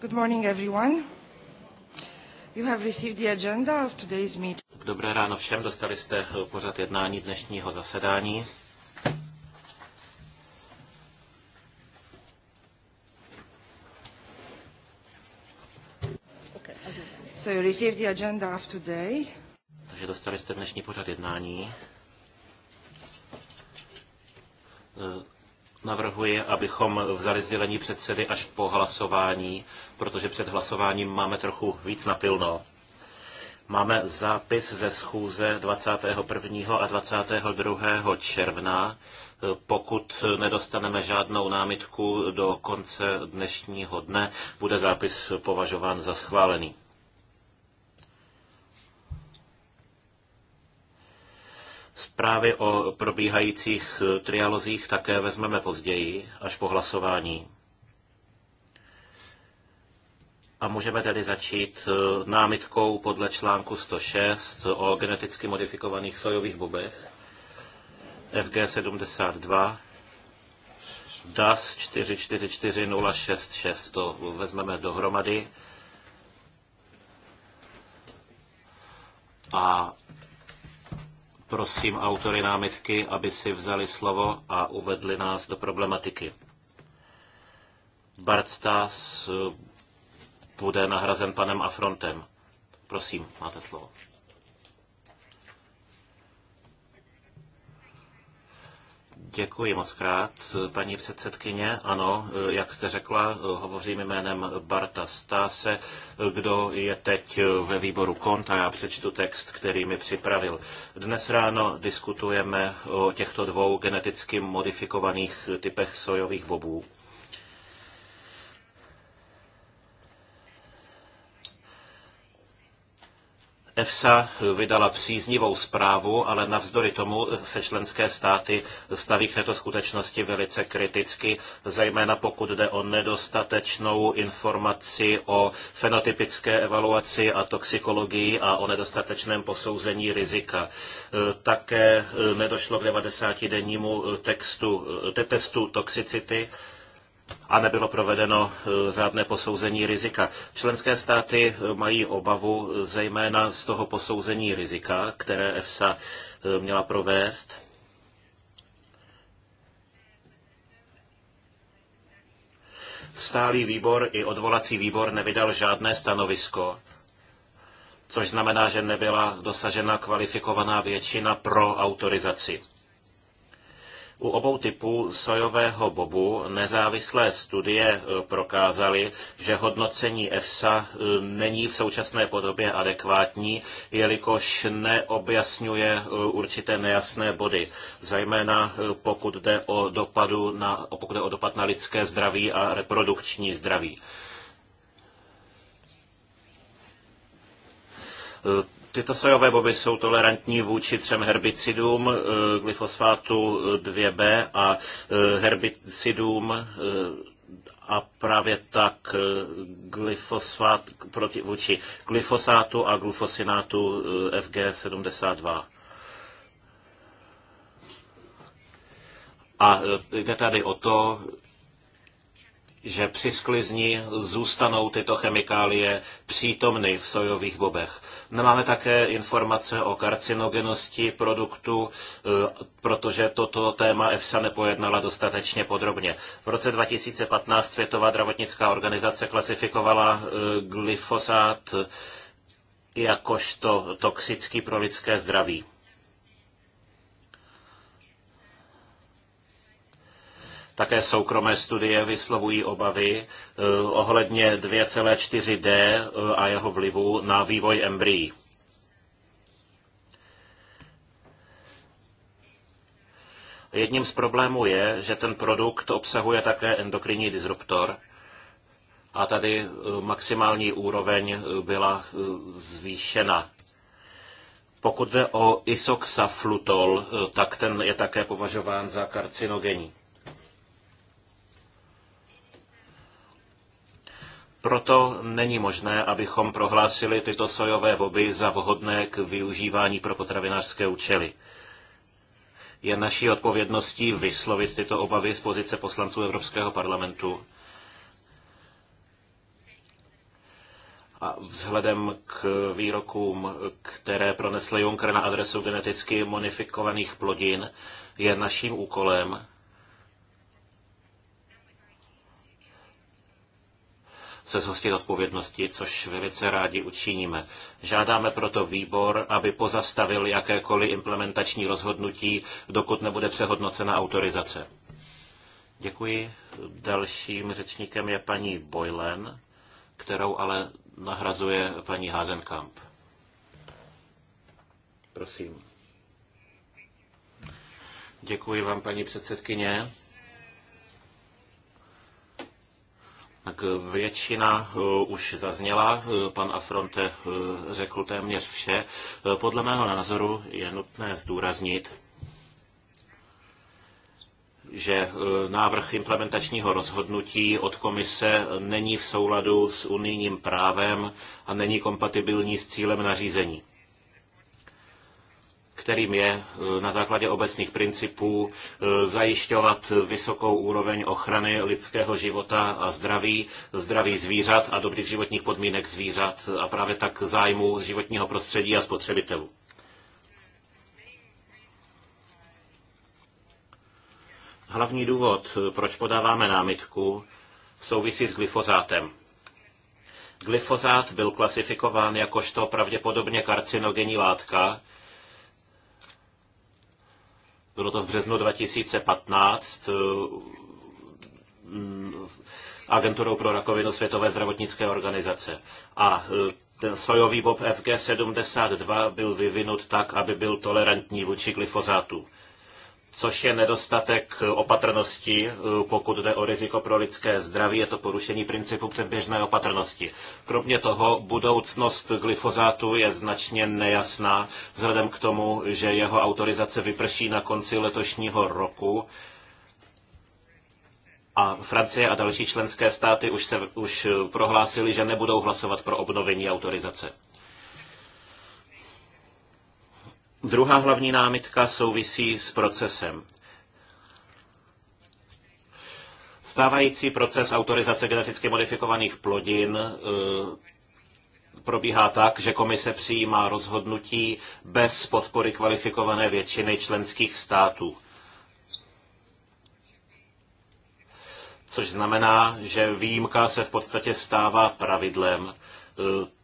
Good morning, everyone. You have received the agenda of today's Dobré ráno všem, dostali jste eh, pořad jednání dnešního zasedání. So you received the agenda of today. Takže dostali jste dnešní pořad jednání. Eh, Navrhuji, abychom vzali sdělení předsedy až po hlasování, protože před hlasováním máme trochu víc napilno. Máme zápis ze schůze 21. a 22. června. Pokud nedostaneme žádnou námitku do konce dnešního dne, bude zápis považován za schválený. Zprávy o probíhajících eh, trialozích také vezmeme později, až po hlasování. A můžeme tedy začít eh, námitkou podle článku 106 o geneticky modifikovaných sojových bobech FG72 DAS 444066. To vezmeme dohromady. A Prosím autory námitky, aby si vzali slovo a uvedli nás do problematiky. Bart Stas eh, bude nahrazen panem Afrontem. Prosím, máte slovo. Děkuji moc krát, paní předsedkyně. Ano, jak jste řekla, hovořím jménem Barta Stáse, kdo je teď ve výboru konta? a já přečtu text, který mi připravil. Dnes ráno diskutujeme o těchto dvou geneticky modifikovaných typech sojových bobů EFSA vydala příznivou zprávu, ale navzdory tomu se členské státy staví k této skutečnosti velice kriticky, zejména pokud jde o nedostatečnou informaci o fenotypické evaluaci a toxikologii a o nedostatečném posouzení rizika. Také nedošlo k 90-dennímu textu, testu toxicity a nebylo provedeno eh, řádné posouzení rizika. Členské státy eh, mají obavu eh, zejména z toho posouzení rizika, které EFSA měla provést. Stálý výbor i odvolací výbor nevydal žádné stanovisko, což znamená, že nebyla dosažena kvalifikovaná většina pro autorizaci. U obou typů sojového bobu nezávislé studie eh, prokázaly, že hodnocení EFSA eh, není v současné podobě adekvátní, jelikož neobjasňuje eh, určité nejasné body, zejména pokud jde o, dopadu na, pokud jde o dopad na lidské zdraví a reprodukční zdraví Tyto sojové boby jsou tolerantní vůči třem herbicidům, eh, glyfosfátu 2B eh, a eh, herbicidům a právě tak glyfosfát proti, vůči glyfosátu a glufosinátu FG72. A jde tady o to, že při sklizni zůstanou tyto chemikálie přítomny v sojových bobech. Máme také informace o karcinogenosti produktu, e, protože toto téma EFSA nepojednala dostatečně podrobně. V roce 2015 Světová zdravotnická organizace klasifikovala e, glyfosát jakožto toxický pro lidské zdraví. Také soukromé studie vyslovují obavy eh, ohledně 2,4D eh, a jeho vlivu na vývoj embryí. Jedním z problémů je, že ten produkt obsahuje také endokrinní disruptor a tady eh, maximální úroveň byla zvýšena. Pokud jde o isoxaflutol, tak ten je také považován za karcinogenní. Proto není možné, abychom prohlásili tyto sojové boby za vhodné k využívání pro potravinářské účely. Je naší odpovědností vyslovit tyto obavy z pozice poslanců Evropského parlamentu. A vzhledem k výrokům, které pronesl Juncker na adresu geneticky modifikovaných plodin, je naším úkolem se zhostit odpovědnosti, což velice rádi učiníme. Žádáme proto výbor, aby pozastavil jakékoliv implementační rozhodnutí, dokud nebude přehodnocena autorizace. Děkuji. Dalším řečníkem je paní Boylen, kterou ale nahrazuje paní Házenkamp. Prosím. Děkuji vám, paní předsedkyně. Tak eh, většina eh, už zazněla, eh, pan Afronte řekl téměř vše. Podle mého názoru je nutné zdůraznit, že návrh implementačního rozhodnutí od komise není v souladu s unijním právem a není kompatibilní s cílem nařízení kterým je eh, na základě obecných principů eh, zajišťovat vysokou úroveň ochrany lidského života a zdraví, zdraví zvířat a dobrých životních podmínek zvířat a právě tak zájmu životního prostředí a spotřebitelů. Hlavní důvod, eh, proč podáváme námitku, souvisí s glyfozátem. Glyfozát byl klasifikován jakožto pravděpodobně karcinogenní látka bylo to v březnu 2015, eh, mm, agenturou pro rakovinu Světové zdravotnické organizace. A eh, ten sojový bob FG72 byl vyvinut tak, aby byl tolerantní vůči glyfozátu což je nedostatek opatrnosti, eh, pokud jde o riziko pro lidské zdraví, je to porušení principu předběžné opatrnosti. Kromě toho budoucnost glyfozátu je značně nejasná, vzhledem k tomu, že jeho autorizace vyprší na konci letošního roku. A Francie a další členské státy už, se, už eh, prohlásili, že nebudou hlasovat pro obnovení autorizace. Druhá hlavní námitka souvisí s procesem. Stávající proces autorizace geneticky modifikovaných plodin e, probíhá tak, že komise přijímá rozhodnutí bez podpory kvalifikované většiny členských států. Což znamená, že výjimka se v podstatě stává pravidlem, e,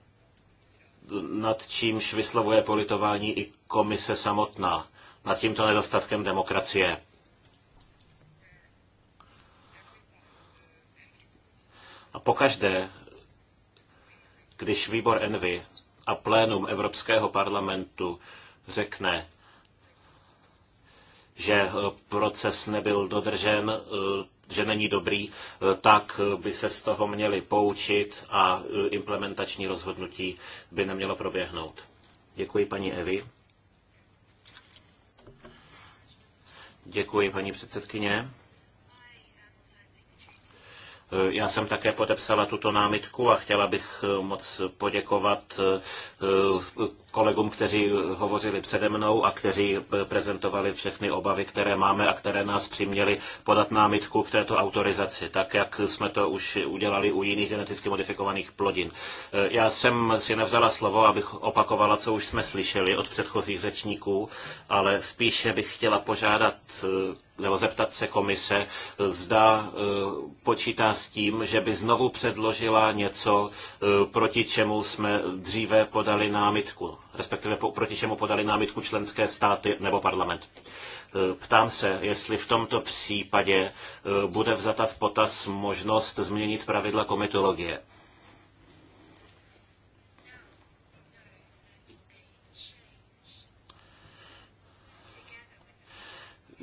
nad čímž vyslovuje politování i komise samotná, nad tímto nedostatkem demokracie. A pokaždé, když výbor Envy a plénum Evropského parlamentu řekne, že proces nebyl dodržen, že není dobrý, eh, tak eh, by se z toho měli poučit a eh, implementační rozhodnutí by nemělo proběhnout. Děkuji paní Evi. Děkuji paní předsedkyně. Já jsem také podepsala tuto námitku a chtěla bych moc poděkovat kolegům, kteří eh, hovořili přede mnou a kteří eh, prezentovali všechny obavy, které máme a které nás přiměly podat námitku k této autorizaci, tak jak jsme to už udělali u jiných geneticky modifikovaných plodin. Eh, já jsem si nevzala slovo, abych opakovala, co už jsme slyšeli od předchozích řečníků, ale spíše bych chtěla požádat nebo zeptat se komise, zda počítá s tím, že by znovu předložila něco, proti čemu jsme dříve podali námitku respektive proti čemu podali námitku členské státy nebo parlament. E, ptám se, jestli v tomto případě e, bude vzata v potaz možnost změnit pravidla komitologie.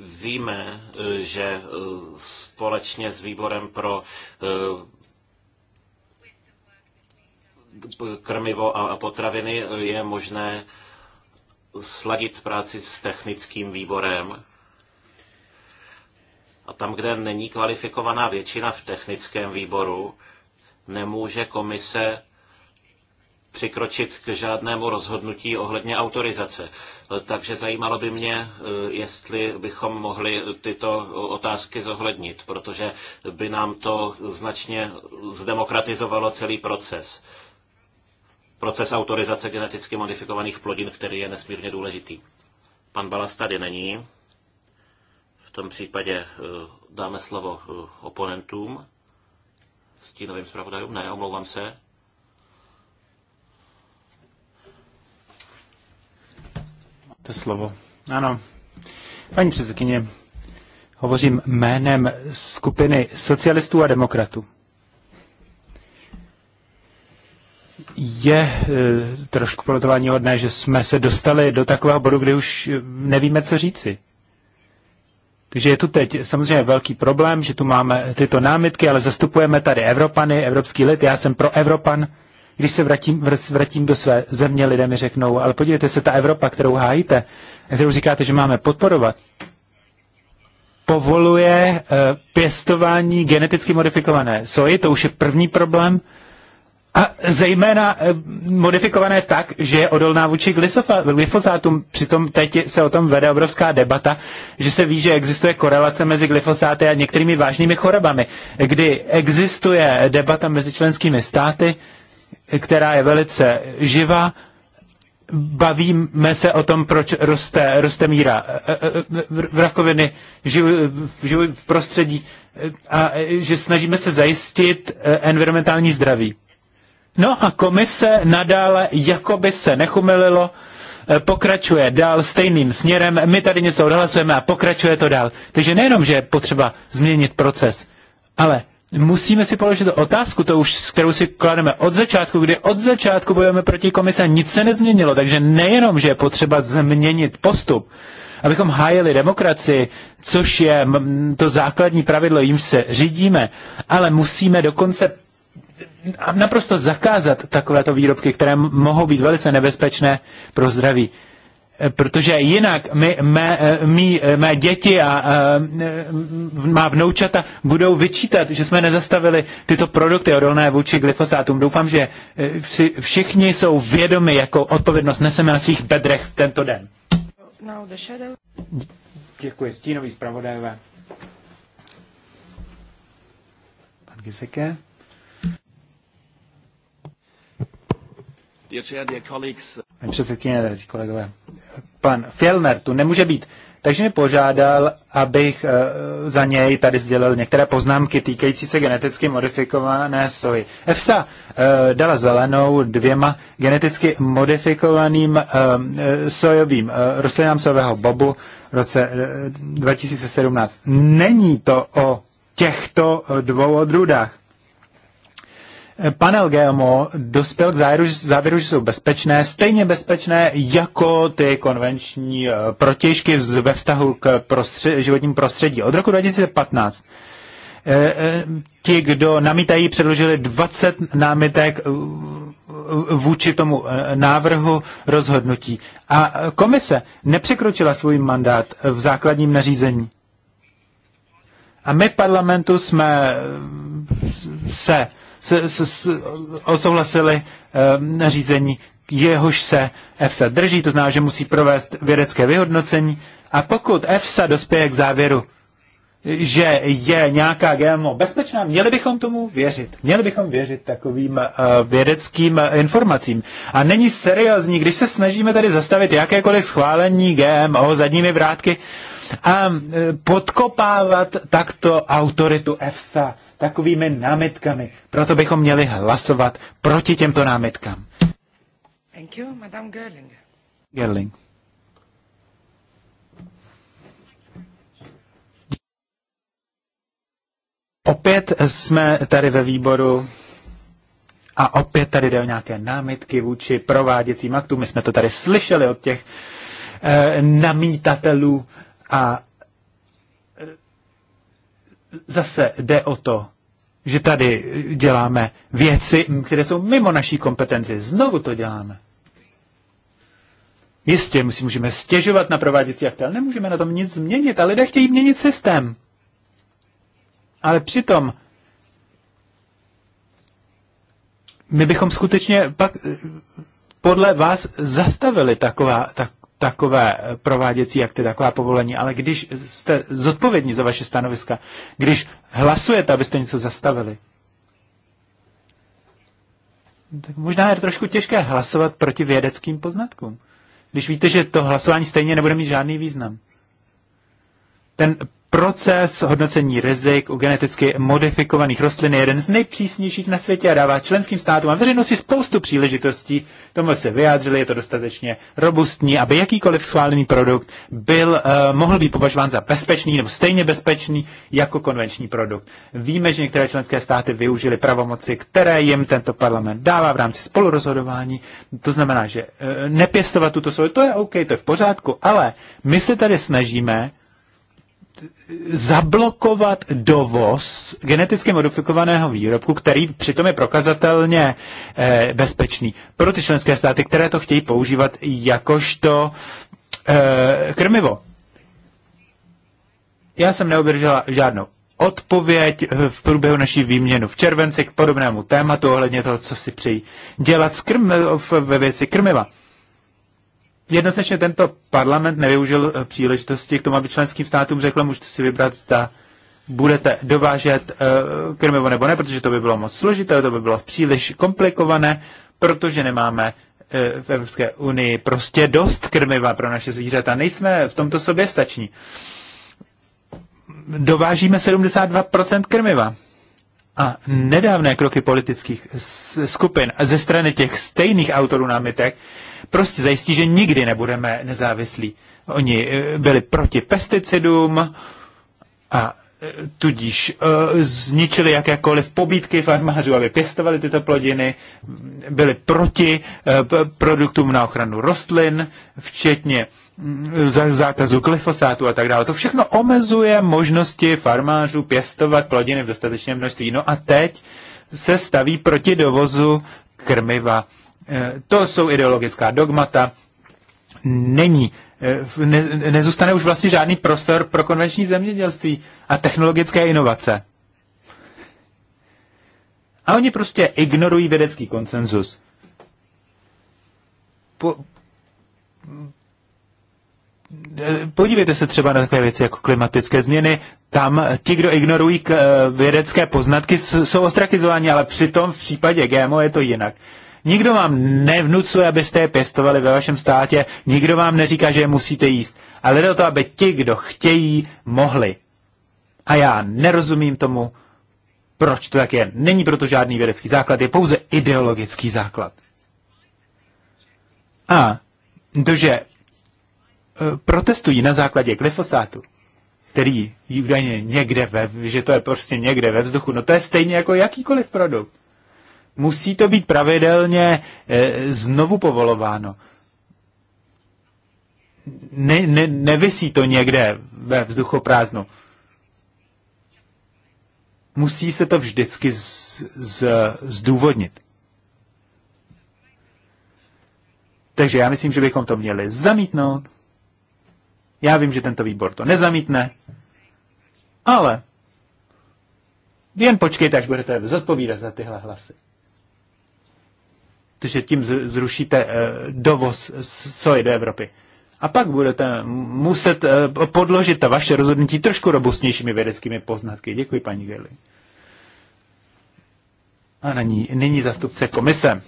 víme, e, že společně s výborem pro krmivo a potraviny je možné sladit práci s technickým výborem. A tam, kde není kvalifikovaná většina v technickém výboru, nemůže komise přikročit k žádnému rozhodnutí ohledně autorizace. Takže zajímalo by mě, jestli bychom mohli tyto otázky zohlednit, protože by nám to značně zdemokratizovalo celý proces proces autorizace geneticky modifikovaných plodin, který je nesmírně důležitý. Pan Balas tady není. V tom případě eh, dáme slovo eh, oponentům, stínovým zpravodajům. Ne, omlouvám se. To slovo. Ano. Paní předsedkyně, hovořím jménem skupiny socialistů a demokratů. je e, trošku politování hodné, že jsme se dostali do takového bodu, kdy už e, nevíme, co říci. Takže je tu teď samozřejmě velký problém, že tu máme tyto námitky, ale zastupujeme tady Evropany, evropský lid, já jsem pro Evropan. Když se vrátím, vrátím do své země, lidé mi řeknou, ale podívejte se, ta Evropa, kterou hájíte, kterou říkáte, že máme podporovat, povoluje e, pěstování geneticky modifikované soji, to už je první problém, a zejména eh, modifikované tak, že je odolná vůči glyfosátům. Přitom teď se o tom vede obrovská debata, že se ví, že existuje korelace mezi glyfosáty a některými vážnými chorobami, kdy existuje debata mezi členskými státy, která je velice živá. Bavíme se o tom, proč roste, roste míra eh, eh, rakoviny v prostředí a že snažíme se zajistit environmentální zdraví. No a komise nadále, jako by se nechumililo, eh, pokračuje dál stejným směrem, my tady něco odhlasujeme a pokračuje to dál. Takže nejenom, že je potřeba změnit proces, ale musíme si položit otázku, to už, kterou si klademe od začátku, kdy od začátku bojujeme proti komise, nic se nezměnilo, takže nejenom, že je potřeba změnit postup, abychom hájili demokracii, což je to základní pravidlo, jim se řídíme, ale musíme dokonce naprosto zakázat takovéto výrobky, které mohou být velice nebezpečné pro zdraví. E, protože jinak my, mé, e, mý, e, mé děti a, a má vnoučata budou vyčítat, že jsme nezastavili tyto produkty odolné vůči glyfosátům. Doufám, že vši, všichni jsou vědomi, jako odpovědnost neseme na svých bedrech tento den. Děkuji, stínový zpravodajové. Pan Giseke. Paní předsedkyně, kolegové, pan Fjellner tu nemůže být, takže mi požádal, abych eh, za něj tady sdělil některé poznámky týkající se geneticky modifikované soji. EFSA eh, dala zelenou dvěma geneticky modifikovaným eh, sojovým rostlinám sojového bobu v roce 2017. Není to o těchto dvou odrůdách panel GMO dospěl k závěru, závěru, že jsou bezpečné, stejně bezpečné jako ty konvenční eh, protěžky ve vztahu k prostřed, životním prostředí. Od roku 2015 eh, eh, ti, kdo namítají, předložili 20 námitek vůči tomu návrhu rozhodnutí. A komise nepřekročila svůj mandát v základním nařízení. A my v parlamentu jsme se se, se, se odsouhlasili ehm, nařízení, jehož se EFSA drží, to znamená, že musí provést vědecké vyhodnocení a pokud EFSA dospěje k závěru, že je nějaká GMO bezpečná, měli bychom tomu věřit. Měli bychom věřit takovým uh, vědeckým eh, informacím. A není seriózní, když se snažíme tady zastavit jakékoliv schválení GMO zadními vrátky a uh, podkopávat takto autoritu EFSA takovými námitkami. Proto bychom měli hlasovat proti těmto námitkám. Thank you, Madame Gerling. Gerling. Opět jsme tady ve výboru a opět tady jde o nějaké námitky vůči prováděcím aktům. My jsme to tady slyšeli od těch e, namítatelů a zase jde o to, že tady děláme věci, které jsou mimo naší kompetenci. Znovu to děláme. Jistě, si můžeme stěžovat na prováděcí akty, ale nemůžeme na tom nic změnit. A lidé chtějí měnit systém. Ale přitom my bychom skutečně pak eh, podle vás zastavili taková, tak, takové prováděcí akty, taková povolení, ale když jste zodpovědní za vaše stanoviska, když hlasujete, abyste něco zastavili, tak možná je trošku těžké hlasovat proti vědeckým poznatkům. Když víte, že to hlasování stejně nebude mít žádný význam. Ten Proces hodnocení rizik u geneticky modifikovaných rostlin je jeden z nejpřísnějších na světě a dává členským státům a veřejnosti spoustu příležitostí. Tomu se vyjádřili, je to dostatečně robustní, aby jakýkoliv schválený produkt byl, uh, mohl být považován za bezpečný nebo stejně bezpečný jako konvenční produkt. Víme, že některé členské státy využili pravomoci, které jim tento parlament dává v rámci spolurozhodování. To znamená, že uh, nepěstovat tuto soju, to je OK, to je v pořádku, ale my se tady snažíme zablokovat dovoz geneticky modifikovaného výrobku, který přitom je prokazatelně eh, bezpečný pro ty členské státy, které to chtějí používat jakožto eh, krmivo. Já jsem neobdržela žádnou odpověď v průběhu naší výměnu v červenci k podobnému tématu ohledně toho, co si přejí dělat s krm, ve věci krmiva jednoznačně tento parlament nevyužil eh, příležitosti k tomu, aby členským státům řekl, můžete si vybrat, zda budete dovážet uh, eh, krmivo nebo ne, protože to by bylo moc složité, to by bylo příliš komplikované, protože nemáme eh, v Evropské unii prostě dost krmiva pro naše zvířata. Nejsme v tomto sobě stační. Dovážíme 72% krmiva a nedávné kroky politických skupin ze strany těch stejných autorů námitek prostě zajistí, že nikdy nebudeme nezávislí. Oni eh, byli proti pesticidům a eh, tudíž eh, zničili jakékoliv pobídky farmářů, aby pěstovali tyto plodiny, byli proti produktům na ochranu rostlin, včetně zákazu glyfosátu a tak dále. To všechno omezuje možnosti farmářů pěstovat plodiny v dostatečném množství. No a teď se staví proti dovozu krmiva. E, to jsou ideologická dogmata. Není e, ne, nezůstane už vlastně žádný prostor pro konvenční zemědělství a technologické inovace. A oni prostě ignorují vědecký konsenzus. Po, Eh, podívejte se třeba na takové věci jako klimatické změny. Tam ti, kdo ignorují k, eh, vědecké poznatky, jsou ostrakizováni, ale přitom v případě GMO je to jinak. Nikdo vám nevnucuje, abyste je pěstovali ve vašem státě, nikdo vám neříká, že je musíte jíst, ale jde o to, aby ti, kdo chtějí, mohli. A já nerozumím tomu, proč to tak je. Není proto žádný vědecký základ, je pouze ideologický základ. A to, že Eh, protestují na základě glyfosátu, který údajně někde ve, že to je prostě někde ve vzduchu, no to je stejně jako jakýkoliv produkt. Musí to být pravidelně e, znovu povolováno. Ne, ne, nevisí to někde ve vzduchoprázdnu. Musí se to vždycky z, z, zdůvodnit. Takže já myslím, že bychom to měli zamítnout. Já vím, že tento výbor to nezamítne, ale jen počkejte, až budete zodpovídat za tyhle hlasy. Protože tím zrušíte eh, dovoz soji do Evropy. A pak budete muset eh, podložit ta vaše rozhodnutí trošku robustnějšími vědeckými poznatky. Děkuji, paní Gerli. A ní, nyní zastupce komise.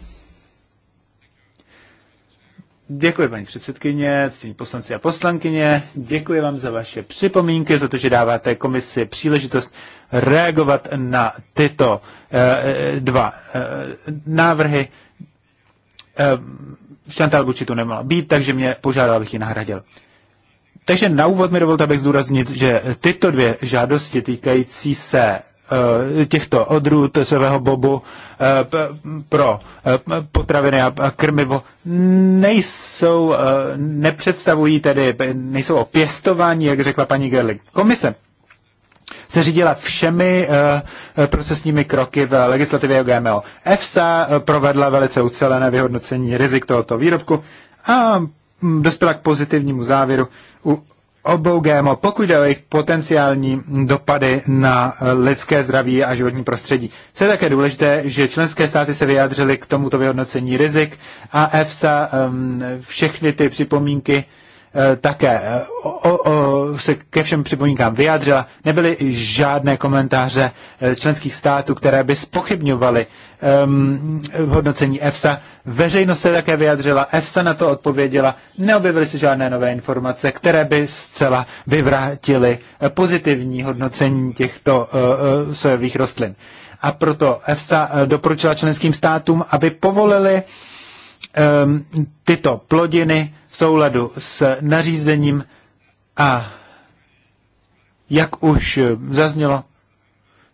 Děkuji, paní předsedkyně, ctění poslanci a poslankyně. Děkuji vám za vaše připomínky, za to, že dáváte komisi příležitost reagovat na tyto eh, eh dva eh, návrhy. Eh, Chantal Buči tu nemala být, takže mě požádal, abych ji nahradil. Takže na úvod mi dovolte, abych zdůraznit, že tyto dvě žádosti týkající se Eh, těchto odrůd sevého bobu eh, pro eh, potraviny a krmivo nejsou, nepředstavují tedy, nejsou opěstování, jak řekla paní Gerling. Komise se řídila všemi procesními kroky v legislativě o GMO. EFSA provedla velice ucelené vyhodnocení rizik tohoto výrobku a mm, dospěla k pozitivnímu závěru u obou GMO, pokud jde o jejich potenciální dopady na eh, lidské zdraví a životní prostředí. Co je také důležité, že členské státy se vyjádřily k tomuto vyhodnocení rizik a EFSA um, všechny ty připomínky Eh, také eh, o, o, se ke všem připomínkám vyjádřila. Nebyly žádné komentáře eh, členských států, které by spochybňovaly um, hodnocení EFSA. Veřejnost se také vyjádřila, EFSA na to odpověděla. Neobjevily se žádné nové informace, které by zcela vyvrátily pozitivní hodnocení těchto uh, sojových rostlin. A proto EFSA doporučila členským státům, aby povolili um, tyto plodiny v souladu s nařízením a jak už zaznělo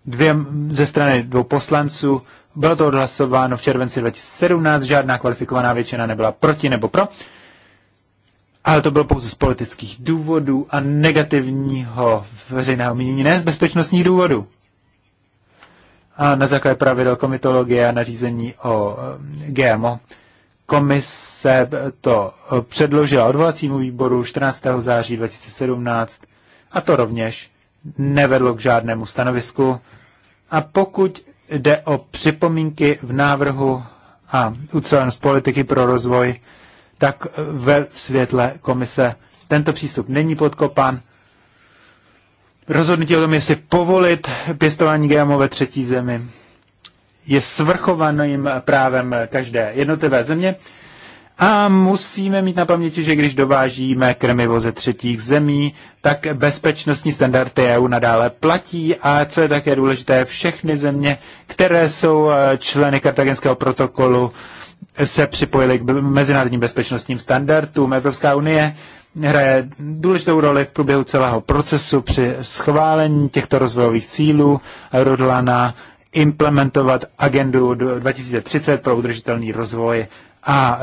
dvě, ze strany dvou poslanců, bylo to odhlasováno v červenci 2017, žádná kvalifikovaná většina nebyla proti nebo pro, ale to bylo pouze z politických důvodů a negativního veřejného mínění, ne z bezpečnostních důvodů. A na základě pravidel komitologie a nařízení o eh, GMO Komise to předložila odvolacímu výboru 14. září 2017 a to rovněž nevedlo k žádnému stanovisku. A pokud jde o připomínky v návrhu a ucelenost politiky pro rozvoj, tak ve světle komise tento přístup není podkopán. Rozhodnutí o tom, jestli povolit pěstování GMO ve třetí zemi, je svrchovaným právem každé jednotlivé země. A musíme mít na paměti, že když dovážíme krmivo ze třetích zemí, tak bezpečnostní standardy EU nadále platí a co je také důležité, všechny země, které jsou eh, členy kartagenského protokolu, se připojily k mezinárodním bezpečnostním standardům. Evropská unie hraje důležitou roli v průběhu celého procesu při schválení těchto rozvojových cílů Rodlana rodla na implementovat agendu 2030 pro udržitelný rozvoj a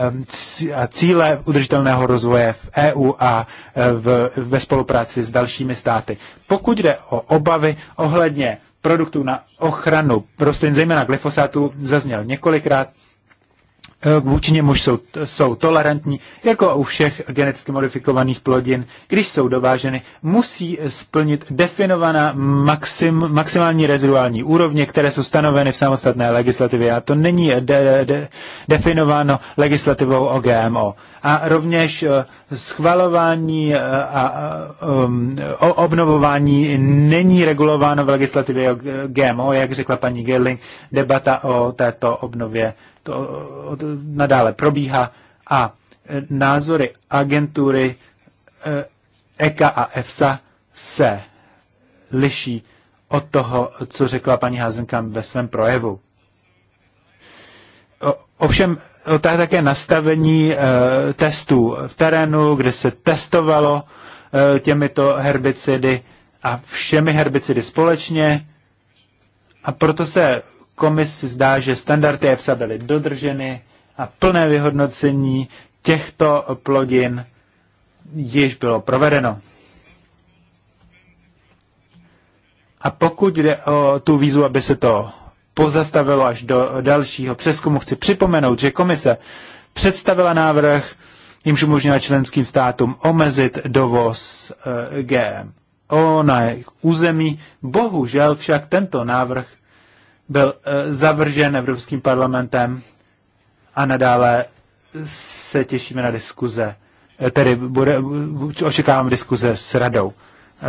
cíle udržitelného rozvoje v EU a e, v, ve spolupráci s dalšími státy. Pokud jde o obavy ohledně produktů na ochranu rostlin, zejména glyfosátu, zazněl několikrát. Eh, vůči němuž jsou, jsou tolerantní, jako u všech geneticky modifikovaných plodin, když jsou dováženy, musí splnit definovaná maxim, maximální reziduální úrovně, které jsou stanoveny v samostatné legislativě. A to není de, de, definováno legislativou o GMO. A rovněž eh, schvalování eh, a um, obnovování není regulováno v legislativě o GMO, jak řekla paní Gerling, debata o této obnově to nadále probíhá a e, názory agentury EKA e a EFSA se liší od toho, co řekla paní Hazenka ve svém projevu. Ovšem, je také nastavení e, testů v terénu, kde se testovalo e, těmito herbicidy a všemi herbicidy společně. A proto se komisi zdá, že standardy EFSA byly dodrženy a plné vyhodnocení těchto plodin již bylo provedeno. A pokud jde o tu výzvu, aby se to pozastavilo až do dalšího přeskumu, chci připomenout, že komise představila návrh, jimž umožnila členským státům omezit dovoz eh, GMO na jejich území. Bohužel však tento návrh byl eh, zavržen Evropským parlamentem a nadále se těšíme na diskuze, eh, tedy bude, eh, očekávám diskuze s radou.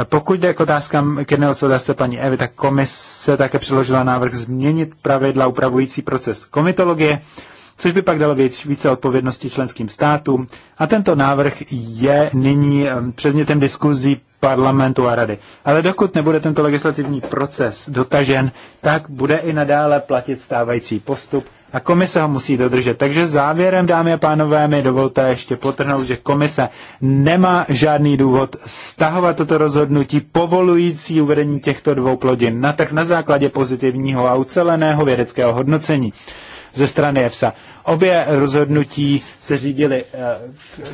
Pokud jde k otázkám k jedné otázce paní Evy, tak komise také předložila návrh změnit pravidla upravující proces komitologie což by pak dalo věc, více odpovědnosti členským státům. A tento návrh je nyní předmětem diskuzí parlamentu a rady. Ale dokud nebude tento legislativní proces dotažen, tak bude i nadále platit stávající postup a komise ho musí dodržet. Takže závěrem, dámy a pánové, mi dovolte ještě potrhnout, že komise nemá žádný důvod stahovat toto rozhodnutí povolující uvedení těchto dvou plodin na trh na základě pozitivního a uceleného vědeckého hodnocení ze strany EFSA. Obě rozhodnutí se řídily eh,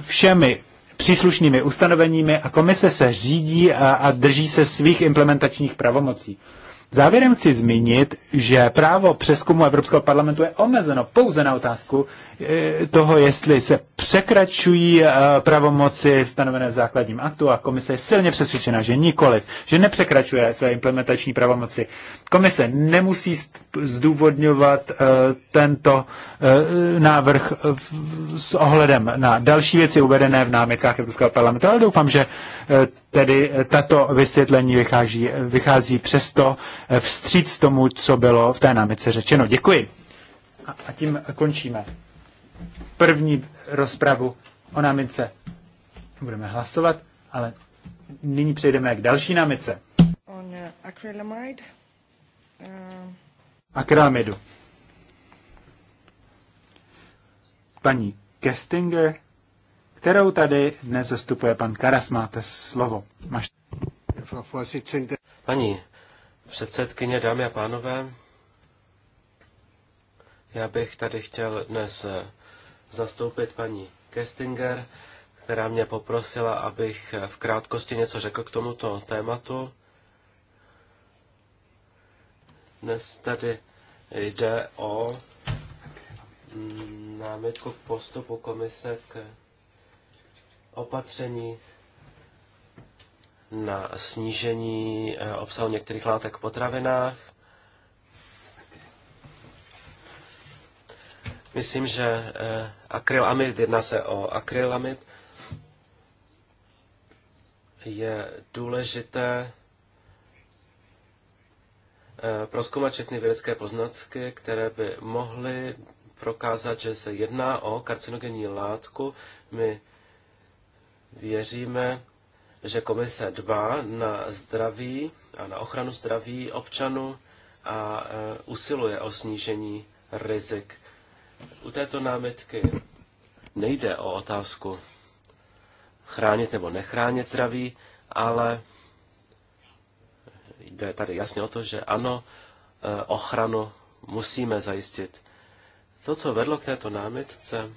všemi příslušnými ustanoveními a komise se řídí a, drží se svých implementačních pravomocí. Závěrem chci zmínit, že právo přeskumu Evropského parlamentu je omezeno pouze na otázku eh, toho, jestli se překračují eh, pravomoci stanovené v základním aktu a komise je silně přesvědčena, že nikoliv, že nepřekračuje své implementační pravomoci. Komise nemusí zdůvodňovat eh, tento návrh s ohledem na další věci uvedené v námitkách Evropského parlamentu, ale doufám, že Tedy eh, tato vysvětlení vychází, eh, vychází přesto eh, vstříc tomu, co bylo v té námice řečeno. Děkuji. A, a tím končíme první rozpravu o námice. Budeme hlasovat, ale nyní přejdeme k další námice. On acrylamide. Uh... Akrylamidu. Paní Kestinger kterou tady dnes zastupuje pan Karas. Máte slovo. Máš... Paní předsedkyně, dámy a pánové, já bych tady chtěl dnes eh, zastoupit paní Kestinger, která mě poprosila, abych eh, v krátkosti něco řekl k tomuto tématu. Dnes tady jde o mm, námitku k postupu komise k opatření na snížení eh, obsahu některých látek v potravinách. Myslím, že eh, akrylamid, jedná se o akrylamid, je důležité eh, proskoumat všechny vědecké poznatky, které by mohly prokázat, že se jedná o karcinogenní látku. My Věříme, že komise dbá na zdraví a na ochranu zdraví občanů a e, usiluje o snížení rizik. U této námitky nejde o otázku chránit nebo nechránit zdraví, ale jde tady jasně o to, že ano, e, ochranu musíme zajistit. To, co vedlo k této námitce,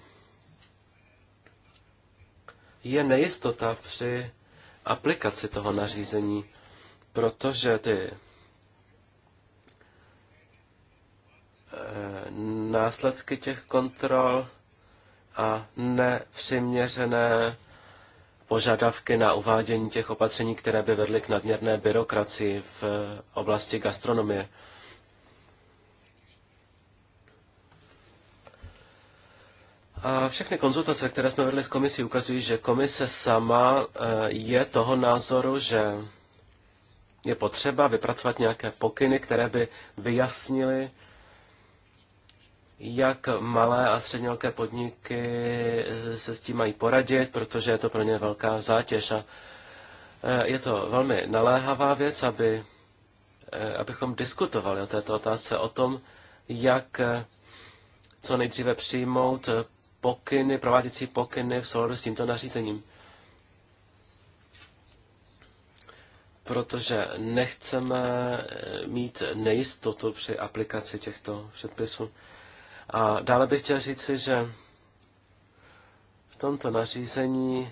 je nejistota při aplikaci toho nařízení, protože ty eh, následky těch kontrol a nepřiměřené požadavky na uvádění těch opatření, které by vedly k nadměrné byrokracii v eh, oblasti gastronomie. A všechny konzultace, které jsme vedli s komisí, ukazují, že komise sama eh, je toho názoru, že je potřeba vypracovat nějaké pokyny, které by vyjasnily, jak malé a středně velké podniky eh, se s tím mají poradit, protože je to pro ně velká zátěž. A eh, je to velmi naléhavá věc, aby, abychom diskutovali o této otázce, o tom, jak co nejdříve přijmout pokyny, prováděcí pokyny v souladu s tímto nařízením. Protože nechceme eh, mít nejistotu při aplikaci těchto předpisů. A dále bych chtěl říci, že v tomto nařízení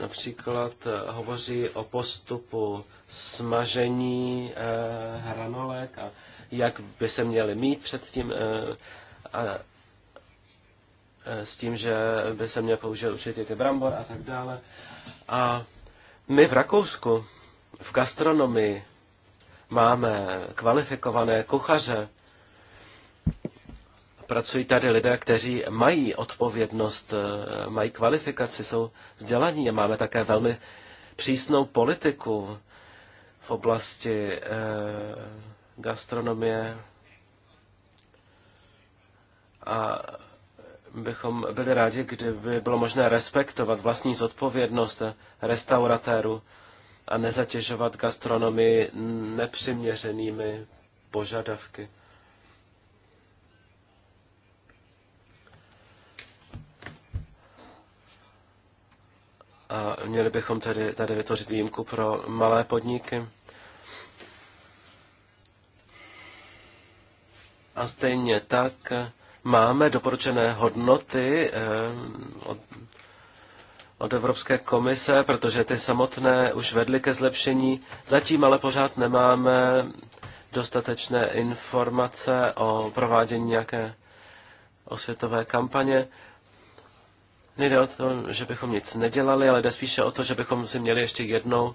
například eh, hovoří o postupu smažení eh, hranolek a jak by se měli mít před tím eh, a eh, s tím, že by se měl použít určitě ty brambor a tak dále. A my v Rakousku v gastronomii máme kvalifikované kuchaře, pracují tady lidé, kteří mají odpovědnost, eh, mají kvalifikaci, jsou vzdělaní a máme také velmi přísnou politiku v oblasti eh, gastronomie a bychom byli rádi, kdyby bylo možné respektovat vlastní zodpovědnost restauratéru a nezatěžovat gastronomii nepřiměřenými požadavky. A měli bychom tedy tady vytvořit výjimku pro malé podniky. A stejně tak máme doporučené hodnoty eh, od, od Evropské komise, protože ty samotné už vedly ke zlepšení. Zatím ale pořád nemáme dostatečné informace o provádění nějaké osvětové kampaně. Nejde o to, že bychom nic nedělali, ale jde spíše o to, že bychom si měli ještě jednou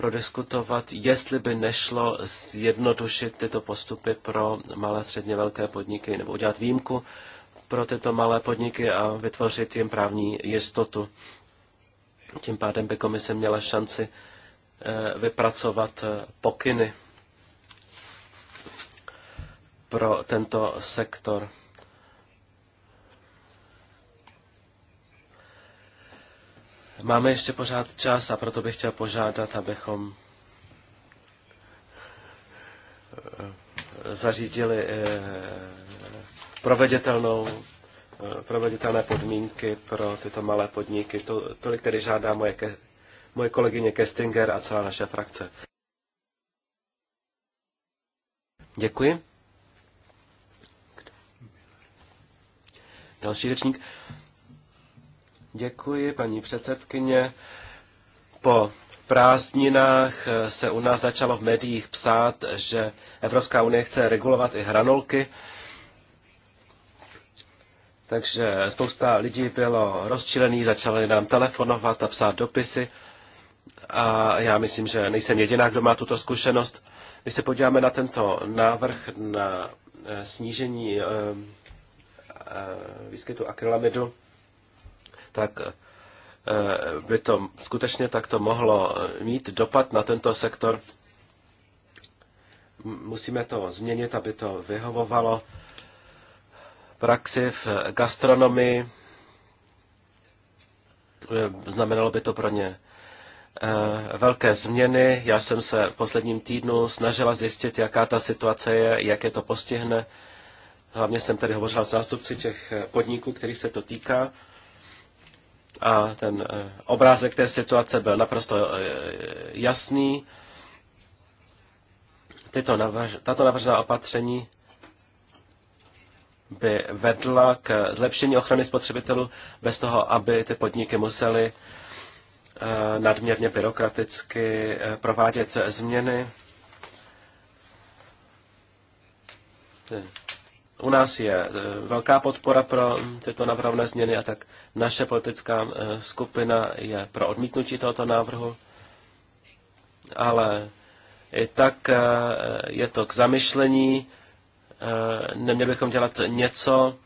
prodiskutovat, jestli by nešlo zjednodušit tyto postupy pro malé, středně velké podniky, nebo udělat výjimku pro tyto malé podniky a vytvořit jim právní jistotu. Tím pádem by komise měla šanci eh, vypracovat eh, pokyny pro tento sektor. Máme ještě pořád čas a proto bych chtěl požádat, abychom eh, zařídili eh, proveditelnou, eh, proveditelné podmínky pro tyto malé podniky. To, tolik tedy žádá moje, moje kolegyně Kestinger a celá naše frakce. Děkuji. Další řečník. Děkuji, paní předsedkyně. Po prázdninách eh, se u nás začalo v médiích psát, že Evropská unie chce regulovat i hranolky. Takže spousta lidí bylo rozčilených, začali nám telefonovat a psát dopisy. A já myslím, že nejsem jediná, kdo má tuto zkušenost. Když se podíváme na tento návrh na eh, snížení eh, výskytu akrylamidu, tak eh, by to skutečně takto mohlo mít dopad na tento sektor. Musíme to změnit, aby to vyhovovalo praxi v gastronomii. Eh, znamenalo by to pro ně eh, velké změny. Já jsem se v posledním týdnu snažila zjistit, jaká ta situace je, jak je to postihne. Hlavně jsem tady hovořila s zástupci těch podniků, kterých se to týká. A ten eh, obrázek té situace byl naprosto eh, jasný. Tyto navrž, tato navržená opatření by vedla k zlepšení ochrany spotřebitelů bez toho, aby ty podniky musely eh, nadměrně byrokraticky provádět změny u nás je eh, velká podpora pro tyto napravné změny a tak naše politická eh, skupina je pro odmítnutí tohoto návrhu, ale i tak eh, je to k zamyšlení. Neměli bychom dělat něco,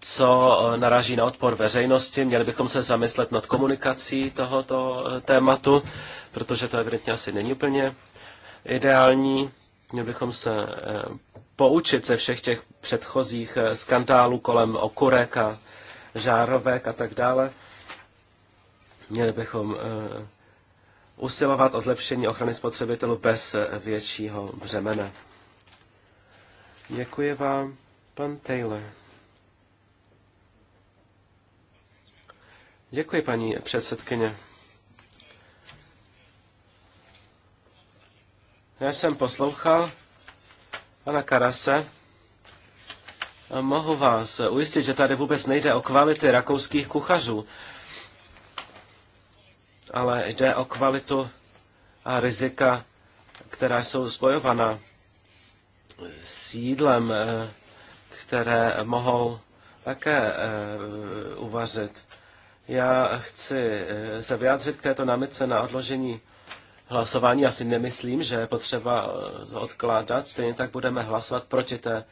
co naráží na odpor veřejnosti. Měli bychom se zamyslet nad komunikací tohoto tématu, protože to evidentně asi není úplně ideální. Měli bychom se poučit ze všech těch předchozích eh, skandálů kolem okurek a žárovek a tak dále. Měli bychom eh, usilovat o zlepšení ochrany spotřebitelů bez eh, většího břemene. Děkuji vám, pan Taylor. Děkuji, paní předsedkyně. Já jsem poslouchal pana Karase. A mohu vás ujistit, že tady vůbec nejde o kvality rakouských kuchařů, ale jde o kvalitu a rizika, která jsou spojovaná s jídlem, eh, které mohou také eh, uvařit. Já chci eh, se vyjádřit k této námitce na odložení hlasování. Já si nemyslím, že je potřeba eh, odkládat. Stejně tak budeme hlasovat proti té eh,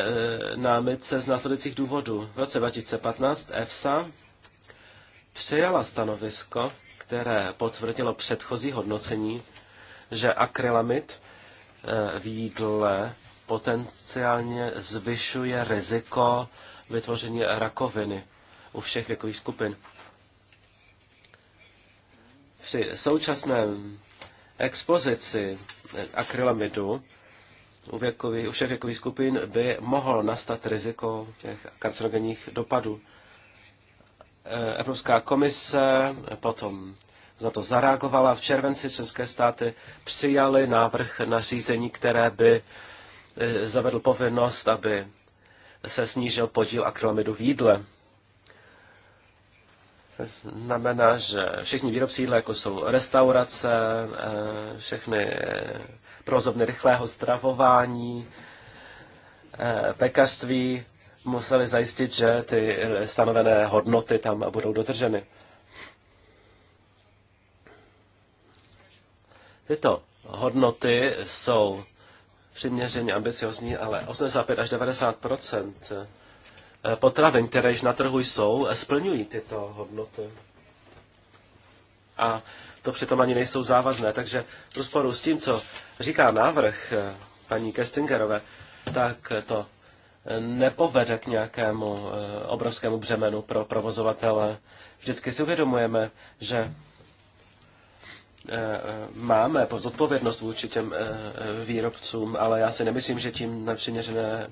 eh, námitce z následujících důvodů. V roce 2015 EFSA přijala stanovisko, které potvrdilo předchozí hodnocení, že akrylamid v jídle potenciálně zvyšuje riziko vytvoření rakoviny u všech věkových skupin. Při současném expozici akrylamidu u, věkový, u všech věkových skupin by mohlo nastat riziko těch karcinogenních dopadů. E, Evropská komise potom za to zareagovala. V červenci české státy přijali návrh na řízení, které by e, zavedl povinnost, aby se snížil podíl akrylamidu v jídle. To znamená, že všichni výrobci jídla, jako jsou restaurace, eh, všechny eh, provozovny rychlého stravování, eh, pekařství, museli zajistit, že ty stanovené hodnoty tam budou dodrženy. Tyto hodnoty jsou přiměřeně ambiciozní, ale 85 až 90 Eh, potravin, které již na trhu jsou, eh, splňují tyto hodnoty. A to přitom ani nejsou závazné. Takže v rozporu s tím, co říká návrh eh, paní Kestingerové, tak to nepovede k nějakému obrovskému břemenu pro provozovatele. Vždycky si uvědomujeme, že máme zodpovědnost vůči těm výrobcům, ale já si nemyslím, že tím nepřiměřené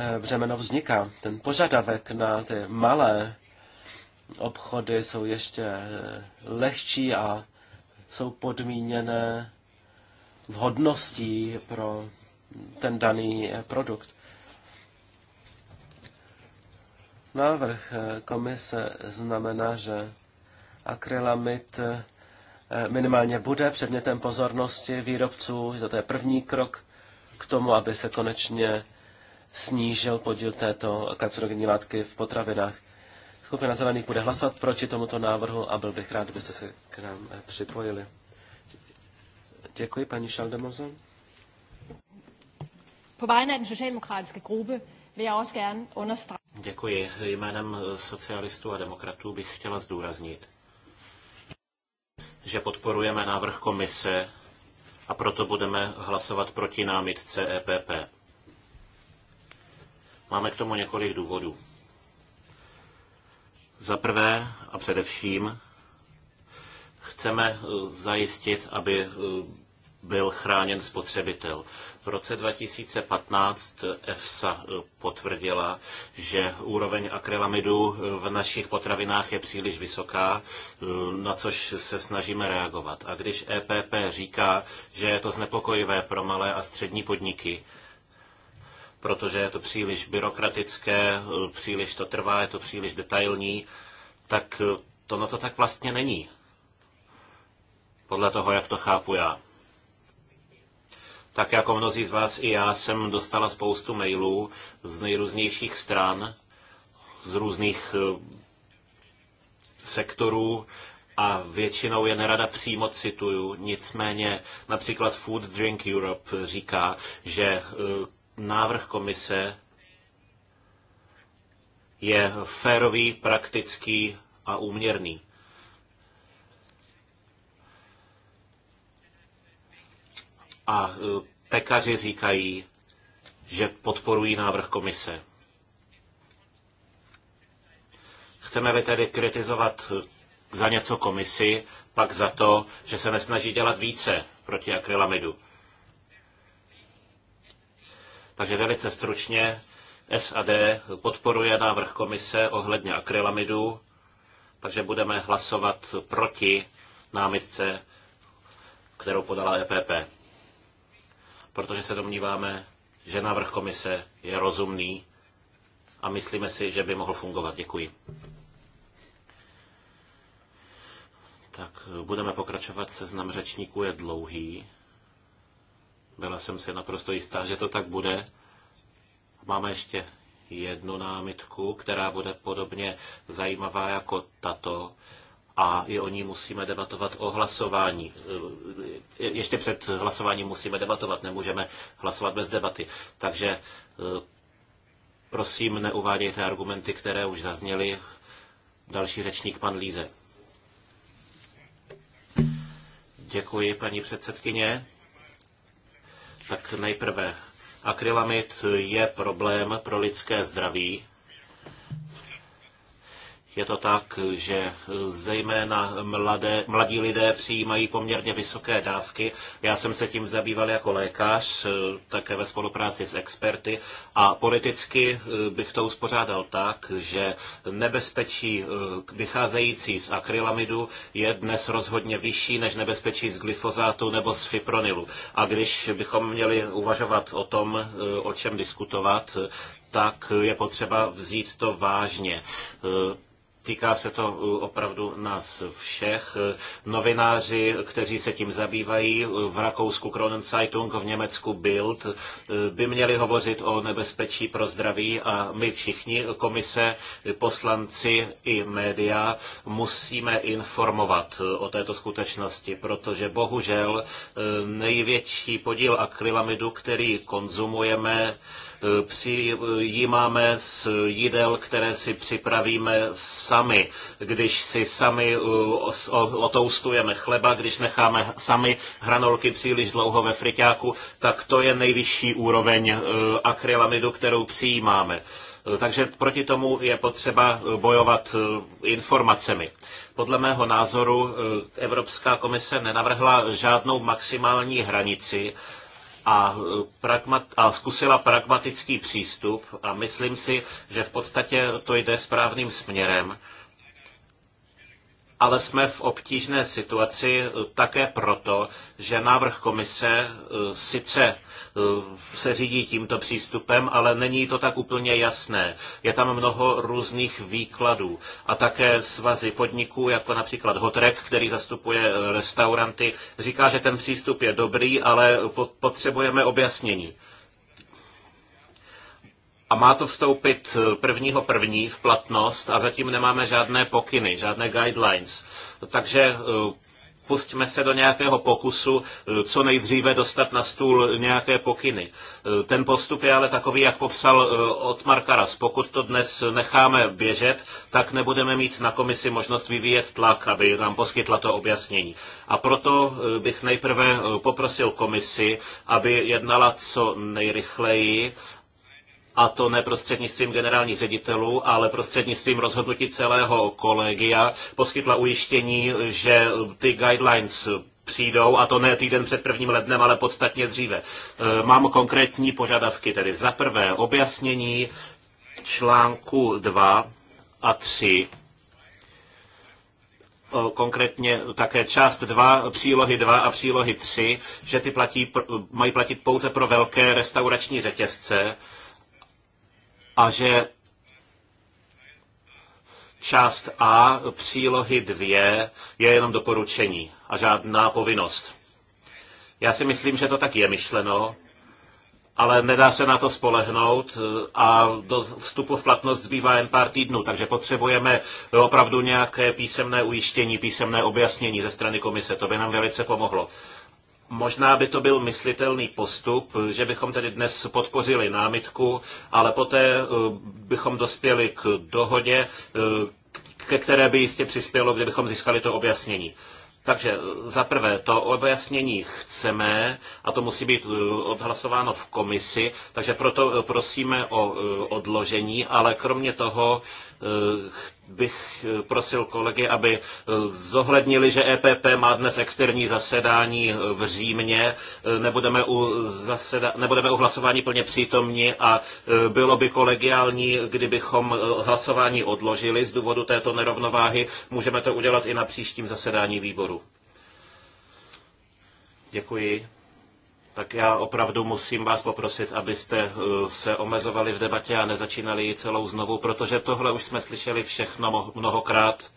Eh, břemeno vzniká. Ten požadavek na ty malé obchody jsou ještě eh, lehčí a jsou podmíněné vhodností pro ten daný eh, produkt. Návrh komise znamená, že akrylamid minimálně bude předmětem pozornosti výrobců. To je první krok k tomu, aby se konečně snížil podíl této kancerogenní látky v potravinách. Skupina zelených bude hlasovat proti tomuto návrhu a byl bych rád, kdybyste se k nám eh, připojili. Děkuji, paní Šaldemozo. Po vegne af den socialdemokratiske gruppe vil jeg også gerne understrege. Děkuji. Jménem eh, socialistů a demokratů bych chtěla zdůraznit, že podporujeme návrh komise a proto budeme hlasovat proti námitce EPP. Máme k tomu několik důvodů. Za prvé a především chceme eh, zajistit, aby eh, byl chráněn spotřebitel. V roce 2015 EFSA eh, potvrdila, že úroveň akrylamidu v našich potravinách je příliš vysoká, na což se snažíme reagovat. A když EPP říká, že je to znepokojivé pro malé a střední podniky, protože je to příliš byrokratické, příliš to trvá, je to příliš detailní, tak to na to tak vlastně není. Podle toho, jak to chápu já. Tak jako mnozí z vás i já jsem dostala spoustu mailů z nejrůznějších stran, z různých eh, sektorů a většinou je nerada přímo cituju. Nicméně například Food Drink Europe říká, že eh, návrh komise je férový, praktický a úměrný. A e, pekaři říkají, že podporují návrh komise. chceme vy tedy kritizovat e, za něco komisi, pak za to, že se nesnaží dělat více proti akrylamidu. Takže velice stručně SAD podporuje návrh komise ohledně akrylamidu, takže budeme hlasovat proti námitce, kterou podala EPP. Protože se domníváme, že návrh komise je rozumný a myslíme si, že by mohl fungovat. Děkuji. Tak budeme pokračovat. Seznam řečníků je dlouhý. Byla jsem si naprosto jistá, že to tak bude. Máme ještě jednu námitku, která bude podobně zajímavá jako tato a i o ní musíme debatovat o hlasování. E, ještě před hlasováním musíme debatovat, nemůžeme hlasovat bez debaty. Takže e, prosím, neuvádějte argumenty, které už zazněly. Další řečník, pan Líze. Děkuji, paní předsedkyně. Tak nejprve, akrylamid je problém pro lidské zdraví. Je to tak, že zejména mladé, mladí lidé přijímají poměrně vysoké dávky. Já jsem se tím zabýval jako lékař, také ve spolupráci s experty a politicky bych to uspořádal tak, že nebezpečí eh, vycházející z akrylamidu je dnes rozhodně vyšší než nebezpečí z glyfozátu nebo z fipronilu. A když bychom měli uvažovat o tom, eh, o čem diskutovat, tak je potřeba vzít to vážně. Eh, Týká se to uh, opravdu nás všech. Novináři, kteří se tím zabývají, uh, v Rakousku Kronen Zeitung, v Německu Bild, uh, by měli hovořit o nebezpečí pro zdraví a my všichni, komise, poslanci i média, musíme informovat o této skutečnosti, protože bohužel největší podíl akrylamidu, který konzumujeme, Eh, přijímáme z jídel, které si připravíme sami. Když si sami eh, otoustujeme chleba, když necháme sami hranolky příliš dlouho ve friťáku, tak to je nejvyšší úroveň eh, akrylamidu, kterou přijímáme. Takže proti tomu je potřeba bojovat informacemi. Podle mého názoru Evropská komise nenavrhla žádnou maximální hranici, a, pragmat, a zkusila pragmatický přístup a myslím si, že v podstatě to jde správným směrem ale jsme v obtížné situaci e, také proto, že návrh komise e, sice e, se řídí tímto přístupem, ale není to tak úplně jasné. Je tam mnoho různých výkladů a také svazy podniků, jako například Hotrek, který zastupuje restauranty, říká, že ten přístup je dobrý, ale potřebujeme objasnění a má to vstoupit eh, prvního první v platnost a zatím nemáme žádné pokyny, žádné guidelines. Takže eh, pustíme se do nějakého pokusu eh, co nejdříve dostat na stůl nějaké pokyny. Ten postup je ale takový, jak popsal od Karas. Pokud to dnes necháme běžet, tak nebudeme mít na komisi možnost vyvíjet tlak, aby nám poskytla to objasnění. A proto bych nejprve poprosil komisi, aby jednala co nejrychleji a to ne prostřednictvím generálních ředitelů, ale prostřednictvím rozhodnutí celého kolegia, poskytla ujištění, že ty guidelines přijdou, a to ne týden před prvním lednem, ale podstatně dříve. E, mám konkrétní požadavky, tedy za prvé objasnění článku 2 a 3 e, konkrétně také část 2, přílohy 2 a přílohy 3, že ty platí, mají platit pouze pro velké restaurační řetězce a že část A přílohy 2 je jenom doporučení a žádná povinnost. Já si myslím, že to tak je myšleno, ale nedá se na to spolehnout a do vstupu v platnost zbývá jen pár týdnů, takže potřebujeme opravdu nějaké písemné ujištění, písemné objasnění ze strany komise. To by nám velice pomohlo. Možná by to byl myslitelný postup, že bychom tedy dnes podpořili námitku, ale poté eh, bychom dospěli k dohodě, eh, ke které by jistě přispělo, kdybychom získali to objasnění. Takže eh, za prvé, to objasnění chceme a to musí být odhlasováno v komisi, takže proto prosíme o odložení, ale kromě toho bych eh, prosil kolegy, aby eh, zohlednili, že EPP má dnes externí zasedání eh, v Římě, nebudeme u, zaseda, nebudeme u hlasování plně přítomni a bylo by kolegiální, kdybychom hlasování odložili z důvodu této nerovnováhy. Můžeme to udělat i na příštím zasedání výboru. Děkuji tak já opravdu musím vás poprosit, abyste eh, se omezovali v debatě a nezačínali ji celou znovu, protože tohle už jsme slyšeli všechno mnohokrát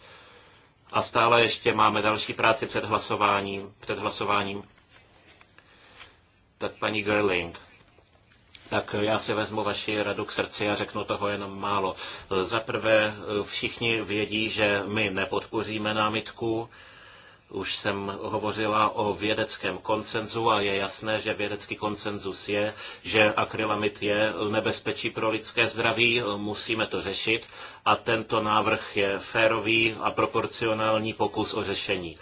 a stále ještě máme další práci před hlasováním. Před hlasováním. Tak paní Gerling. Tak já si vezmu vaši radu k srdci a řeknu toho jenom málo. Zaprvé eh, všichni vědí, že my nepodpoříme námitku, už jsem hovořila o vědeckém konsenzu a je jasné, že vědecký konsenzus je, že akrylamid je nebezpečí pro lidské zdraví, musíme to řešit a tento návrh je férový a proporcionální pokus o řešení.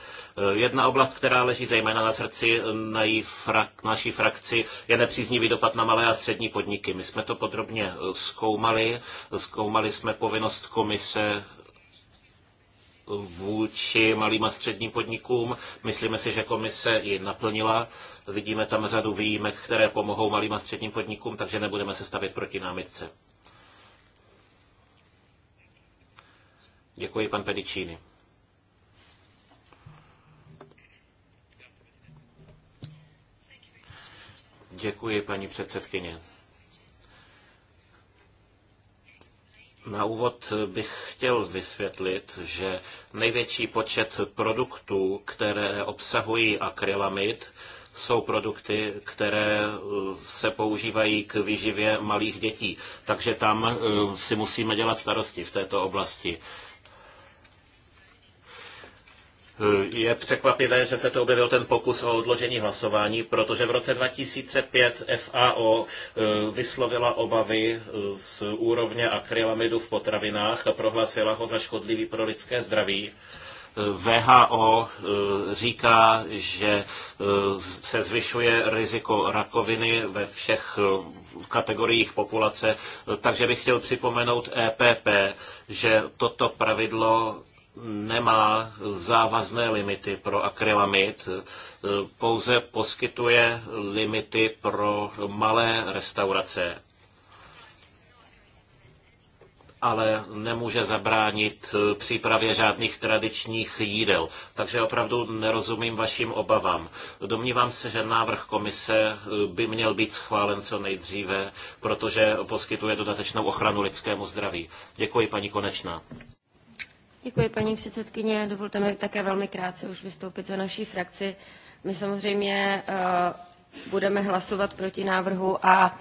Jedna oblast, která leží zejména na srdci na frak, naší frakci, je nepříznivý dopad na malé a střední podniky. My jsme to podrobně zkoumali. Zkoumali jsme povinnost komise vůči malým a středním podnikům. Myslíme si, že komise ji naplnila. Vidíme tam řadu výjimek, které pomohou malým a středním podnikům, takže nebudeme se stavit proti námitce. Děkuji, pan Pedicini. Děkuji, paní předsedkyně. Na úvod bych chtěl vysvětlit, že největší počet produktů, které obsahují akrylamid, jsou produkty, které eh, se používají k výživě malých dětí. Takže tam eh, si musíme dělat starosti v této oblasti. Eh, je překvapivé, že se to objevil ten pokus o odložení hlasování, protože v roce 2005 FAO eh, vyslovila obavy eh, z úrovně akrylamidu v potravinách a prohlásila ho za škodlivý pro lidské zdraví. VHO říká, že se zvyšuje riziko rakoviny ve všech kategoriích populace, takže bych chtěl připomenout EPP, že toto pravidlo nemá závazné limity pro akrylamid, e, pouze poskytuje limity pro malé restaurace, ale nemůže zabránit e, přípravě žádných tradičních jídel. Takže opravdu nerozumím vašim obavám. Domnívám se, že návrh komise e, by měl být schválen co nejdříve, protože poskytuje dodatečnou ochranu lidskému zdraví. Děkuji, paní Konečná. Děkuji, paní předsedkyně. Dovolte mi také velmi krátce už vystoupit za naší frakci. My samozřejmě uh, budeme hlasovat proti návrhu a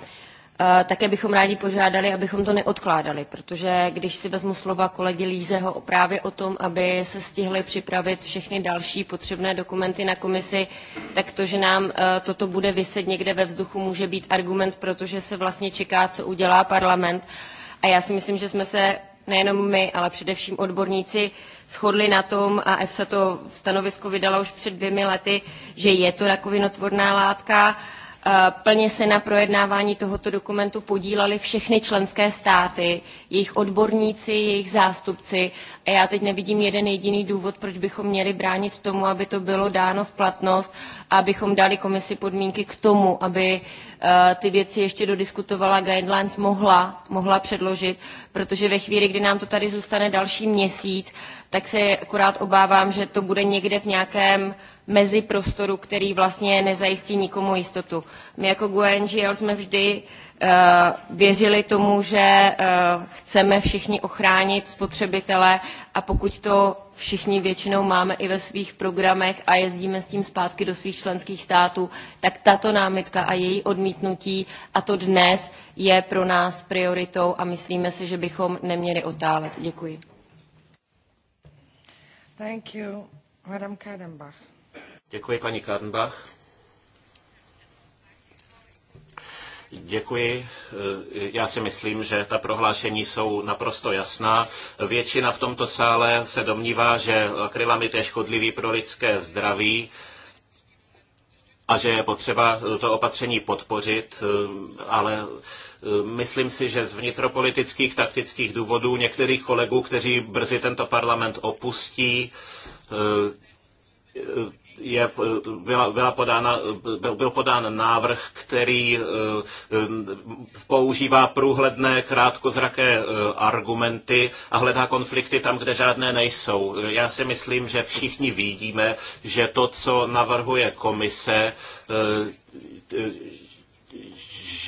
eh, také bychom rádi požádali, abychom to neodkládali, protože když si vezmu slova kolegy Lízeho právě o tom, aby se stihly připravit všechny další potřebné dokumenty na komisi, tak to, že nám eh, toto bude vyset někde ve vzduchu, může být argument, protože se vlastně čeká, co udělá parlament. A já si myslím, že jsme se nejenom my, ale především odborníci shodli na tom, a EFSA to stanovisko vydala už před dvěmi lety, že je to rakovinotvorná látka Eh, plně se na projednávání tohoto dokumentu podílely všechny členské státy, jejich odborníci, jejich zástupci a já teď nevidím jeden jediný důvod, proč bychom měli bránit tomu, aby to bylo dáno v platnost a abychom dali komisi podmínky k tomu, aby eh, ty věci ještě dodiskutovala, guidelines mohla, mohla předložit, protože ve chvíli, kdy nám to tady zůstane další měsíc, tak se akorát obávám, že to bude někde v nějakém mezi prostoru, který vlastně nezajistí nikomu jistotu. My jako GUNGL jsme vždy eh, věřili tomu, že eh, chceme všichni ochránit spotřebitele a pokud to všichni většinou máme i ve svých programech a jezdíme s tím zpátky do svých členských států, tak tato námitka a její odmítnutí a to dnes je pro nás prioritou a myslíme si, že bychom neměli otálet. Děkuji. Thank you, Madam Kadenbach. Děkuji, paní Kadenbach. Děkuji. Já si myslím, že ta prohlášení jsou naprosto jasná. Většina v tomto sále se domnívá, že akrylamid je škodlivý pro lidské zdraví a že je potřeba to opatření podpořit, ale Eh, myslím si, že z vnitropolitických taktických důvodů některých kolegů, kteří brzy tento parlament opustí, eh, je, eh, byla, byla podána, byl, byl podán návrh, který používá průhledné, krátkozraké argumenty a hledá konflikty tam, kde žádné nejsou. Já si myslím, že všichni vidíme, že to, co navrhuje komise,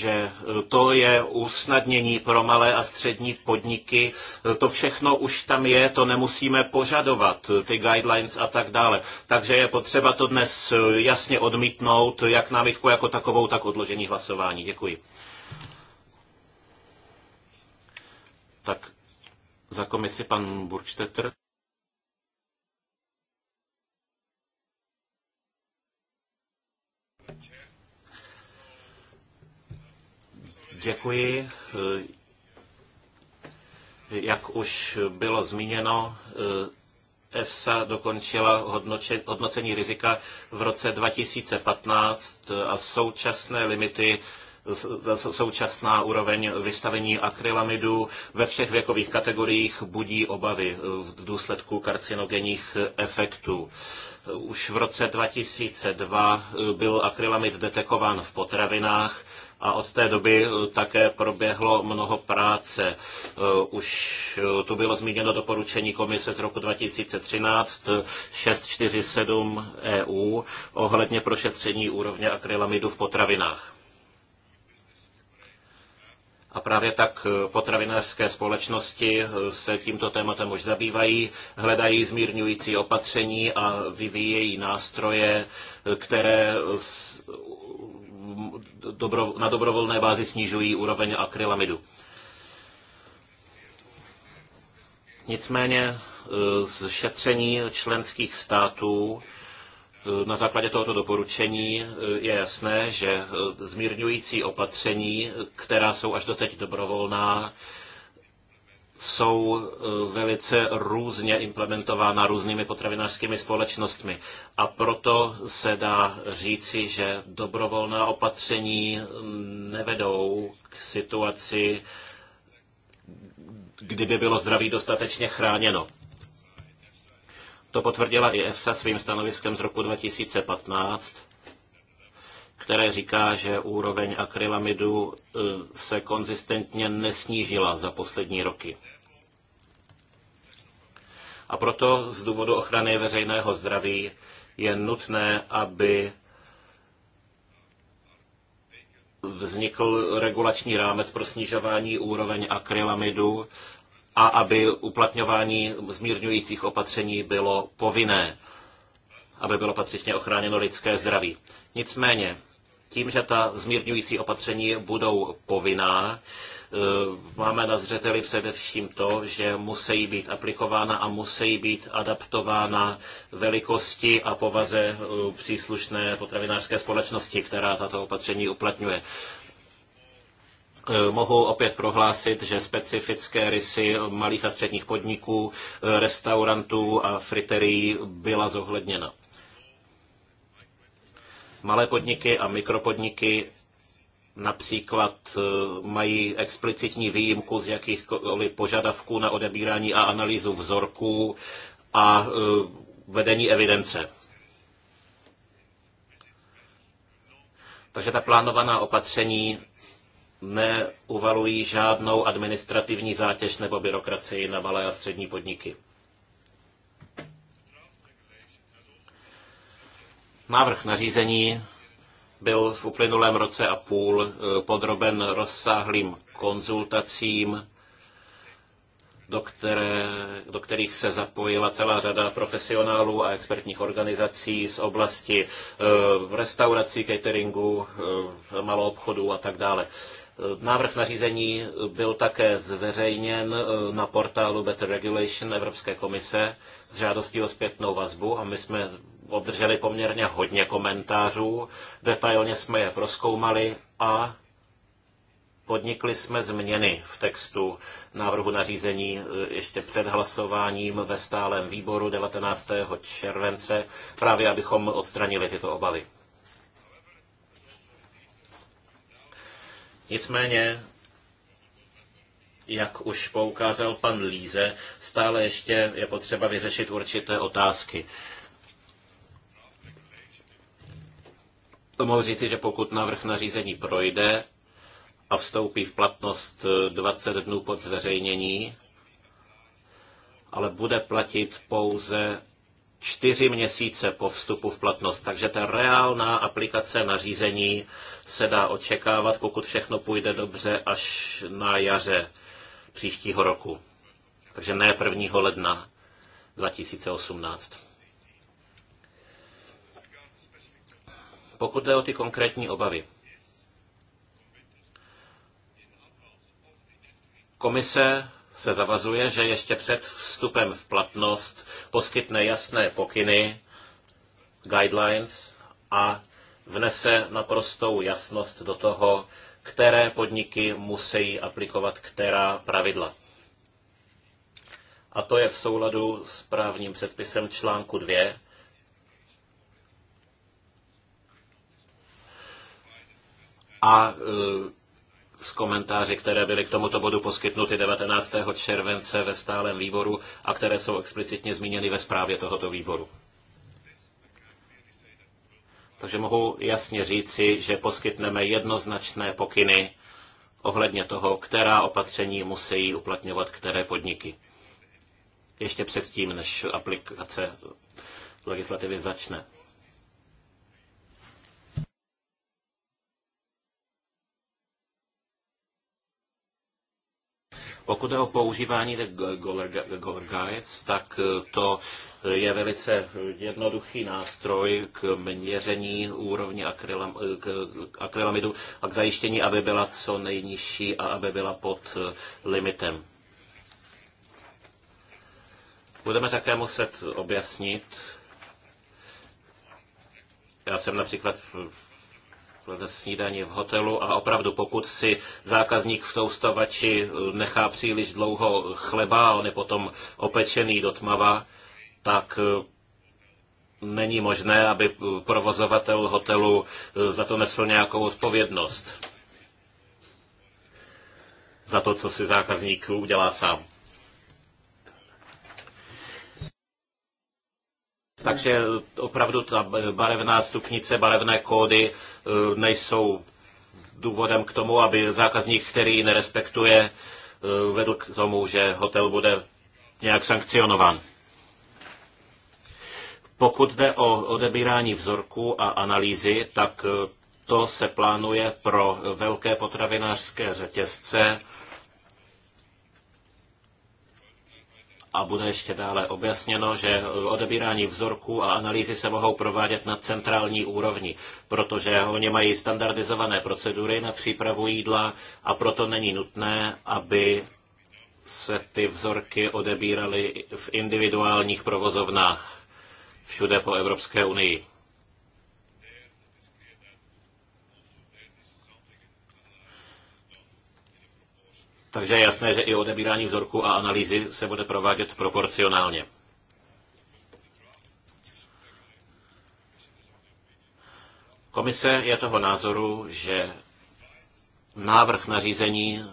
že e, to je usnadnění pro malé a střední podniky. E, to všechno už tam je, to nemusíme požadovat, e, ty guidelines a tak dále. Takže je potřeba to dnes jasně odmítnout, jak námitku jako takovou, tak odložení hlasování. Děkuji. Tak za komisi pan Burkstetter. Děkuji. Jak už bylo zmíněno, EFSA dokončila hodnocení rizika v roce 2015 a současné limity současná úroveň vystavení akrylamidu ve všech věkových kategoriích budí obavy v důsledku karcinogenních efektů. Už v roce 2002 byl akrylamid detekován v potravinách a od té doby eh, také proběhlo mnoho práce. Eh, už eh, tu bylo zmíněno doporučení komise z roku 2013 647 EU ohledně prošetření úrovně akrylamidu v potravinách. A právě tak eh, potravinářské společnosti eh, se tímto tématem už zabývají, hledají zmírňující opatření a vyvíjejí nástroje, eh, které na dobrovolné bázi snižují úroveň akrylamidu. Nicméně z šetření členských států Eh, na základě tohoto doporučení eh, je jasné, že eh, zmírňující opatření, která jsou až doteď dobrovolná, jsou velice různě implementována různými potravinářskými společnostmi. A proto se dá říci, že dobrovolná opatření mm, nevedou k situaci, kdyby bylo zdraví dostatečně chráněno. To potvrdila i EFSA svým stanoviskem z roku 2015, které říká, že úroveň akrylamidu e, se konzistentně nesnížila za poslední roky. A proto z důvodu ochrany veřejného zdraví je nutné, aby vznikl regulační rámec pro snižování úroveň akrylamidu a aby uplatňování zmírňujících opatření bylo povinné, aby bylo patřičně ochráněno lidské zdraví. Nicméně, tím, že ta zmírňující opatření budou povinná, eh, máme na zřeteli především to, že musí být aplikována a musí být adaptována velikosti a povaze eh, příslušné potravinářské společnosti, která tato opatření uplatňuje. Eh, mohu opět prohlásit, že specifické rysy malých a středních podniků, eh, restaurantů a friterií byla zohledněna. Malé podniky a mikropodniky například eh, mají explicitní výjimku z jakýchkoliv požadavků na odebírání a analýzu vzorků a vedení evidence. Takže ta plánovaná opatření neuvalují žádnou administrativní zátěž nebo byrokracii na malé a střední podniky. Návrh nařízení byl v uplynulém roce a půl e, podroben rozsáhlým konzultacím, do, které, do kterých se zapojila celá řada profesionálů a expertních organizací z oblasti e, restaurací, cateringu, e, malou obchodu a tak dále. Návrh nařízení byl také zveřejněn eh, na portálu Better Regulation Evropské komise s žádostí o zpětnou vazbu a my jsme obdrželi poměrně hodně komentářů, detailně jsme je proskoumali a podnikli jsme změny v textu návrhu nařízení eh, ještě před hlasováním ve stálem výboru 19. července, právě abychom odstranili tyto obavy. Nicméně jak už poukázal pan Líze, stále ještě je potřeba vyřešit určité otázky. To mohu říci, že pokud návrh nařízení projde a vstoupí v platnost 20 eh, dnů pod zveřejnění, ale bude platit pouze čtyři měsíce po vstupu v platnost. Takže ta reálná aplikace nařízení se dá očekávat, pokud všechno půjde dobře, až na jaře příštího roku. Takže ne 1. ledna 2018. Pokud jde o ty konkrétní obavy, komise se zavazuje, že ještě před vstupem v platnost poskytne jasné pokyny, guidelines a vnese naprostou jasnost do toho, které podniky musí aplikovat která pravidla. A to je v souladu s právním předpisem článku 2, a e, s komentáři, které byly k tomuto bodu poskytnuty 19. července ve stálem výboru a které jsou explicitně zmíněny ve zprávě tohoto výboru. Takže mohu jasně říci, že poskytneme jednoznačné pokyny ohledně toho, která opatření musí uplatňovat které podniky. Ještě předtím, než aplikace legislativy začne. Pokud je o používání Goller Guides, tak eh, to je velice jednoduchý nástroj k měření úrovně akrylam, k akrylamidu a k zajištění, aby byla co nejnižší a aby byla pod eh, limitem. Budeme také muset objasnit, já jsem například ve snídani v hotelu a opravdu pokud si zákazník v toustovači eh, nechá příliš dlouho chleba a on je potom opečený do tmava, tak eh, není možné, aby eh, provozovatel hotelu za to nesl nějakou odpovědnost. Za to, co si zákazník udělá sám. Takže opravdu ta barevná stupnice, barevné kódy e, nejsou důvodem k tomu, aby zákazník, který nerespektuje, e, vedl k tomu, že hotel bude nějak sankcionován. Pokud jde o odebírání vzorků a analýzy, tak e, to se plánuje pro velké potravinářské řetězce a bude ještě dále objasněno, že odebírání vzorků a analýzy se mohou provádět na centrální úrovni, protože oni mají standardizované procedury na přípravu jídla a proto není nutné, aby se ty vzorky odebíraly v individuálních provozovnách všude po Evropské unii. Takže je jasné, že i odebírání vzorku a analýzy se bude provádět proporcionálně. Komise je toho názoru, že návrh nařízení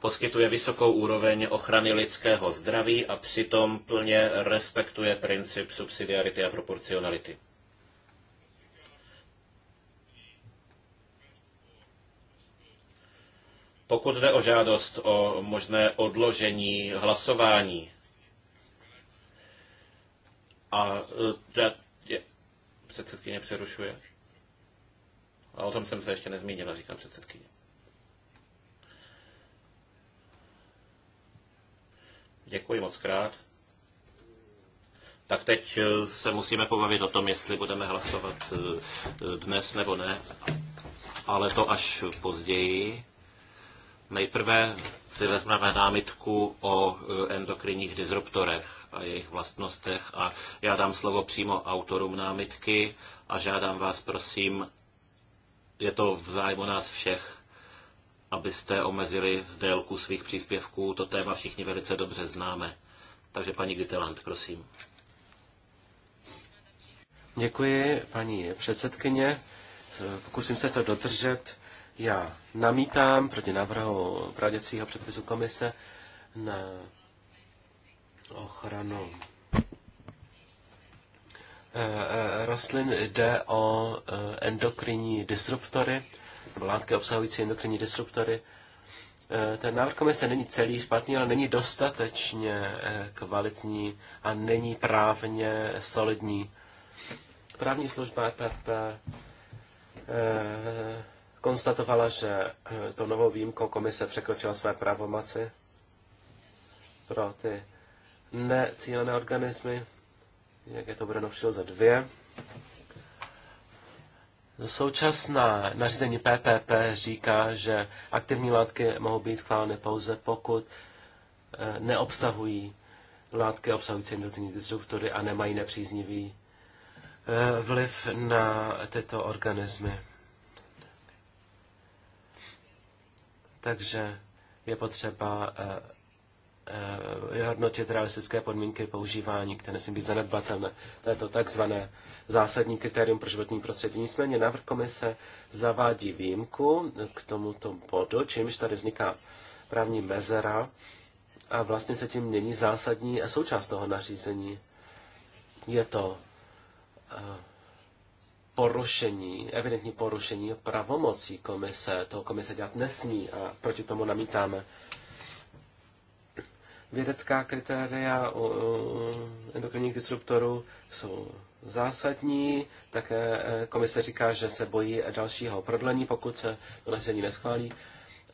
poskytuje vysokou úroveň ochrany lidského zdraví a přitom plně respektuje princip subsidiarity a proporcionality. Pokud jde o žádost o možné odložení hlasování, a e, teda, je, předsedkyně přerušuje. A o tom jsem se ještě nezmínila, říká předsedkyně. Děkuji moc krát. Tak teď e, se musíme pobavit o tom, jestli budeme hlasovat e, dnes nebo ne, ale to až později. Nejprve si vezmeme námitku o e, endokrinních disruptorech a jejich vlastnostech a já dám slovo přímo autorům námitky a žádám vás, prosím, je to v zájmu nás všech, abyste omezili délku svých příspěvků. To téma všichni velice dobře známe. Takže paní Gitteland, prosím. Děkuji, paní předsedkyně. Pokusím se to dodržet. Já namítám proti návrhu prováděcího předpisu komise na ochranu eh, eh, rostlin jde o eh, endokrinní disruptory, látky obsahující endokrinní disruptory. Ten návrh komise není celý špatný, ale není dostatečně kvalitní a není právně solidní. Právní služba EPP konstatovala, že eh, to novou výjimkou komise překročila své pravomoci pro ty necílené organismy, jak je to uvedeno v dvě. Současná nařízení PPP říká, že aktivní látky mohou být schváleny pouze, pokud eh, neobsahují látky obsahující endotinní disruptory a nemají nepříznivý eh, vliv na tyto organismy. Takže je potřeba vyhodnotit eh, eh, realistické podmínky používání, které nesmí být zanedbatelné. To je to takzvané zásadní kritérium pro životní prostředí. Nicméně návrh komise zavádí výjimku k tomuto bodu, čímž tady vzniká právní mezera a vlastně se tím mění zásadní součást toho nařízení. Je to eh, porušení, evidentní porušení pravomocí komise. To komise dělat nesmí a proti tomu namítáme. Vědecká kritéria u endokrinních disruptorů jsou zásadní. Také eh, komise říká, že se bojí dalšího prodlení, pokud se to nařízení neschválí.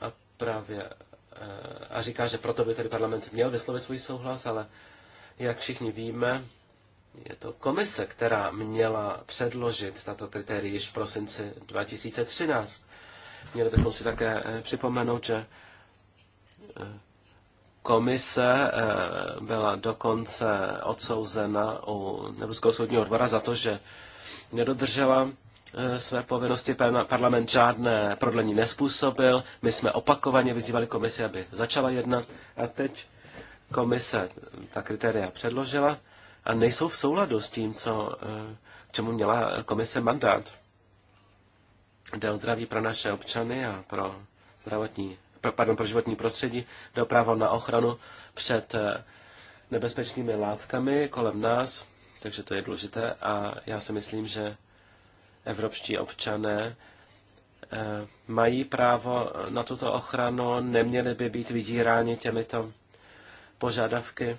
A právě eh, a říká, že proto by tedy parlament měl vyslovit svůj souhlas, ale jak všichni víme, je to komise, která měla předložit tato kritéria již v prosinci 2013. Měli bychom si také eh, připomenout, že eh, komise eh, byla dokonce odsouzena u Evropského soudního dvora za to, že nedodržela své povinnosti, parlament žádné prodlení nespůsobil, my jsme opakovaně vyzývali komisi, aby začala jednat a teď komise ta kritéria předložila a nejsou v souladu s tím, co, eh, k čemu měla komise mandát. Jde o zdraví pro naše občany a pro, zdravotní, pro, pardon, pro životní prostředí, jde o právo na ochranu před eh, nebezpečnými látkami kolem nás, takže to je důležité a já si myslím, že evropští občané eh, mají právo na tuto ochranu, neměli by být vydíráni těmito požadavky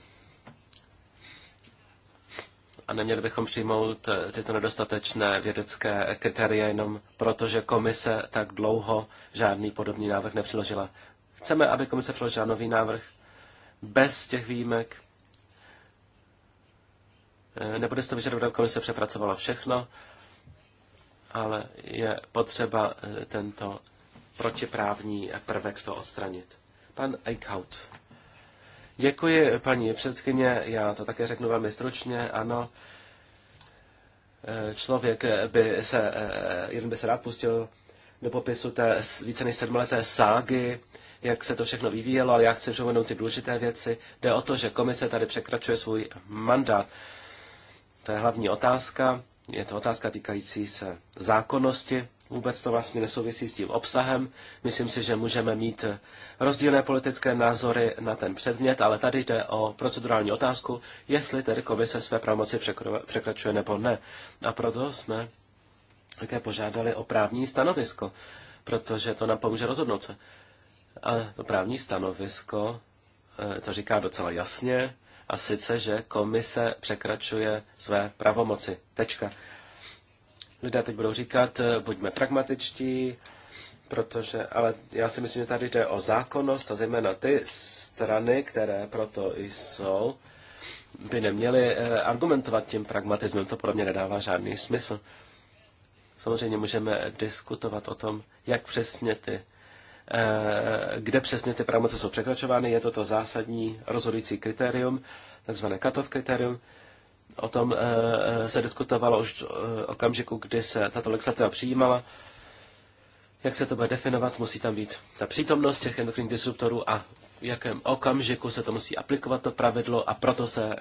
a neměli bychom přijmout eh, tyto nedostatečné vědecké kritéria jenom proto, že komise tak dlouho žádný podobný návrh nepřiložila. Chceme, aby komise přiložila nový návrh bez těch výjimek. Eh, nebude se to vyžadovat, aby komise přepracovala všechno, ale je potřeba eh, tento protiprávní prvek z toho odstranit. Pan Eichhout. Děkuji, paní předsedkyně. Já to také řeknu velmi stručně. Ano, eh, člověk by se, eh, jeden by se rád pustil do popisu té více než sedmileté ságy, jak se to všechno vyvíjelo, ale já chci připomenout ty důležité věci. Jde o to, že komise tady překračuje svůj mandát. To je hlavní otázka. Je to otázka týkající se zákonnosti Vůbec to vlastně nesouvisí s tím obsahem. Myslím si, že můžeme mít rozdílné politické názory na ten předmět, ale tady jde o procedurální otázku, jestli tedy komise své pravomoci překračuje nebo ne. A proto jsme také požádali o právní stanovisko, protože to nám pomůže rozhodnout se. A to právní stanovisko eh, to říká docela jasně, a sice, že komise překračuje své pravomoci. Tečka. Lidé teď budou říkat, eh, buďme pragmatičtí, protože, ale já si myslím, že tady jde o zákonnost a zejména ty strany, které proto jsou, by neměly eh, argumentovat tím pragmatismem. To pro mě nedává žádný smysl. Samozřejmě můžeme diskutovat o tom, jak přesně ty, eh, kde přesně ty pravomoce jsou překračovány. Je to to zásadní rozhodující kritérium, takzvané katov kritérium. O tom eh, eh, se diskutovalo už eh, okamžiku, kdy se tato legislativa přijímala. Jak se to bude definovat, musí tam být ta přítomnost těch endokrinních disruptorů a v jakém okamžiku se to musí aplikovat to pravidlo a proto se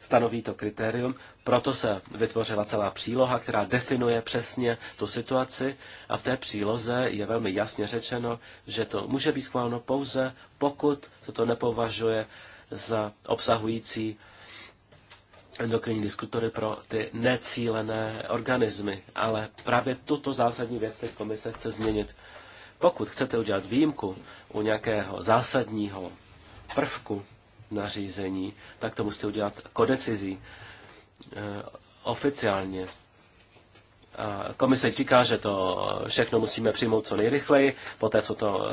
stanoví to kritérium. Proto se vytvořila celá příloha, která definuje přesně tu situaci a v té příloze je velmi jasně řečeno, že to může být schváleno pouze, pokud se to nepovažuje za obsahující endokrinní diskutory pro ty necílené organismy. Ale právě tuto zásadní věc teď komise chce změnit. Pokud chcete udělat výjimku u nějakého zásadního prvku nařízení, tak to musíte udělat kodecizí e, oficiálně. A komise říká, že to všechno musíme přijmout co nejrychleji, poté co to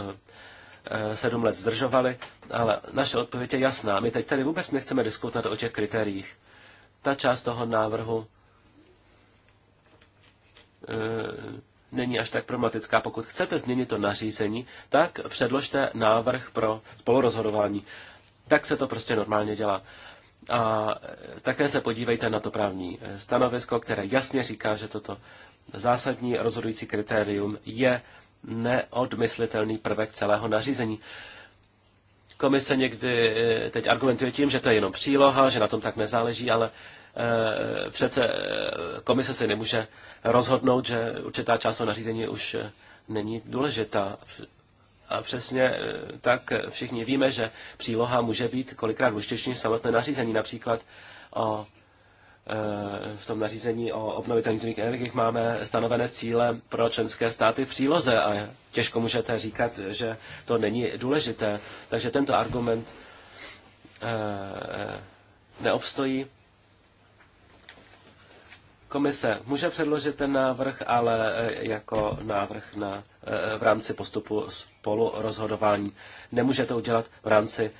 e, sedm let zdržovali, ale naše odpověď je jasná. My teď tady vůbec nechceme diskutovat o těch kritériích ta část toho návrhu e, není až tak problematická. Pokud chcete změnit to nařízení, tak předložte návrh pro spolurozhodování. Tak se to prostě normálně dělá. A také se podívejte na to právní stanovisko, které jasně říká, že toto zásadní rozhodující kritérium je neodmyslitelný prvek celého nařízení. Komise někdy e, teď argumentuje tím, že to je jenom příloha, že na tom tak nezáleží, ale Eh, přece eh, komise si nemůže rozhodnout, že určitá část toho nařízení už eh, není důležitá. A přesně tak všichni víme, že příloha může být kolikrát důležitější než samotné nařízení. Například o, v tom nařízení o obnovitelných zdrojích energiích máme stanovené cíle pro členské státy v příloze a těžko můžete říkat, že to není důležité. Takže tento argument neobstojí. Komise může předložit ten návrh, ale eh, jako návrh na, eh, v rámci postupu spolu rozhodování. Nemůže to udělat v rámci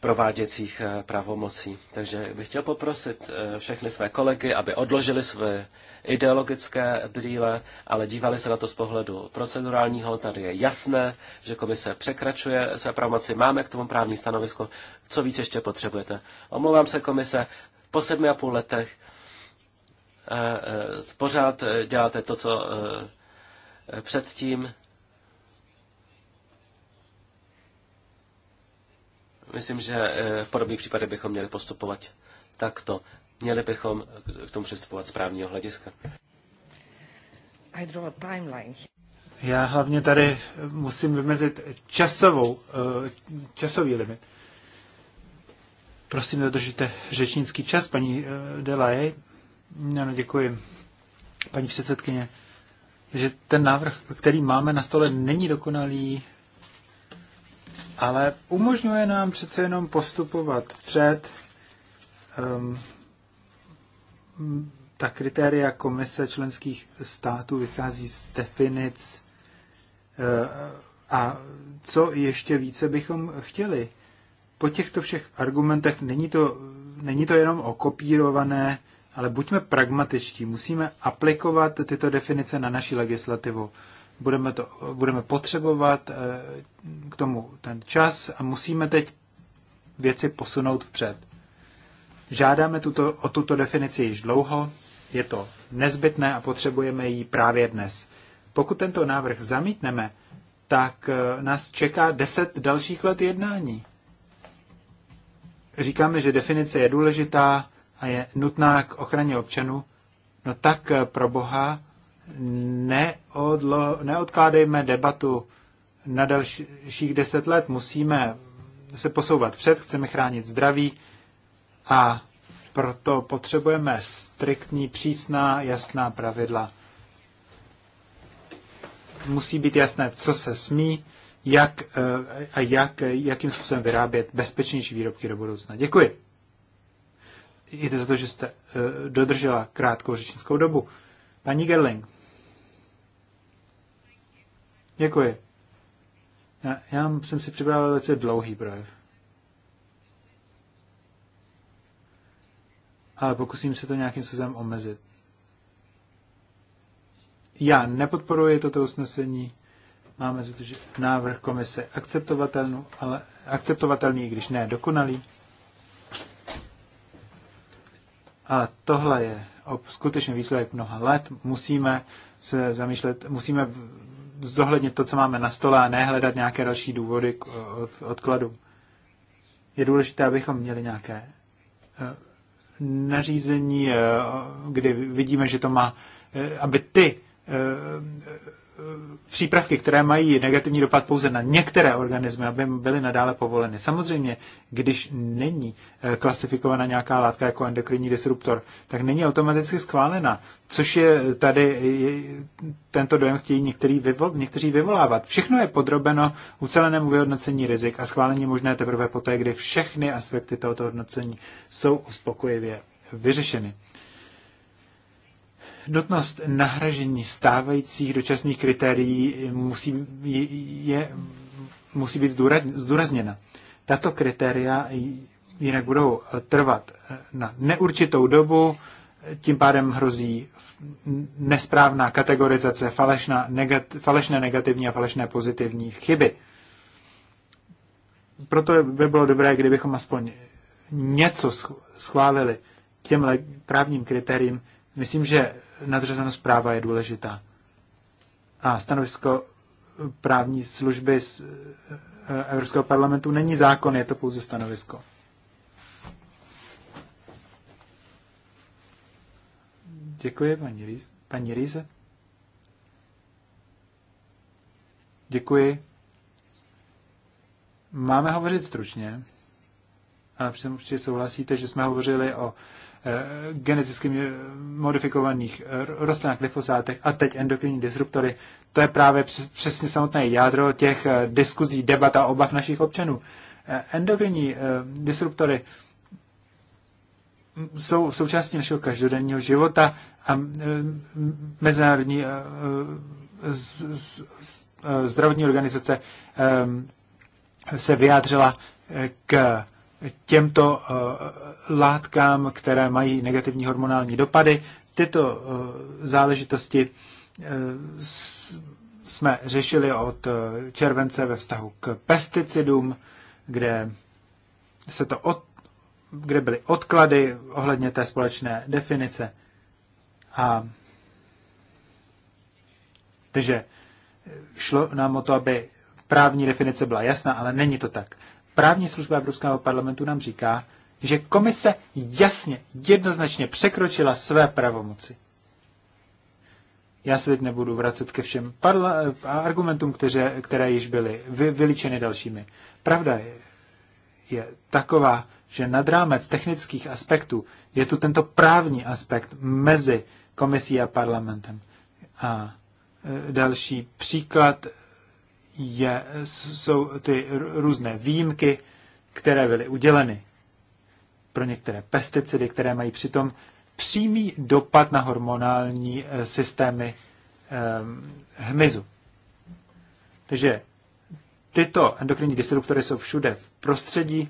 prováděcích eh, pravomocí. Takže bych chtěl poprosit všechny své kolegy, aby odložili své ideologické brýle, ale dívali se na to z pohledu procedurálního. Tady je jasné, že komise překračuje své pravomoci. Máme k tomu právní stanovisko. Co víc ještě potřebujete? Omlouvám se komise. Po sedmi a půl letech E, pořád e, děláte to, co e, předtím. Myslím, že v podobných případech bychom měli postupovat takto. Měli bychom k tomu přistupovat z právního hlediska. Já hlavně tady musím vymezit časovou, časový limit. Prosím, dodržíte řečnický čas, paní Delaje. Ano, děkuji. Paní předsedkyně, že ten návrh, který máme na stole, není dokonalý, ale umožňuje nám přece jenom postupovat před um, ta kritéria komise členských států vychází z definic eh, a co ještě více bychom chtěli. Po těchto všech argumentech není to, není to jenom okopírované ale buďme pragmatičtí, musíme aplikovat tyto definice na naši legislativu. Budeme, to, budeme potřebovat eh, k tomu ten čas a musíme teď věci posunout vpřed. Žádáme tuto, o tuto definici již dlouho, je to nezbytné a potřebujeme ji právě dnes. Pokud tento návrh zamítneme, tak eh, nás čeká deset dalších let jednání. Říkáme, že definice je důležitá, a je nutná k ochraně občanů, no tak eh, pro boha neodlo, neodkládejme debatu na dalších deset let. Musíme se posouvat před, chceme chránit zdraví a proto potřebujeme striktní, přísná, jasná pravidla. Musí být jasné, co se smí, jak eh, a jak, jakým způsobem vyrábět bezpečnější výrobky do budoucna. Děkuji i za to, že jste eh, dodržela krátkou řečnickou dobu. Paní Gerling. Děkuji. Já, já jsem si připravil velice dlouhý projev. Ale pokusím se to nějakým způsobem omezit. Já nepodporuji toto usnesení. Máme za to, že návrh komise akceptovatelný, ale akceptovatelný, když ne dokonalý. Ale tohle je skutečně výsledek mnoha let. Musíme se zamýšlet, musíme zohlednit to, co máme na stole a nehledat nějaké další důvody k od, odkladu. Je důležité, abychom měli nějaké eh, nařízení, eh, kdy vidíme, že to má, eh, aby ty přípravky, které mají negativní dopad pouze na některé organismy, aby byly nadále povoleny. Samozřejmě, když není eh, klasifikována nějaká látka jako endokrinní disruptor, tak není automaticky schválena, což je tady tento dojem chtějí některý vyvol, někteří vyvolávat. Všechno je podrobeno ucelenému vyhodnocení rizik a schválení je možné teprve poté, kdy všechny aspekty tohoto hodnocení jsou uspokojivě vyřešeny nutnost nahražení stávajících dočasných kritérií musí, je, je, musí být zdůrazněna. Tato kritéria jinak budou trvat na neurčitou dobu, tím pádem hrozí nesprávná kategorizace, falešná, negat, falešné negativní a falešné pozitivní chyby. Proto by bylo dobré, kdybychom aspoň něco schválili těm právním kritériím. Myslím, že nadřazenost práva je důležitá. A stanovisko právní služby z eh, Evropského parlamentu není zákon, je to pouze stanovisko. Děkuji, paní, Ríze. paní Ríze. Děkuji. Máme hovořit stručně, ale určitě souhlasíte, že jsme hovořili o Eh, geneticky modifikovaných eh, rostlinách, glyfosátech a teď endokrinní disruptory. To je právě přesně samotné jádro těch eh, diskuzí, debat a obav našich občanů. Endokrinní disruptory jsou součástí našeho každodenního života a mezinárodní zdravotní organizace se vyjádřila k těmto eh, látkám, které mají negativní hormonální dopady. Tyto eh, záležitosti eh, jsme řešili od července ve vztahu k pesticidům, kde se to od, kde byly odklady ohledně té společné definice. A takže šlo nám o to, aby právní definice byla jasná, ale není to tak. Právní služba Evropského parlamentu nám říká, že komise jasně, jednoznačně překročila své pravomoci. Já se teď nebudu vracet ke všem parla- eh, argumentům, které, které již byly vy- vyličeny dalšími. Pravda je, je taková, že nad rámec technických aspektů je tu tento právní aspekt mezi komisí a parlamentem. A eh, další příklad je, jsou ty různé výjimky, které byly uděleny pro některé pesticidy, které mají přitom přímý dopad na hormonální eh, systémy ehm, hmyzu. Takže tyto endokrinní disruptory jsou všude v prostředí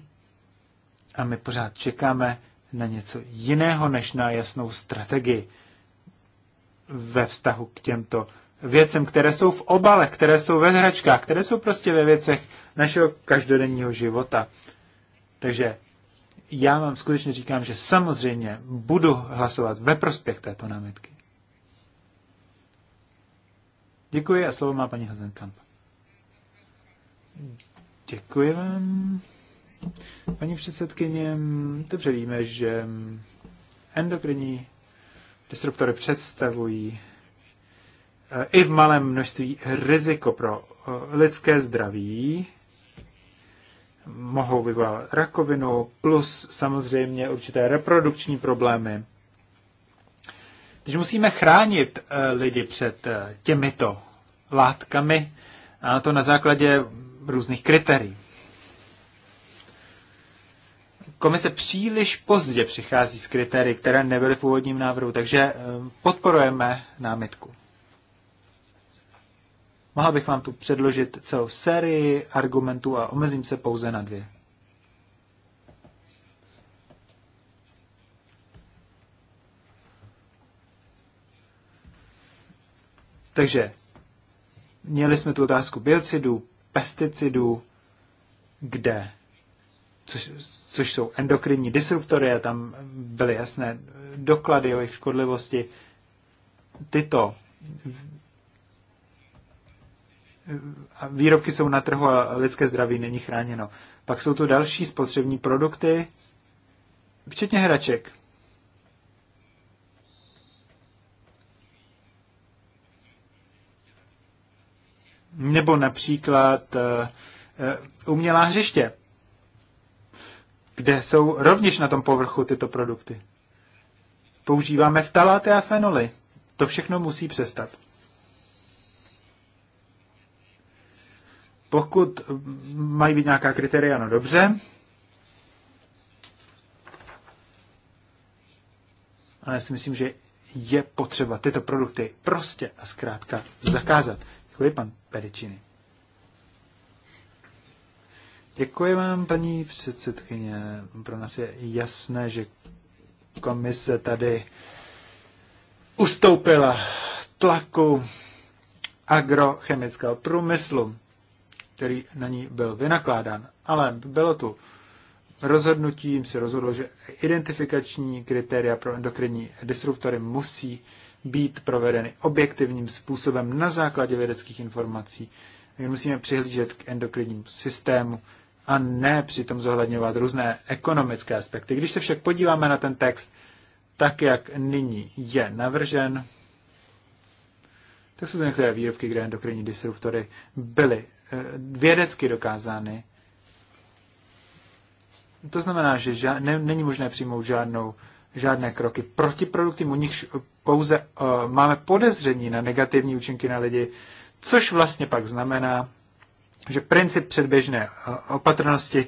a my pořád čekáme na něco jiného než na jasnou strategii ve vztahu k těmto věcem, které jsou v obalech, které jsou ve hračkách, které jsou prostě ve věcech našeho každodenního života. Takže já vám skutečně říkám, že samozřejmě budu hlasovat ve prospěch této námitky. Děkuji a slovo má paní Hazenkamp. Děkuji vám. Paní předsedkyně, dobře víme, že endokrinní disruptory představují i v malém množství riziko pro eh, lidské zdraví, mohou vyvolat rakovinu, plus samozřejmě určité reprodukční problémy. Takže musíme chránit eh, lidi před eh, těmito látkami a to na základě různých kritérií. Komise příliš pozdě přichází s kritérii, které nebyly v původním návrhu, takže podporujeme námitku. Mohl bych vám tu předložit celou sérii argumentů a omezím se pouze na dvě. Takže měli jsme tu otázku biocidů, pesticidů, kde, což, což jsou endokrinní disruptory a tam byly jasné doklady o jejich škodlivosti. Tyto výrobky jsou na trhu a lidské zdraví není chráněno. Pak jsou tu další spotřební produkty, včetně hraček. Nebo například eh, eh, umělá hřiště, kde jsou rovněž na tom povrchu tyto produkty. Používáme vtaláty a fenoly. To všechno musí přestat. Pokud mají být nějaká kritéria, no dobře. Ale já si myslím, že je potřeba tyto produkty prostě a zkrátka zakázat. Děkuji, pan Pericini. Děkuji vám, paní předsedkyně. Pro nás je jasné, že komise tady ustoupila tlaku agrochemického průmyslu který na ní byl vynakládán. Ale bylo tu rozhodnutí, jim se rozhodlo, že identifikační kritéria pro endokrinní disruptory musí být provedeny objektivním způsobem na základě vědeckých informací. My musíme přihlížet k endokrinnímu systému a ne přitom zohledňovat různé ekonomické aspekty. Když se však podíváme na ten text tak, jak nyní je navržen, tak jsou to některé výrobky, kde endokrinní disruptory byly Eh, vědecky dokázány. To znamená, že ža- ne, není možné přijmout žádnou, žádné kroky protiproduktivní, u nichž pouze uh, máme podezření na negativní účinky na lidi, což vlastně pak znamená, že princip předběžné eh, opatrnosti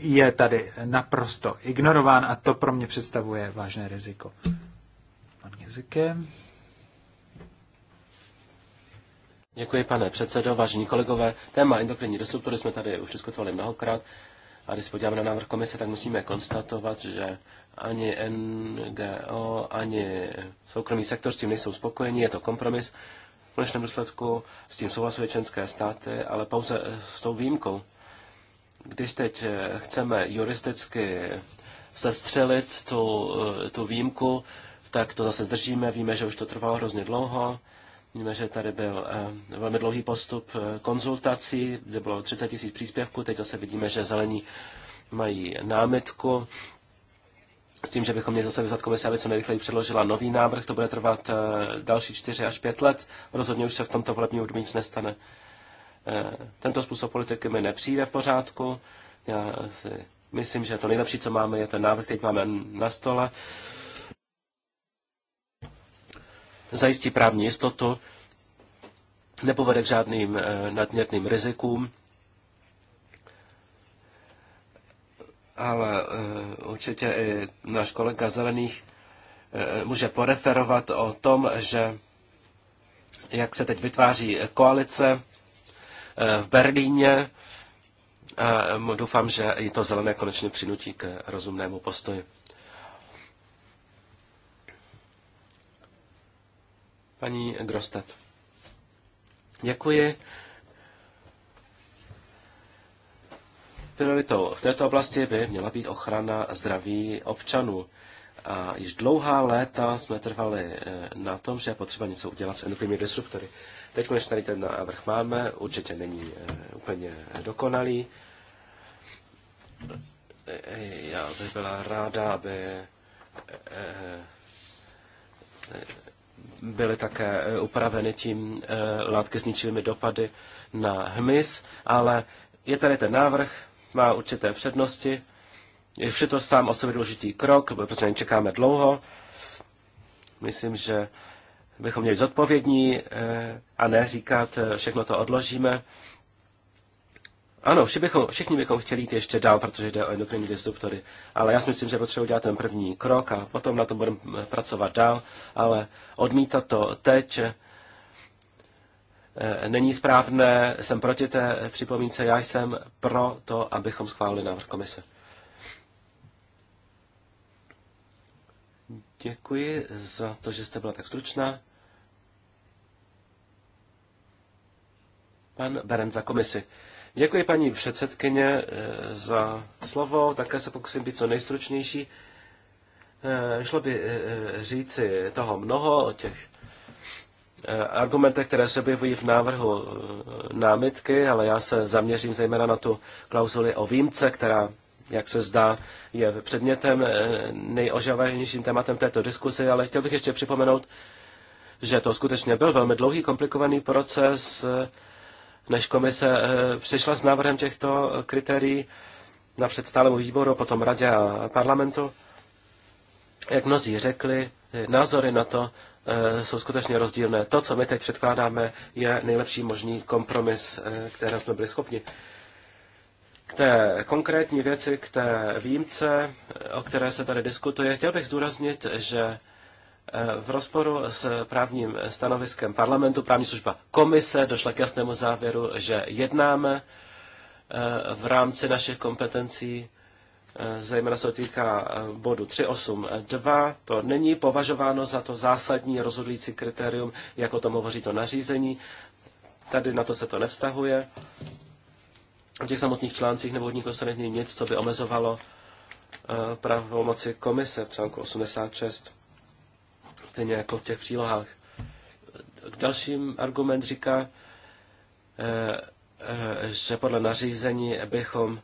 je tady naprosto ignorován a to pro mě představuje vážné riziko. Pan Gizike. Děkuji, pane předsedo, vážení kolegové. Téma endokrinní disruptory jsme tady už diskutovali mnohokrát. A když se podíváme na návrh komise, tak musíme konstatovat, že ani NGO, ani soukromý sektor s tím nejsou spokojeni, je to kompromis. V konečném důsledku s tím souhlasují členské státy, ale pouze eh, s tou výjimkou. Když teď eh, chceme juristicky sestřelit tu, eh, tu výjimku, tak to zase zdržíme. Víme, že už to trvalo hrozně dlouho. Víme, že tady byl eh, velmi dlouhý postup eh, konzultací, kde bylo 30 tisíc příspěvků, teď zase vidíme, že zelení mají námitku s tím, že bychom měli zase vyzvat komisi, aby co nejrychleji předložila nový návrh, to bude trvat eh, další 4 až 5 let. Rozhodně už se v tomto volebním období nic nestane. Tento způsob politiky mi nepřijde v pořádku. Já si myslím, že to nejlepší, co máme, je ten návrh, který máme na stole zajistí právní jistotu, nepovede k žádným eh, nadměrným rizikům, ale eh, určitě i náš kolega Zelených eh, může poreferovat o tom, že jak se teď vytváří koalice v Berlíně. A doufám, že i to zelené konečně přinutí k rozumnému postoji. Paní Grostet. Děkuji. Prioritou v této oblasti by měla být ochrana zdraví občanů. A již dlouhá léta jsme trvali eh, na tom, že je potřeba něco udělat s endokrinními disruptory. Teď, než tady ten návrh máme, určitě není eh, úplně dokonalý. Eh, já bych byla ráda, aby byly také e, upraveny tím e, látky s ničivými dopady na hmyz, ale je tady ten návrh, má určité přednosti, je vše to sám o sobě důležitý krok, protože čekáme dlouho. Myslím, že bychom měli zodpovědní e, a ne říkat, všechno to odložíme. Ano, všichni bychom, všichni bychom chtěli jít ještě dál, protože jde o endokrinní disruptory, ale já si myslím, že potřebuji udělat ten první krok a potom na tom budeme eh, pracovat dál, ale odmítat to teď eh, není správné, jsem proti té připomínce, já jsem pro to, abychom schválili návrh komise. Děkuji za to, že jste byla tak stručná. Pan Beren za komisi. Děkuji paní předsedkyně eh, za slovo, také se pokusím být co nejstručnější. Eh, šlo by eh, říci toho mnoho o těch argumentech, které se objevují v návrhu námitky, ale já se zaměřím zejména na tu klauzuli o výjimce, která, jak se zdá, je předmětem nejožavajnějším tématem této diskuse, ale chtěl bych ještě připomenout, že to skutečně byl velmi dlouhý, komplikovaný proces, než komise eh, přišla s návrhem těchto kritérií na předstálemu výboru, potom radě a parlamentu. Jak mnozí řekli, názory na to eh, jsou skutečně rozdílné. To, co my teď předkládáme, je nejlepší možný kompromis, eh, který jsme byli schopni. K té konkrétní věci, k té výjimce, o které se tady diskutuje, chtěl bych zdůraznit, že v rozporu s právním stanoviskem parlamentu, právní služba komise došla k jasnému závěru, že jednáme eh, v rámci našich kompetencí, eh, zejména se týká eh, bodu 382, to není považováno za to zásadní rozhodující kritérium, jako o tom hovoří to nařízení. Tady na to se to nevztahuje. V těch samotných článcích nebo vodních není nic, co by omezovalo pravomoci komise v článku 86 stejně jako v těch přílohách. Dalším argument říká, eh, eh, že podle nařízení bychom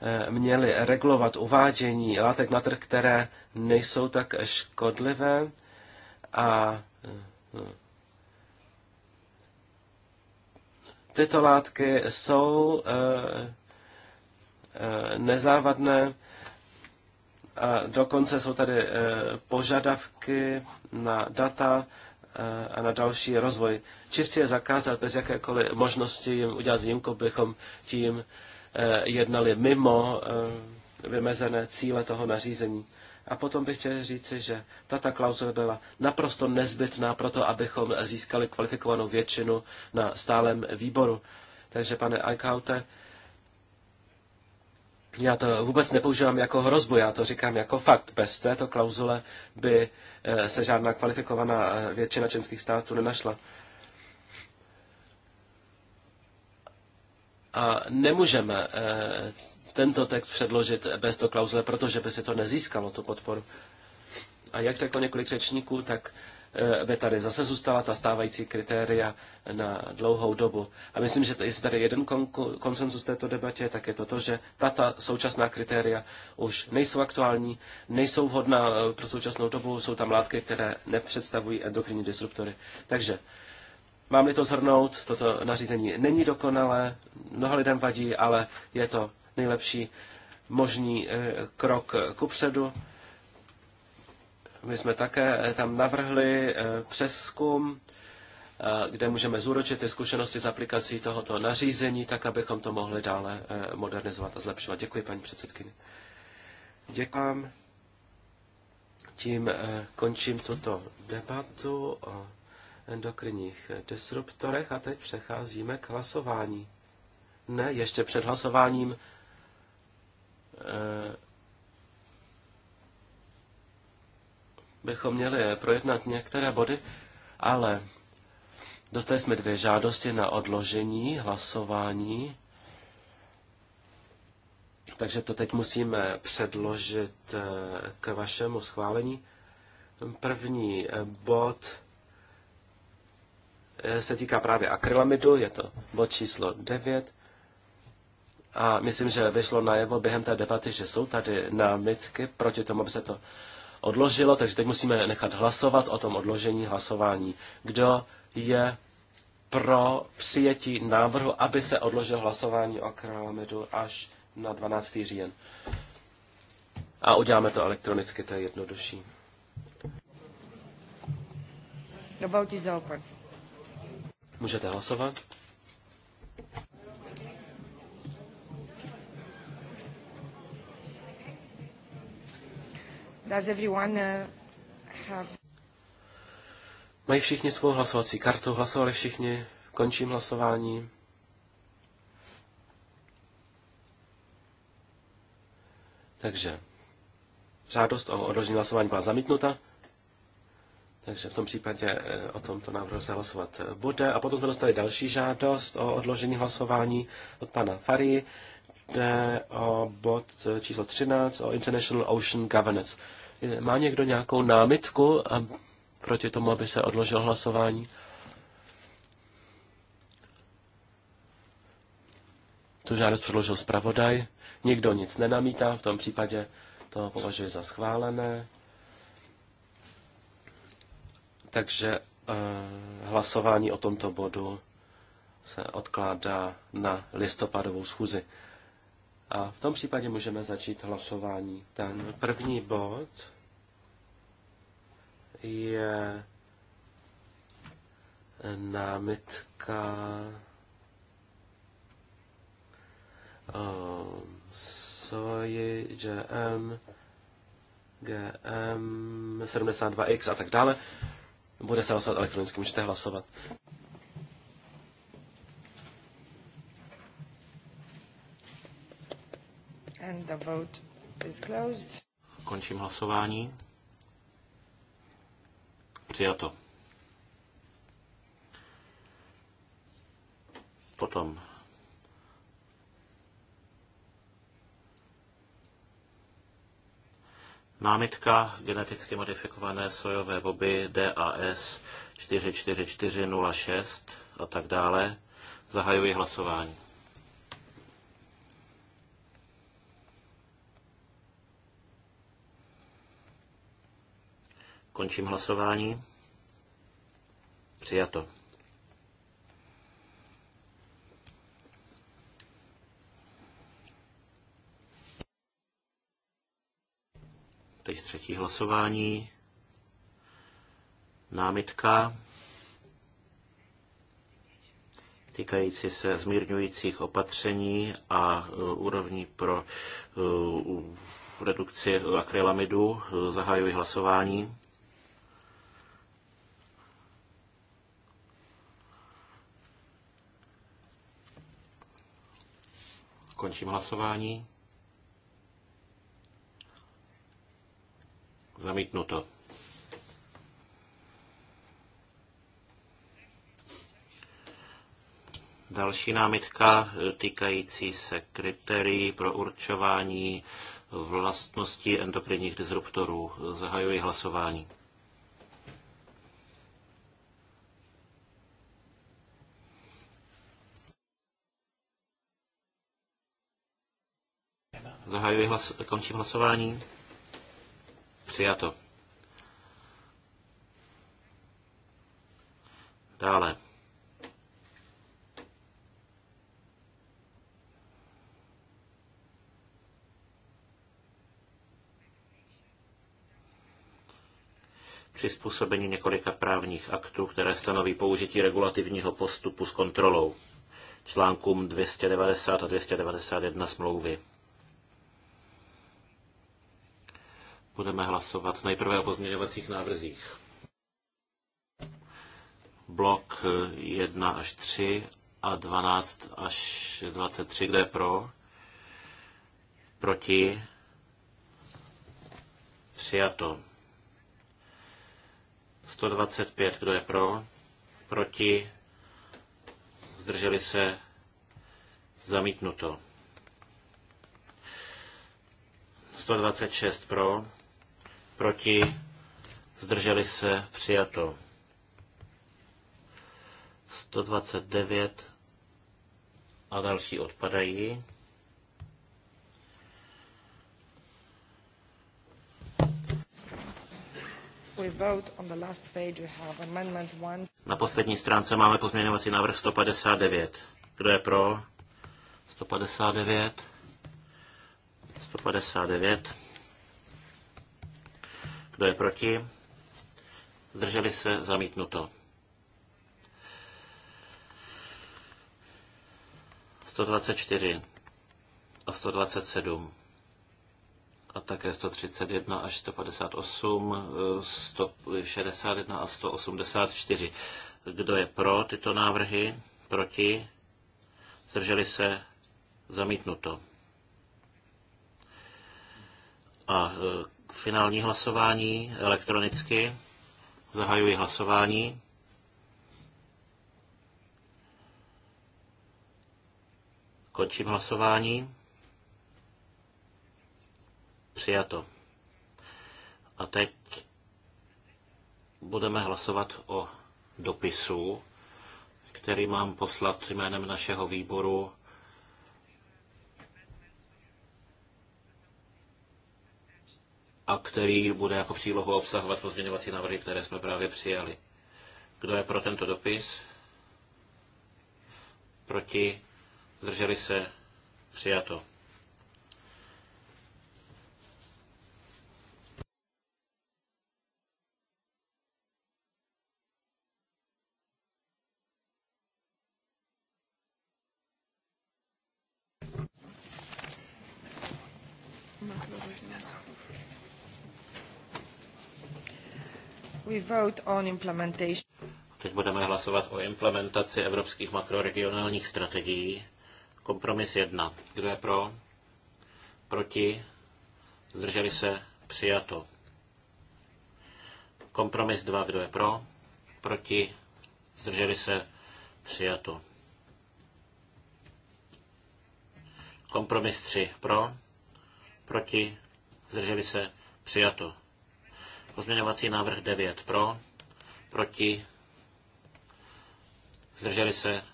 eh, měli regulovat uvádění látek na trh, které nejsou tak škodlivé a tyto látky jsou nezávadné dokonce jsou tady eh, požadavky na data eh, a na další rozvoj. Čistě je zakázat bez jakékoliv možnosti jim udělat výjimku, bychom tím eh, jednali mimo vymezené cíle toho nařízení. A potom bych chtěl říci, že tato klauzule byla naprosto nezbytná pro to, abychom získali kvalifikovanou většinu na stálem výboru. Takže, pane Eichhaute, já to vůbec nepoužívám jako hrozbu, já to říkám jako fakt. Bez této klauzule by eh, se žádná kvalifikovaná eh, většina členských států nenašla. A nemůžeme eh, tento text předložit bez to klauzule, protože by se to nezískalo, tu podporu. A jak řeklo několik řečníků, tak by eh, tady zase zůstala ta stávající kritéria na dlouhou dobu. A myslím, že jestli tady jeden konsenzus v této debatě, tak je to to, že tato současná kritéria už nejsou aktuální, nejsou vhodná eh, pro současnou dobu, jsou tam látky, které nepředstavují endokrinní disruptory. Takže Mám-li to zhrnout, toto nařízení není dokonalé, mnoha lidem vadí, ale je to nejlepší možný eh, krok kupředu. My jsme také eh, tam navrhli eh, přeskum, eh, kde můžeme zúročit ty zkušenosti s aplikací tohoto nařízení, tak abychom to mohli dále modernizovat a zlepšovat. Děkuji, paní předsedkyně. Děkuji. Tím končím tuto debatu o endokrinních disruptorech a teď přecházíme k hlasování. Ne, ještě před hlasováním bychom měli projednat některé body, ale dostali jsme dvě žádosti na odložení hlasování, takže to teď musíme předložit eh, k vašemu schválení. První eh, bod eh, se týká právě akrylamidu, je to bod číslo 9. A myslím, že vyšlo najevo během té debaty, že jsou tady námitky proti tomu, aby se to odložilo, takže teď musíme nechat hlasovat o tom odložení hlasování. Kdo je pro přijetí návrhu, aby se odložilo hlasování o kralamedu až na 12. říjen? A uděláme to elektronicky, to je jednodušší. Můžete hlasovat. Does everyone uh, have... Mají všichni svou hlasovací kartu, hlasovali všichni, končím hlasování. Takže žádost o odložení hlasování byla zamítnuta. Takže v tom případě eh, o tomto návrhu se hlasovat eh, bude. A potom jsme dostali další žádost o odložení hlasování od pana Fary. Jde o bod číslo 13, o International Ocean Governance. Má někdo nějakou námitku a eh, proti tomu, aby se odložil hlasování? Tu žádost předložil zpravodaj. Nikdo nic nenamítá, v tom případě to považuji za schválené. Takže eh, hlasování o tomto bodu se odkládá na listopadovou schůzi. A v tom případě můžeme začít hlasování. Ten první bod je námitka soji, GM, GM, 72X a tak dále. Bude se hlasovat elektronicky, můžete hlasovat. And the vote is closed. Končím hlasování. Přijato. Potom Námitka geneticky modifikované sojové boby DAS 44406 a tak dále. Zahajuji hlasování. Končím hlasování. Přijato. Teď třetí hlasování. Námitka týkající se zmírňujících opatření a uh, úrovní pro uh, redukci akrylamidu. Uh, zahajuji hlasování. Končím hlasování. Zamítnuto. Další námitka eh, týkající se kritérií pro určování vlastností endokrinních disruptorů. Zahajuji hlasování. Zahajuji hlas, končím hlasování. Přijato. Dále. způsobení několika právních aktů, které stanoví použití regulativního postupu s kontrolou článkům 290 a 291 smlouvy. Budeme hlasovat nejprve o pozměňovacích návrzích. Blok 1 až 3 a 12 až 23, kde je pro, proti, přijato. 125, kdo je pro, proti, zdrželi se, zamítnuto. 126 pro, proti, zdrželi se, přijato. 129 a další odpadají. Na poslední stránce máme pozměňovací návrh 159. Kdo je pro? 159. 159. Kdo je proti? Zdrželi se zamítnuto. 124 a 127 a také 131 až 158, 161 a 184. Kdo je pro tyto návrhy? Proti? Zdrželi se? Zamítnuto. A e, Finální hlasování elektronicky. Zahajuji hlasování. Končím hlasování. Přijato. A teď budeme hlasovat o dopisu, který mám poslat jménem našeho výboru a který bude jako přílohu obsahovat pozměňovací návrhy, které jsme právě přijali. Kdo je pro tento dopis? Proti? Zdrželi se? Přijato. vote on implementation. Teď budeme hlasovat o implementaci evropských makroregionálních strategií. Kompromis 1. Kdo je pro? Proti? Zdrželi se? Přijato. Kompromis 2. Kdo je pro? Proti? Zdrželi se? Přijato. Kompromis 3. Pro? Proti? Zdrželi se? Přijato. Pozměňovací návrh 9 pro, proti, zdrželi se,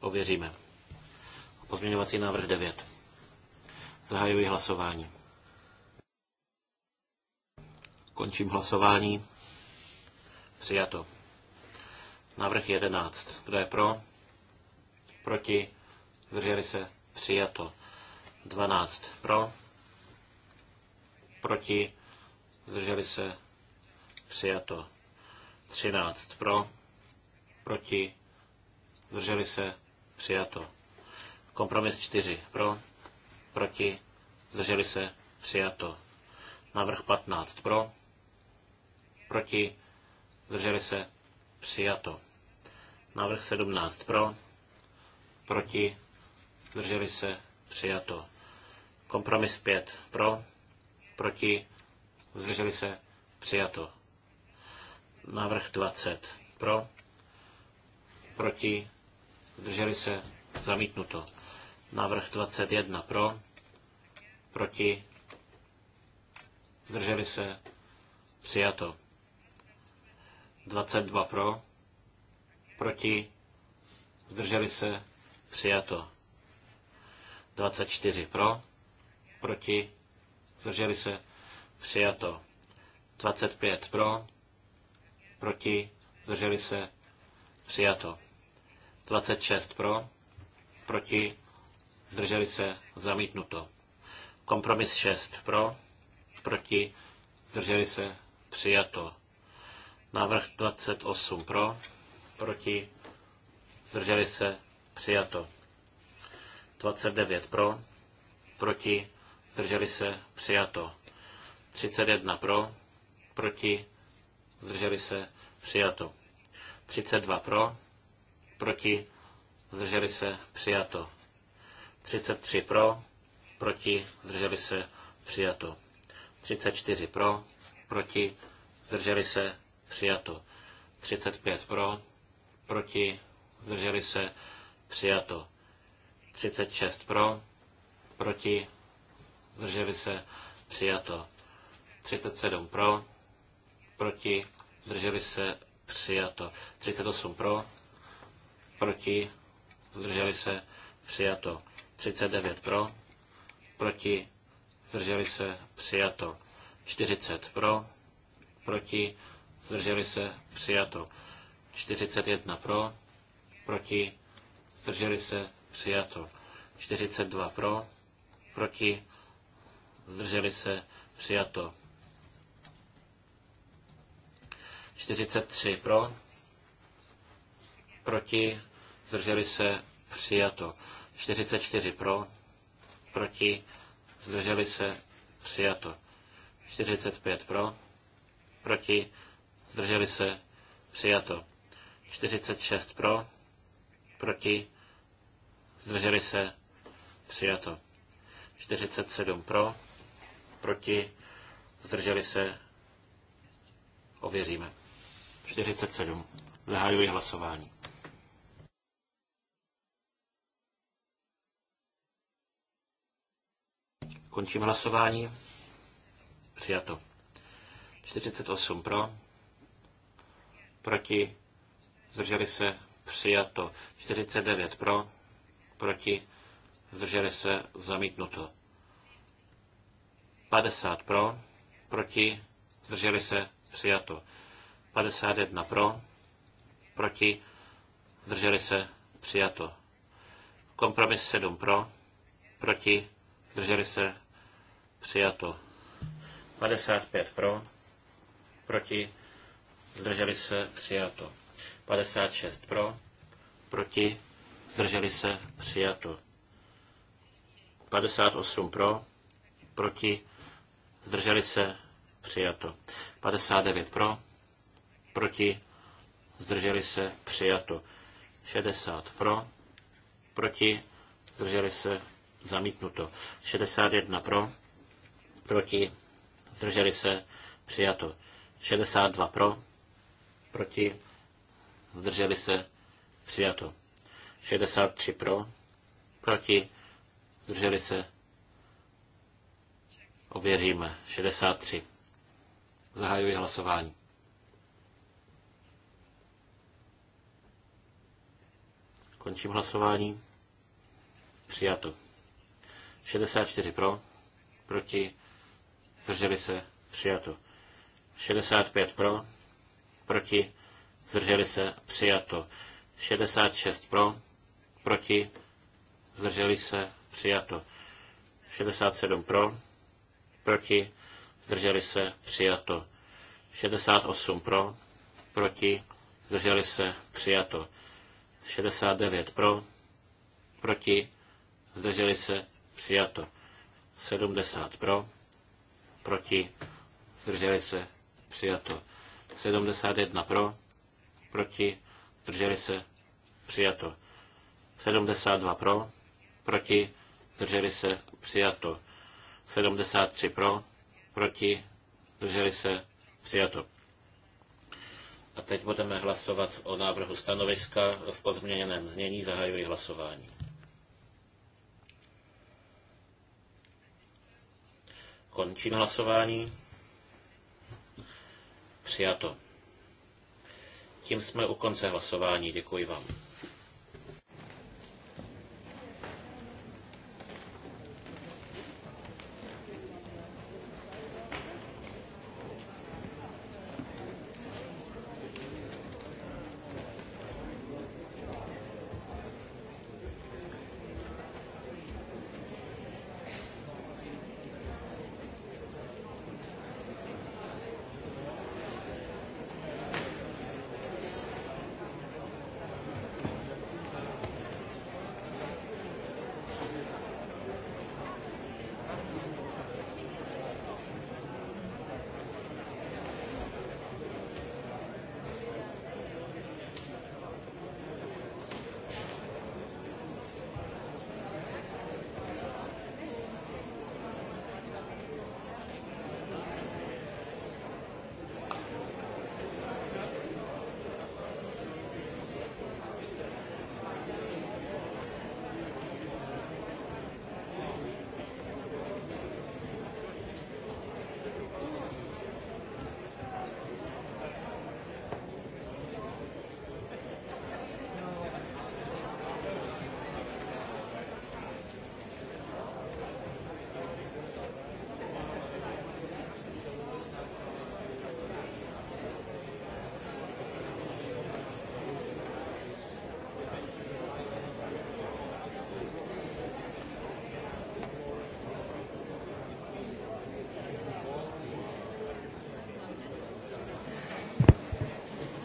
ověříme. Pozměňovací návrh 9. Zahajuji hlasování. Končím hlasování. Přijato. Návrh 11. Kdo je pro? Proti? Zdrželi se? Přijato. 12. Pro? Proti? zdrželi se, přijato. 13 pro, proti, zdrželi se, přijato. Kompromis 4 pro, proti, zdrželi se, přijato. Navrh 15 pro, proti, zdrželi se, přijato. Návrh 17 pro, proti, zdrželi se, přijato. Kompromis 5 pro, proti, zdrželi se, přijato. Návrh 20 pro, proti, zdrželi se, zamítnuto. Návrh 21 pro, proti, zdrželi se, přijato. 22 pro, proti, zdrželi se, přijato. 24 pro, proti, zdrželi se, Přijato. 25 pro, proti, zdrželi se, přijato. 26 pro, proti, zdrželi se, zamítnuto. Kompromis 6 pro, proti, zdrželi se, přijato. Návrh 28 pro, proti, zdrželi se, přijato. 29 pro, proti, zdrželi se, přijato. 31 pro, proti, zdrželi se, přijato. 32 pro, proti, zdrželi se, přijato. 33 pro, proti, zdrželi se, přijato. 34 pro, proti, zdrželi se, přijato. 35 pro, proti, zdrželi se, přijato. 36 pro, proti, zdrželi se, přijato. 37 pro, proti, zdrželi se, přijato. 38 pro, proti, zdrželi se, přijato. 39 pro, proti, zdrželi se, přijato. 40 pro, proti, zdrželi se, přijato. 41 pro, proti, zdrželi se, přijato. 42 pro, proti, zdrželi se, přijato. 43 pro, proti, zdrželi se, přijato. 44 pro, proti, zdrželi se, přijato. 45 pro, proti, zdrželi se, přijato. 46 pro, proti, zdrželi se, přijato. 47 pro, proti, zdrželi se, ověříme. 47. Zahajuji hlasování. Končím hlasování. Přijato. 48 pro. Proti. Zdrželi se. Přijato. 49 pro. Proti. Zdrželi se. Zamítnuto. 50 pro. Proti. Zdrželi se. Přijato. 51 pro, proti, zdrželi se, přijato. Kompromis 7 pro, proti, zdrželi se, přijato. 55 pro, proti, zdrželi se, přijato. 56 pro, proti, zdrželi se, přijato. 58 pro, proti, zdrželi se, přijato. 59 pro, proti, zdrželi se, přijato. 60 pro, proti, zdrželi se, zamítnuto. 61 pro, proti, zdrželi se, přijato. 62 pro, proti, zdrželi se, přijato. 63 pro, proti, zdrželi se, ověříme. 63. Zahajuji hlasování. Končím hlasování. Přijato. 64 pro, proti, zdrželi se, přijato. 65 pro, proti, zdrželi se, přijato. 66 pro, proti, zdrželi se, přijato. 67 pro, proti, zdrželi se, přijato. 68 pro, proti, zdrželi se, přijato. 69 pro, proti, zdrželi se, přijato. 70 pro, proti, zdrželi se, přijato. 71 pro, proti, zdrželi se, přijato. 72 pro, proti, zdrželi se, přijato. 73 pro, proti, zdrželi se, přijato. A teď budeme hlasovat o návrhu stanoviska v pozměněném znění. Zahajuji hlasování. Končím hlasování. Přijato. Tím jsme u konce hlasování. Děkuji vám.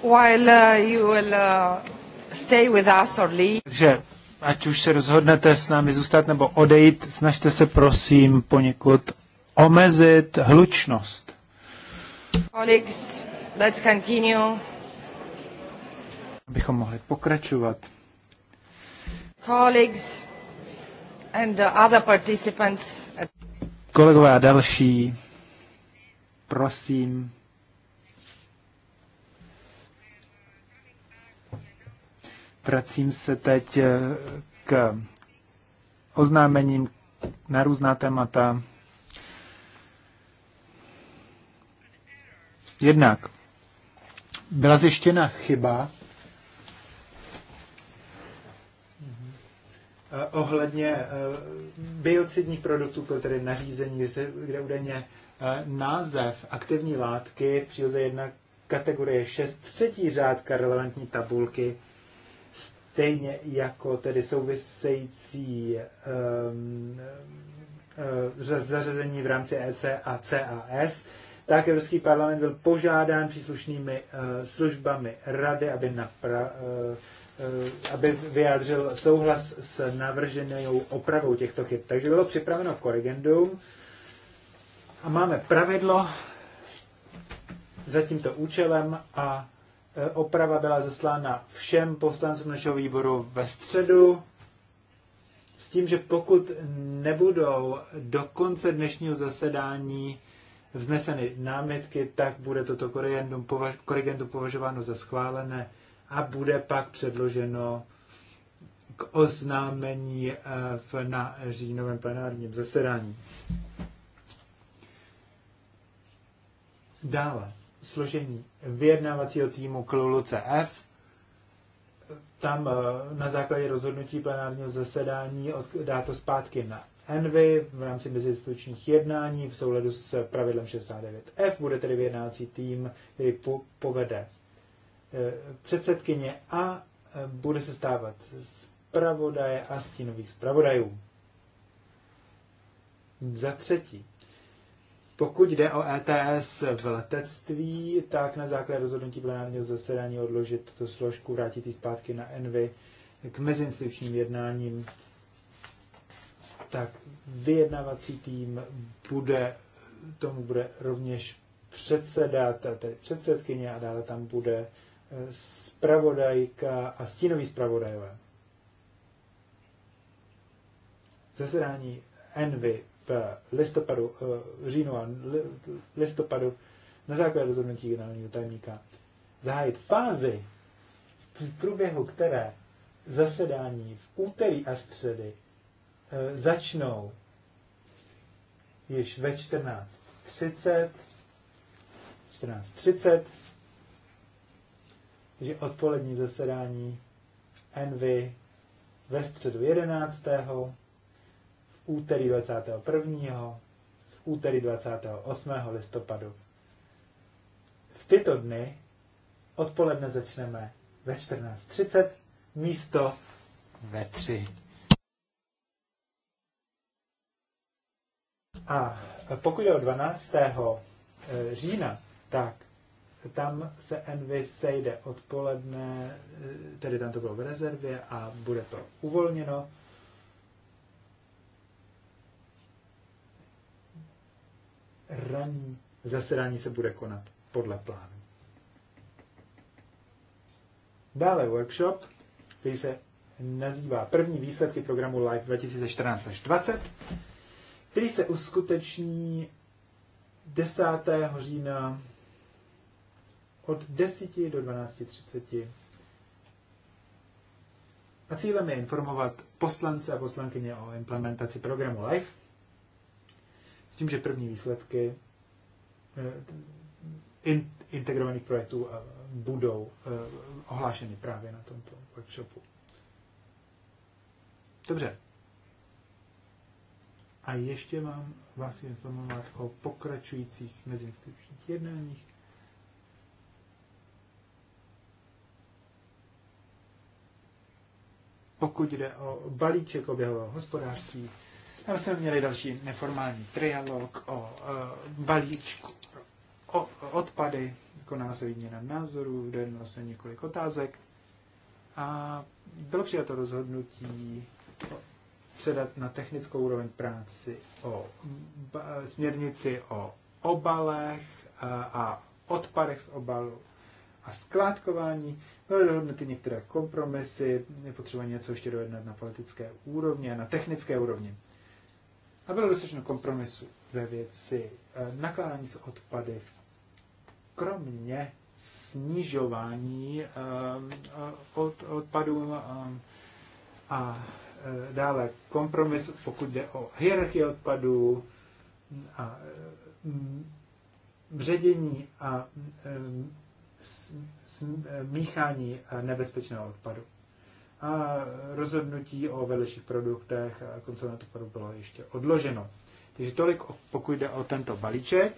While uh, you will uh, stay with us or leave. Takže ať už se rozhodnete s námi zůstat nebo odejít, snažte se prosím poněkud omezit hlučnost. Colleagues, let's continue. Abychom mohli pokračovat. Colleagues and the other participants. Kolegové a další, prosím, Vracím se teď eh, k oznámením na různá témata. Jednak byla zjištěna chyba eh, ohledně eh, biocidních produktů, tedy nařízení, kde údajně název aktivní látky v příloze 1 kategorie 6 třetí řádka relevantní tabulky stejně jako tedy související um, zařazení v rámci EC a CAS, tak Evropský parlament byl požádán příslušnými uh, službami rady, aby, napra, uh, aby vyjádřil souhlas s navrženou opravou těchto chyb. Takže bylo připraveno korrigendum a máme pravidlo za tímto účelem a E, oprava byla zaslána všem poslancům našeho výboru ve středu, s tím, že pokud nebudou do konce dnešního zasedání vzneseny námitky, tak bude toto korrigendum, považováno za schválené a bude pak předloženo k oznámení e, v, na říjnovém plenárním zasedání. Dále složení vyjednávacího týmu Klulu CF. Tam eh, na základě rozhodnutí plenárního zasedání dá to zpátky na Envy v rámci meziinstitučních jednání v souladu s pravidlem 69F. Bude tedy vyjednávací tým, který povede eh, předsedkyně a eh, bude se stávat zpravodaje a stínových zpravodajů. Za třetí, pokud jde o ETS v letectví, tak na základě rozhodnutí plenárního zasedání odložit tuto složku, vrátit ji zpátky na Envy k mezinstitučním jednáním, tak vyjednávací tým bude, tomu bude rovněž předsedat, tedy předsedkyně a dále tam bude spravodajka e, a stínový spravodajové. Zasedání Envy v listopadu, eh, v říjnu a listopadu na základě rozhodnutí generálního tajemníka zahájit fázi, v průběhu které zasedání v úterý a středy eh, začnou již ve 14.30, 14.30, že odpolední zasedání Envy ve středu 11 úterý 21. v úterý 28. listopadu. V tyto dny odpoledne začneme ve 14.30 místo ve 3. A pokud je o 12. Eh, října, tak tam se Envy sejde odpoledne, eh, tedy tam to bylo v rezervě a bude to uvolněno. Raní zasedání se bude konat podle plánu. Dále workshop, který se nazývá První výsledky programu Live 2014 až 20, který se uskuteční 10. října od 10 do 12.30. A cílem je informovat poslance a poslankyně o implementaci programu LIFE s tím, že první výsledky eh, in, integrovaných projektů eh, budou eh, ohlášeny právě na tomto workshopu. Dobře. A ještě mám vás informovat o pokračujících mezinstitučních jednáních. Pokud jde o balíček oběhového hospodářství, tam jsme měli další neformální trialog o e, balíčku o, o odpady, koná se výměna názorů, dojednalo se několik otázek a bylo přijato rozhodnutí předat na technickou úroveň práci o ba, směrnici o obalech a, a odpadech z obalu a skládkování. Byly dohodnuty některé kompromisy, je potřeba něco ještě dojednat na politické úrovni a na technické úrovni. A bylo dosaženo kompromisu ve věci eh, nakládání s odpady, kromě snižování eh, od, odpadů eh, a dále kompromis, pokud jde o hierarchii odpadů a ředění a smíchání nebezpečného odpadu a rozhodnutí o vedlejších produktech a koncovém odpadu bylo ještě odloženo. Takže tolik, pokud jde o tento balíček.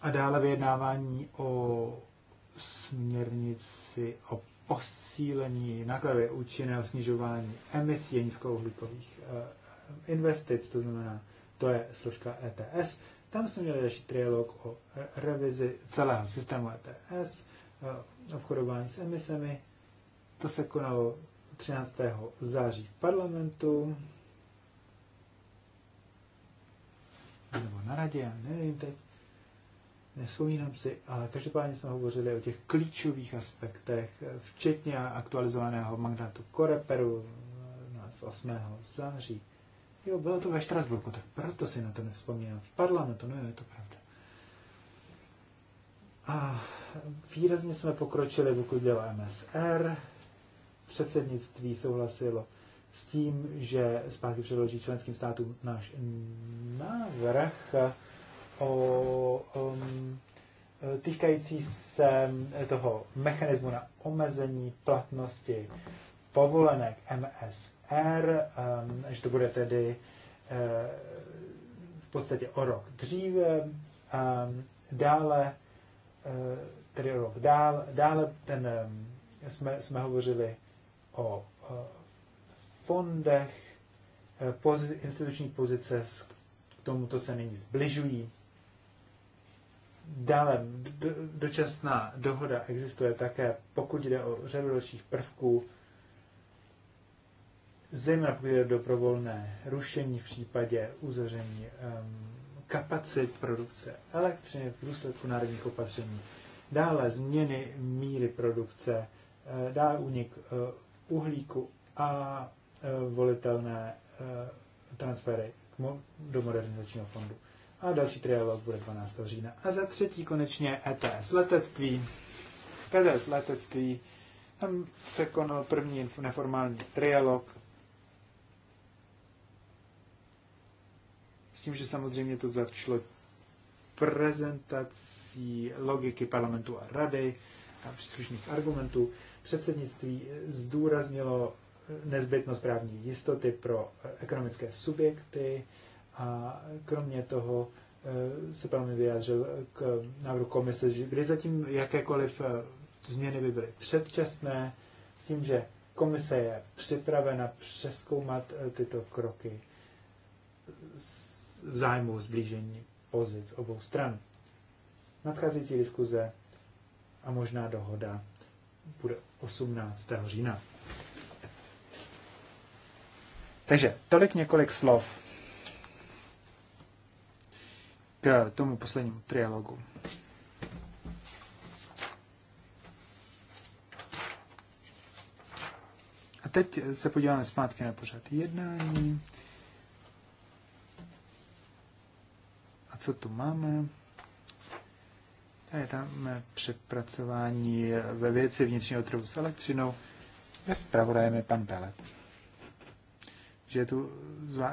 A dále vyjednávání o směrnici o posílení nákladově účinného snižování emisí nízkouhlíkových eh, investic, to znamená, to je složka ETS. Tam jsme měli další trialog o revizi celého systému ETS obchodování s emisemi. To se konalo 13. září v parlamentu, nebo na radě, já nevím teď, nespomínám si, ale každopádně jsme hovořili o těch klíčových aspektech, včetně aktualizovaného magnátu Koreperu z 8. září. Jo, bylo to ve Štrasburku, tak proto si na to nevzpomínám. V parlamentu, no jo, je to pravda. A výrazně jsme pokročili, pokud jde o MSR. Předsednictví souhlasilo s tím, že zpátky předloží členským státům náš návrh o um, týkající se toho mechanismu na omezení platnosti povolenek MSR, um, že to bude tedy uh, v podstatě o rok dříve. Um, dále Eh, tedy rok dál, dále ten, jsme, jsme hovořili o fondech, eh, poz, instituční pozice k tomuto se nyní zbližují. Dále do, dočasná dohoda existuje také, pokud jde o řadu dalších prvků, zejména pokud jde o dobrovolné rušení v případě uzavření um, kapacit produkce elektřiny v důsledku národních opatření. Dále změny míry produkce, eh, dále únik eh, uhlíku a eh, volitelné transfery do modernizačního fondu. A další trialog bude 12. října. A za třetí konečně ETS letectví. ETS letectví. Tam se konal první neformální trialog S tím, že samozřejmě to začalo prezentací logiky parlamentu a rady a příslušných argumentů. Předsednictví zdůraznilo nezbytnost právní jistoty pro ekonomické subjekty a kromě toho eh, se velmi vyjádřil k návrhu komise, že kdy zatím jakékoliv eh, změny by byly předčasné, s tím, že komise je připravena přeskoumat eh, tyto kroky s v zájmu zblížení pozic obou stran. Nadcházející diskuze a možná dohoda bude 18. října. Takže tolik několik slov k tomu poslednímu trialogu. A teď se podíváme zpátky na pořad jednání. co tu máme? Tady tam předpracování ve věci vnitřního trhu s elektřinou. Ve zpravodajem je pan Pelet. Že tu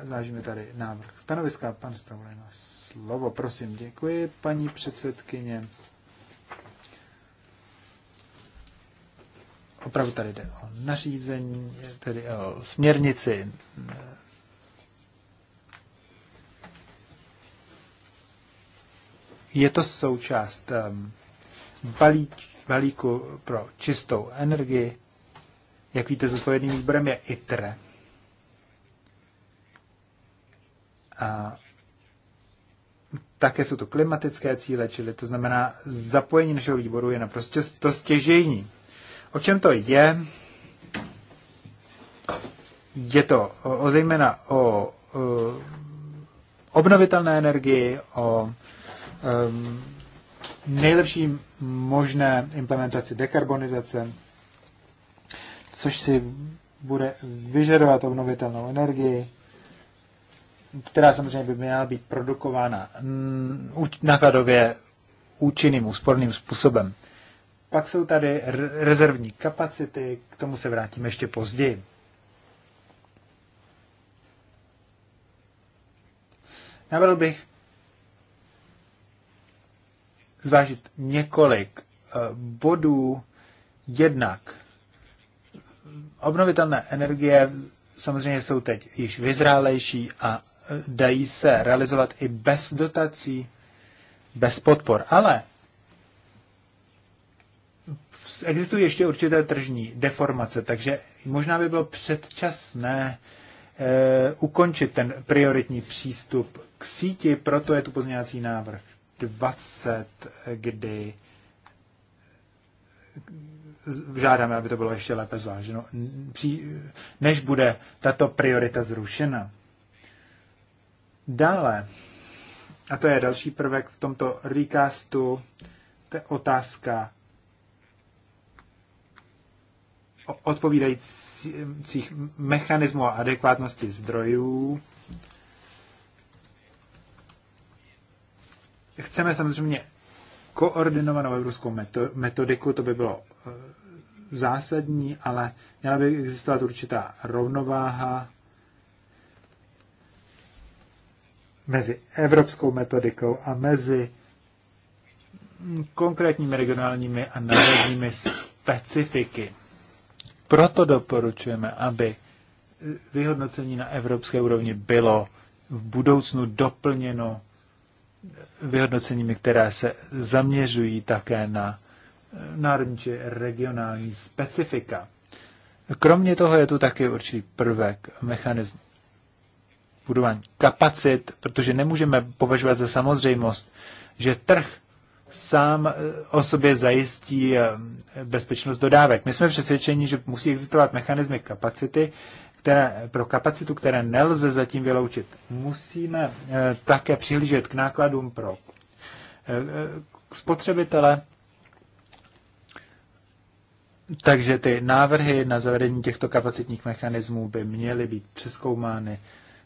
zvážíme tady návrh stanoviska. Pan zpravodaj má slovo. Prosím, děkuji, paní předsedkyně. Opravdu tady jde o nařízení, tedy o směrnici Je to součást ehm, balíč, balíku pro čistou energii. Jak víte, zodpovědným výborem je ITRE. A také jsou to klimatické cíle, čili to znamená, zapojení našeho výboru je naprosto to stěžejní. O čem to je? Je to o, zejména o, o obnovitelné energii, o Ehm, nejlepší možné implementaci dekarbonizace, což si bude vyžadovat obnovitelnou energii, která samozřejmě by měla být produkována mm, nákladově účinným, úsporným způsobem. Pak jsou tady rezervní kapacity, k tomu se vrátíme ještě později. Navrhl bych zvážit několik eh, bodů. Jednak obnovitelné energie samozřejmě jsou teď již vyzrálejší a eh, dají se realizovat i bez dotací, bez podpor. Ale existují ještě určité tržní deformace, takže možná by bylo předčasné e, ukončit ten prioritní přístup k síti, proto je tu pozměňovací návrh. 20, kdy žádáme, aby to bylo ještě lépe zváženo, než bude tato priorita zrušena. Dále, a to je další prvek v tomto recastu, to je otázka odpovídajících mechanismů a adekvátnosti zdrojů. Chceme samozřejmě koordinovanou evropskou metodiku, to by bylo eh, zásadní, ale měla by existovat určitá rovnováha mezi evropskou metodikou a mezi hm, konkrétními regionálními a národními specifiky. Proto doporučujeme, aby eh, vyhodnocení na evropské úrovni bylo v budoucnu doplněno vyhodnoceními, které se zaměřují také na eh, národní či regionální specifika. Kromě toho je tu taky určitý prvek, mechanismus budování kapacit, protože nemůžeme považovat za samozřejmost, že trh sám eh, o sobě zajistí eh, bezpečnost dodávek. My jsme přesvědčeni, že musí existovat mechanismy kapacity, které, pro kapacitu, které nelze zatím vyloučit, musíme eh, také přihlížet k nákladům pro eh, eh, spotřebitele. Takže ty návrhy na zavedení těchto kapacitních mechanismů by měly být přeskoumány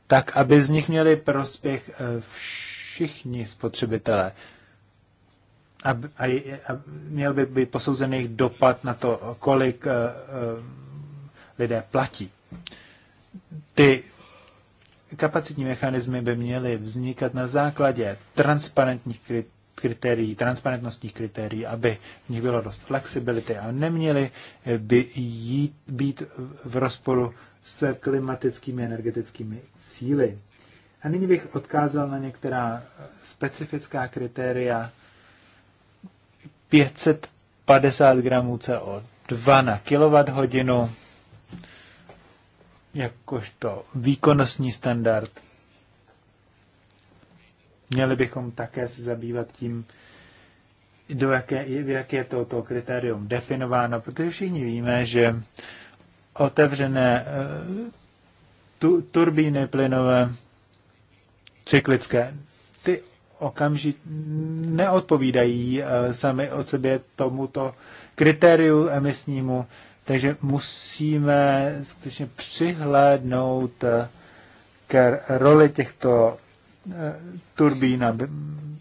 tak, aby z nich měli prospěch všichni spotřebitelé. A, a, a měl by být posouzený jejich dopad na to, kolik uh, lidé platí ty kapacitní mechanismy by měly vznikat na základě transparentních kritérií, transparentnostních kritérií, aby v nich bylo dost flexibility a neměly by jít, být v rozporu s klimatickými energetickými cíly. A nyní bych odkázal na některá specifická kritéria 550 gramů CO2 na kWh, jakožto výkonnostní standard. Měli bychom také se zabývat tím, do jaké, jak je toto kritérium definováno, protože všichni víme, že otevřené eh, tu, turbíny plynové cyklické, ty okamžitě neodpovídají eh, sami od sebe tomuto kritériu emisnímu, takže musíme skutečně přihlédnout eh, k roli těchto eh, turbín a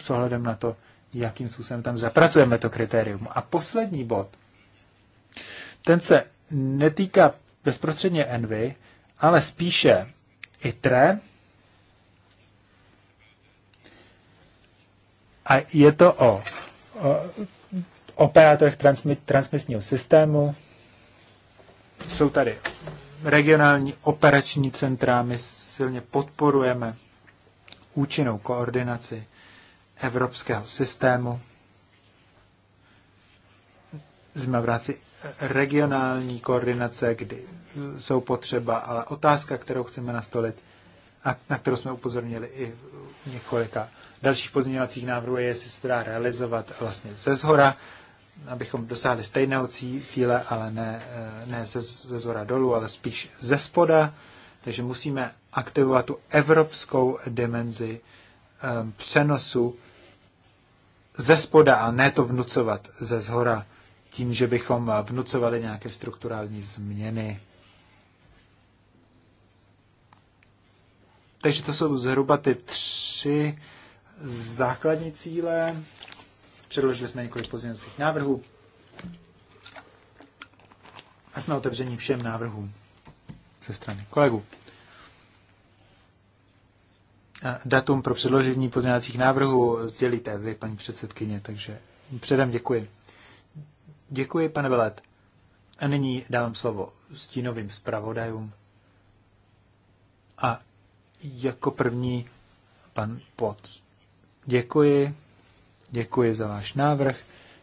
s ohledem na to, jakým způsobem tam zapracujeme to kritérium. A poslední bod, ten se netýká bezprostředně envy, ale spíše ITRE. A je to o, o operátorech transmi, transmisního systému, jsou tady regionální operační centra, my silně podporujeme účinnou koordinaci evropského systému. Jsme v rámci regionální koordinace, kdy jsou potřeba, ale otázka, kterou chceme nastolit a na kterou jsme upozornili i několika dalších pozměňovacích návrhů, je, jestli se dá realizovat vlastně ze zhora abychom dosáhli stejného cíle, ale ne, eh, ne ze, ze zora dolů, ale spíš ze spoda. Takže musíme aktivovat tu evropskou dimenzi um, přenosu ze spoda a ne to vnucovat ze zhora tím, že bychom eh, vnucovali nějaké strukturální změny. Takže to jsou zhruba ty tři základní cíle, Předložili jsme několik pozměňovacích návrhů a jsme otevření všem návrhům ze strany kolegů. Datum pro předložení pozměňovacích návrhů sdělíte vy, paní předsedkyně, takže předem děkuji. Děkuji, pane Velet. A nyní dávám slovo stínovým zpravodajům. A jako první pan Poc. Děkuji děkuji za váš návrh.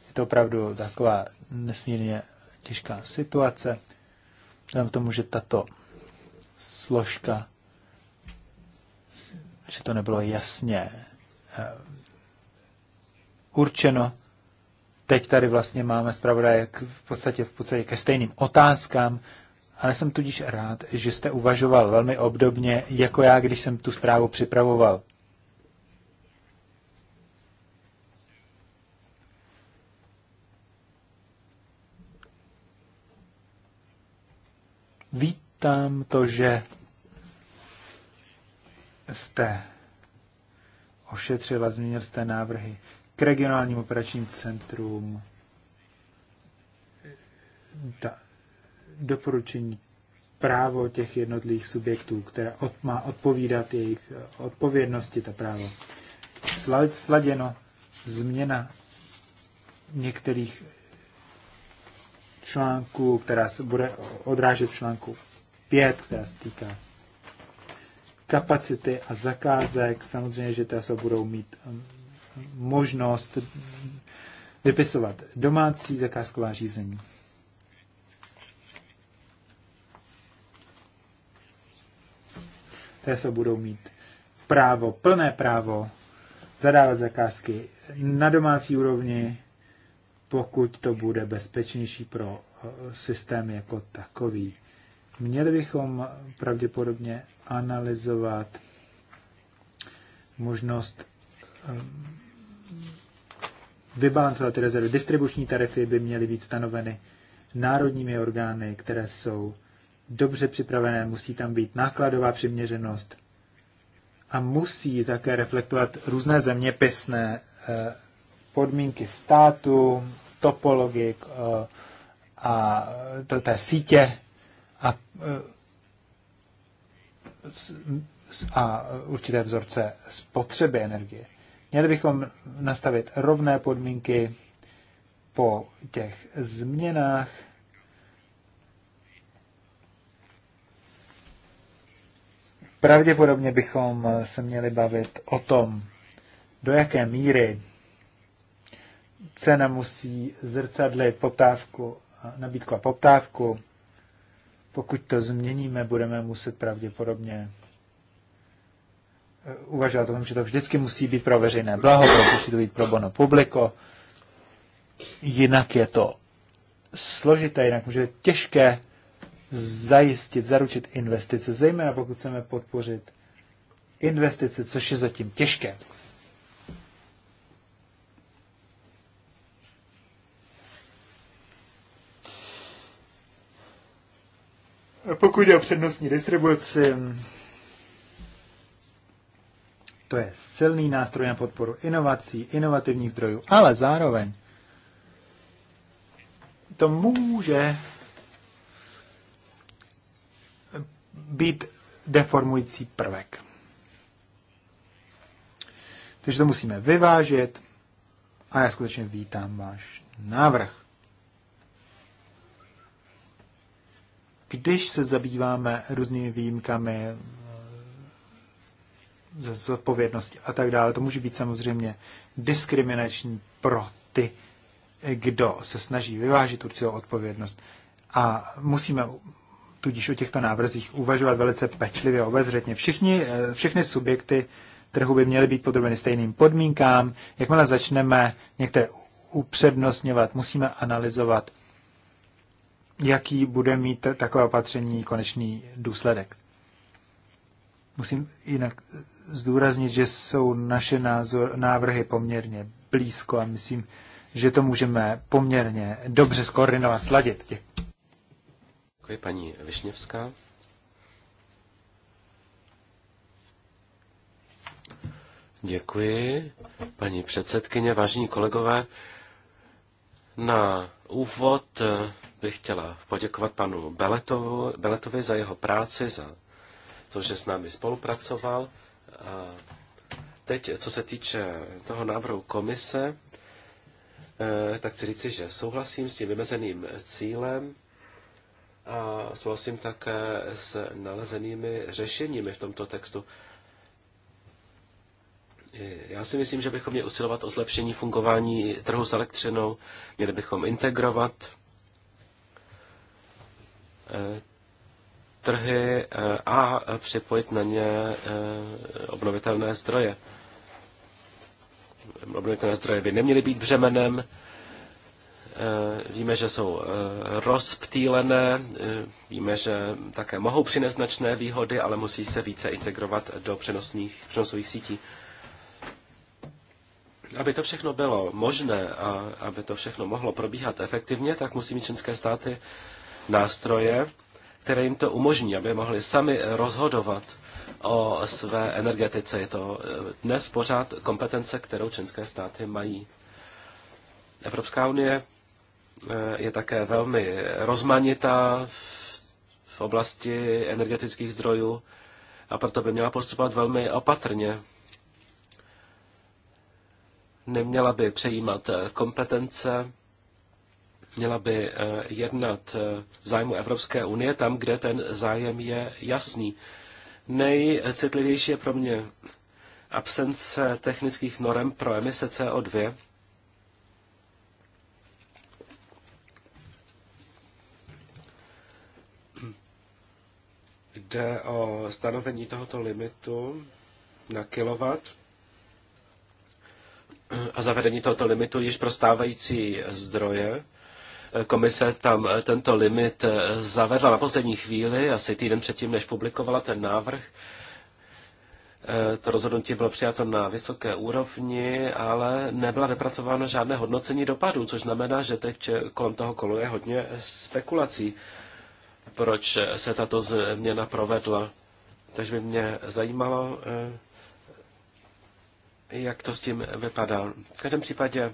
Je to opravdu taková nesmírně těžká situace. Vzhledem tomu, že tato složka, že to nebylo jasně eh, určeno, teď tady vlastně máme zpravodaje jak v podstatě, v podstatě ke stejným otázkám, ale jsem tudíž rád, že jste uvažoval velmi obdobně jako já, když jsem tu zprávu připravoval. Vítám to, že jste ošetřil a změnil jste návrhy k regionálním operačním centrům, da, doporučení právo těch jednotlivých subjektů, které od, má odpovídat jejich odpovědnosti, ta právo. Sladěno změna některých článku, která se bude odrážet v článku 5, která se týká kapacity a zakázek. Samozřejmě, že se budou mít um, možnost vypisovat domácí zakázková řízení. Té se budou mít právo, plné právo zadávat zakázky na domácí úrovni, pokud to bude bezpečnější pro eh, systém jako takový. Měli bychom pravděpodobně analyzovat možnost ehm, vybalancovat ty rezervy. Distribuční tarify by měly být stanoveny národními orgány, které jsou dobře připravené, musí tam být nákladová přiměřenost a musí také reflektovat různé zeměpisné eh, podmínky státu, topologie eh, a to té sítě a, eh, a určité vzorce spotřeby energie. Měli bychom nastavit rovné podmínky po těch změnách. Pravděpodobně bychom se měli bavit o tom, do jaké míry cena musí zrcadlit poptávku, nabídku a poptávku. Pokud to změníme, budeme muset pravděpodobně eh, uvažovat o tom, že to vždycky musí být pro veřejné blaho, protože musí to být pro bono publiko. Jinak je to složité, jinak může být těžké zajistit, zaručit investice, zejména pokud chceme podpořit investice, což je zatím těžké. Pokud je o přednostní distribuci, to je silný nástroj na podporu inovací, inovativních zdrojů, ale zároveň to může být deformující prvek. Takže to musíme vyvážit a já skutečně vítám váš návrh. když se zabýváme různými výjimkami eh, odpovědnosti a tak dále, to může být samozřejmě diskriminační pro ty, kdo se snaží vyvážit určitou odpovědnost. A musíme tudíž o těchto návrzích uvažovat velice pečlivě a obezřetně. Všichni, eh, všechny subjekty trhu by měly být podrobeny stejným podmínkám. Jakmile začneme některé upřednostňovat, musíme analyzovat jaký bude mít takové opatření konečný důsledek. Musím jinak zdůraznit, že jsou naše názor, návrhy poměrně blízko a myslím, že to můžeme poměrně dobře skoordinovat, sladit. Děkuji. paní Višněvská. Děkuji, paní předsedkyně, vážení kolegové. Na úvod bych chtěla poděkovat panu Beletovu, Beletovi za jeho práci, za to, že s námi spolupracoval. A teď, co se týče toho návrhu komise, eh, tak chci říci, že souhlasím s tím vymezeným cílem a souhlasím také s nalezenými řešeními v tomto textu. Eh, já si myslím, že bychom měli usilovat o zlepšení fungování trhu s elektřinou, měli bychom integrovat Eh, trhy eh, a připojit na ně eh, obnovitelné zdroje. Obnovitelné zdroje by neměly být břemenem. Víme, že jsou rozptýlené, víme, že také mohou přinést značné výhody, ale musí se více integrovat do přenosných, přenosových sítí. Aby to všechno bylo možné a aby to všechno mohlo probíhat efektivně, tak musí mít členské státy nástroje, které jim to umožní, aby mohli sami rozhodovat o své energetice. Je to eh, dnes pořád kompetence, kterou členské státy mají. Evropská unie eh, je také velmi rozmanitá v oblasti energetických zdrojů a proto by měla postupovat velmi opatrně. Neměla by přejímat eh, kompetence měla by eh, jednat eh, v zájmu Evropské unie tam, kde ten zájem je jasný. Nejcitlivější je pro mě absence technických norem pro emise CO2. Jde o stanovení tohoto limitu na kilowatt a zavedení tohoto limitu již pro stávající zdroje Komise tam eh, tento limit eh, zavedla na poslední chvíli, asi týden předtím, než publikovala ten návrh. Eh, to rozhodnutí bylo přijato na vysoké úrovni, ale nebyla vypracována žádné hodnocení dopadů, což znamená, že teď kolem toho koluje hodně spekulací, proč se tato změna provedla. Takže by mě zajímalo, jak to s tím vypadá. V každém případě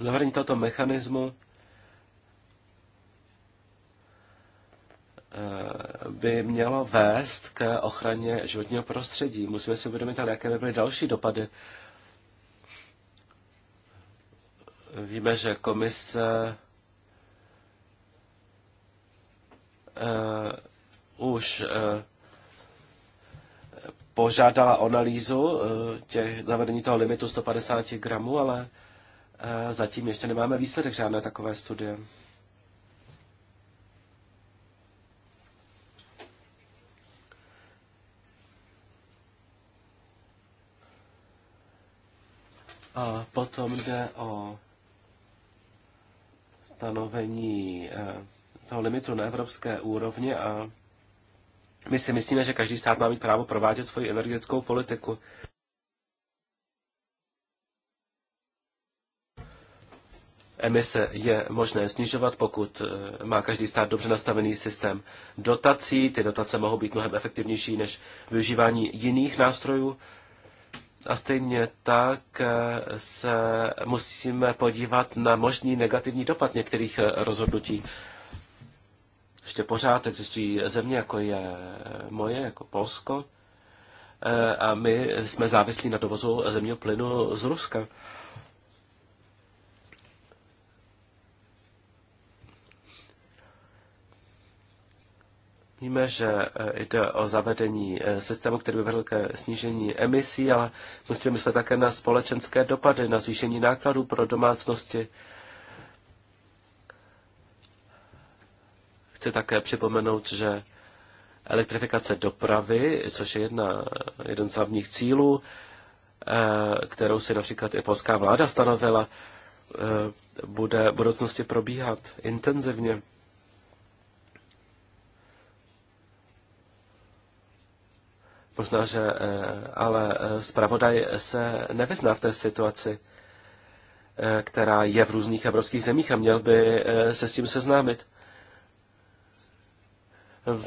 zavedení tohoto mechanismu by mělo vést k ochraně životního prostředí. Musíme si uvědomit, ale jaké by byly další dopady. Víme, že komise uh, už uh, požádala analýzu uh, těch zavedení toho limitu 150 gramů, ale uh, zatím ještě nemáme výsledek žádné takové studie. A potom jde o stanovení eh, toho limitu na evropské úrovni a my si myslíme, že každý stát má mít právo provádět svoji energetickou politiku. Emise je možné snižovat, pokud eh, má každý stát dobře nastavený systém dotací. Ty dotace mohou být mnohem efektivnější než využívání jiných nástrojů a stejně tak eh, se musíme podívat na možný negativní dopad některých eh, rozhodnutí. Ještě pořád existují země, jako je eh, moje, jako Polsko, a my jsme závislí na dovozu zemního plynu z Ruska. Víme, že eh, jde o zavedení eh, systému, který by vedl ke snížení emisí, ale musíme myslet také na společenské dopady, na zvýšení nákladů pro domácnosti. Chci také připomenout, že elektrifikace dopravy, což je jedna, jeden z hlavních cílů, eh, kterou si například i polská vláda stanovila, bude v budoucnosti probíhat intenzivně. Možná, že eh, ale eh, zpravodaj se nevyzná v té situaci, eh, která je v různých evropských zemích a měl by se s tím seznámit.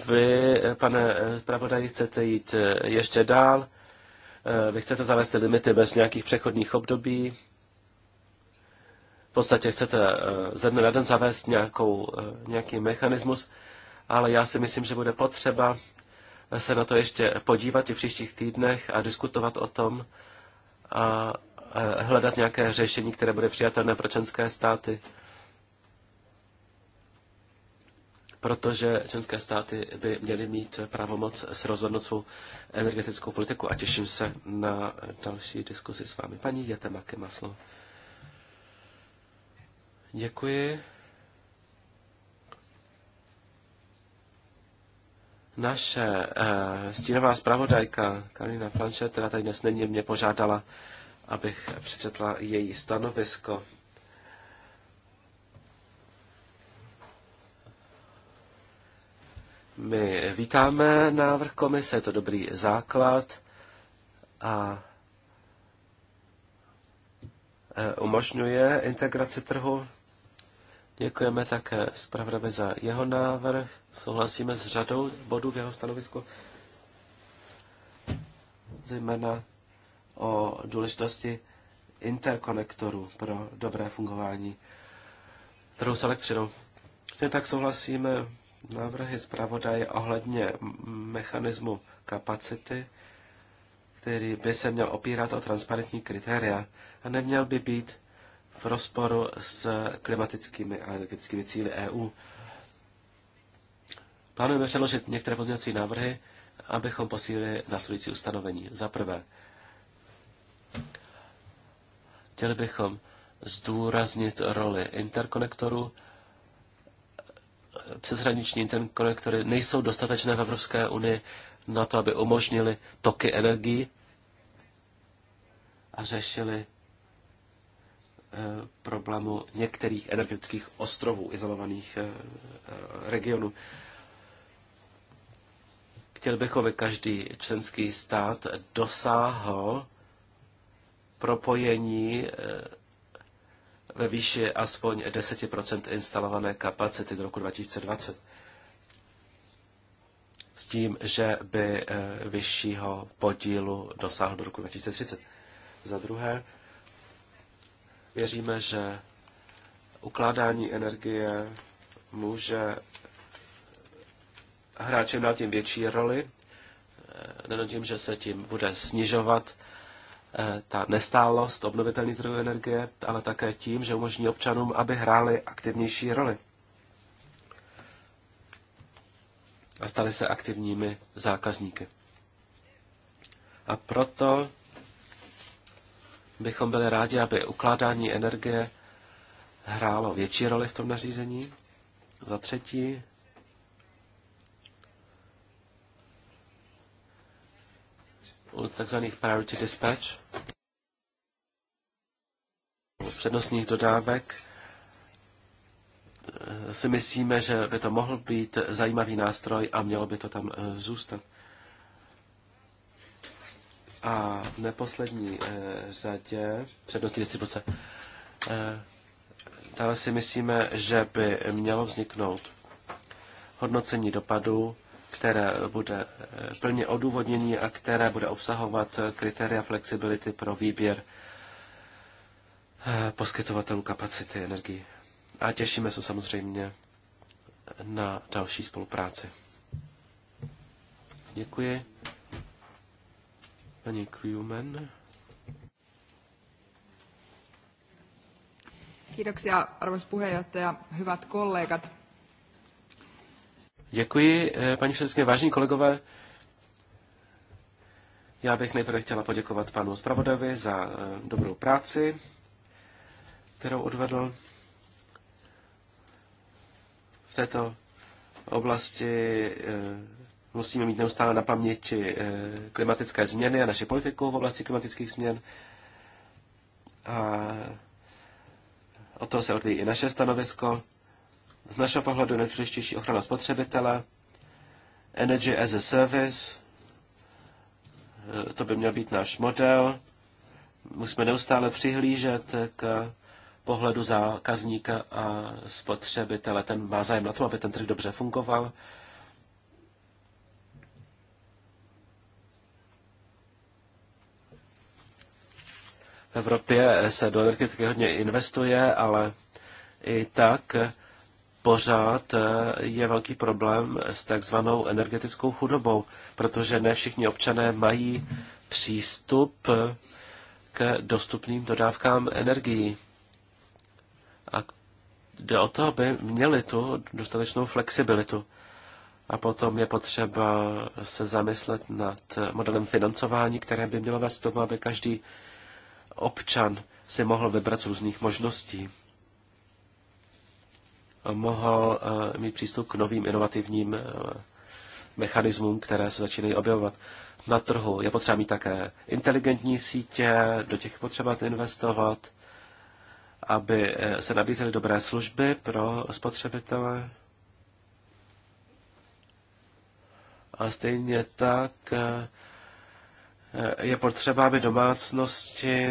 Vy, pane zpravodaj, chcete jít ještě dál, vy chcete zavést limity bez nějakých přechodných období, v podstatě chcete ze dne na den zavést nějakou, nějaký mechanismus, ale já si myslím, že bude potřeba se na to ještě podívat i v příštích týdnech a diskutovat o tom a hledat nějaké řešení, které bude přijatelné pro členské státy. Protože členské státy by měly mít pravomoc s rozhodnout svou energetickou politiku a těším se na další diskusi s vámi. Paní Jete Makemaslo. Děkuji. Naše uh, stínová zpravodajka Karina Flanše, která tady dnes není, mě požádala, abych přečetla její stanovisko. My vítáme návrh komise, je to dobrý základ a eh, umožňuje integraci trhu Děkujeme také zpravodavi za jeho návrh. Souhlasíme s řadou bodů v jeho stanovisku, zejména o důležitosti interkonektorů pro dobré fungování trhu s elektřinou. Stejně tak souhlasíme návrhy zpravodaje ohledně mechanismu kapacity, který by se měl opírat o transparentní kritéria a neměl by být rozporu s klimatickými a energetickými cíly EU. Plánujeme předložit některé pozměňovací návrhy, abychom posílili následující ustanovení. Za prvé, chtěli bychom zdůraznit roli interkonektorů. Přeshraniční interkonektory nejsou dostatečné v Evropské unii na to, aby umožnili toky energií a řešili Eh, problému některých energetických ostrovů, izolovaných eh, eh, regionů. Chtěl bych, aby každý členský stát dosáhl propojení ve výši aspoň 10 instalované kapacity do roku 2020. S tím, že by vyššího podílu dosáhl do roku 2030. Za druhé, Věříme, že ukládání energie může hrát čím dál tím větší roli, nejenom tím, že se tím bude snižovat eh, ta nestálost obnovitelných zdrojů energie, ale také tím, že umožní občanům, aby hráli aktivnější roli a stali se aktivními zákazníky. A proto bychom byli rádi, aby ukládání energie hrálo větší roli v tom nařízení. Za třetí, u tzv. priority dispatch, u přednostních dodávek, si myslíme, že by to mohl být zajímavý nástroj a mělo by to tam eh, zůstat. A v neposlední eh, řadě přednosti distribuce. Eh, dále si myslíme, že by mělo vzniknout hodnocení dopadu, které bude eh, plně odůvodnění a které bude obsahovat kritéria flexibility pro výběr poskytovatelů kapacity energii. A těšíme se samozřejmě na další spolupráci. Děkuji. Paní Kriumen. Kiitoksia, arvoisa puheenjohtaja, hyvät kollegat. Děkuji, eh, paní předsedkyně, vážení kolegové. Já bych nejprve chtěla poděkovat panu zpravodajovi za eh, dobrou práci, kterou odvedl v této oblasti eh, Musíme mít neustále na paměti eh, klimatické změny a naši politiku v oblasti klimatických změn. A o to se odvíjí i naše stanovisko. Z našeho pohledu je nejdůležitější ochrana spotřebitele, Energy as a Service, eh, to by měl být náš model. Musíme neustále přihlížet k pohledu zákazníka a spotřebitele. Ten má zájem na tom, aby ten trh dobře fungoval. V Evropě se do energetiky hodně investuje, ale i tak pořád eh, je velký problém s takzvanou energetickou chudobou, protože ne všichni občané mají přístup eh, k dostupným dodávkám energií. A jde o to, aby měli tu dostatečnou flexibilitu. A potom je potřeba se zamyslet nad modelem financování, které by mělo vést k tomu, aby každý občan se mohl vybrat z různých možností. Mohl eh, mít přístup k novým inovativním eh, mechanismům, které se začínají objevovat na trhu. Je potřeba mít také inteligentní sítě, do těch potřeba investovat, aby eh, se nabízely dobré služby pro spotřebitele. A stejně tak Eh, je potřeba, aby domácnosti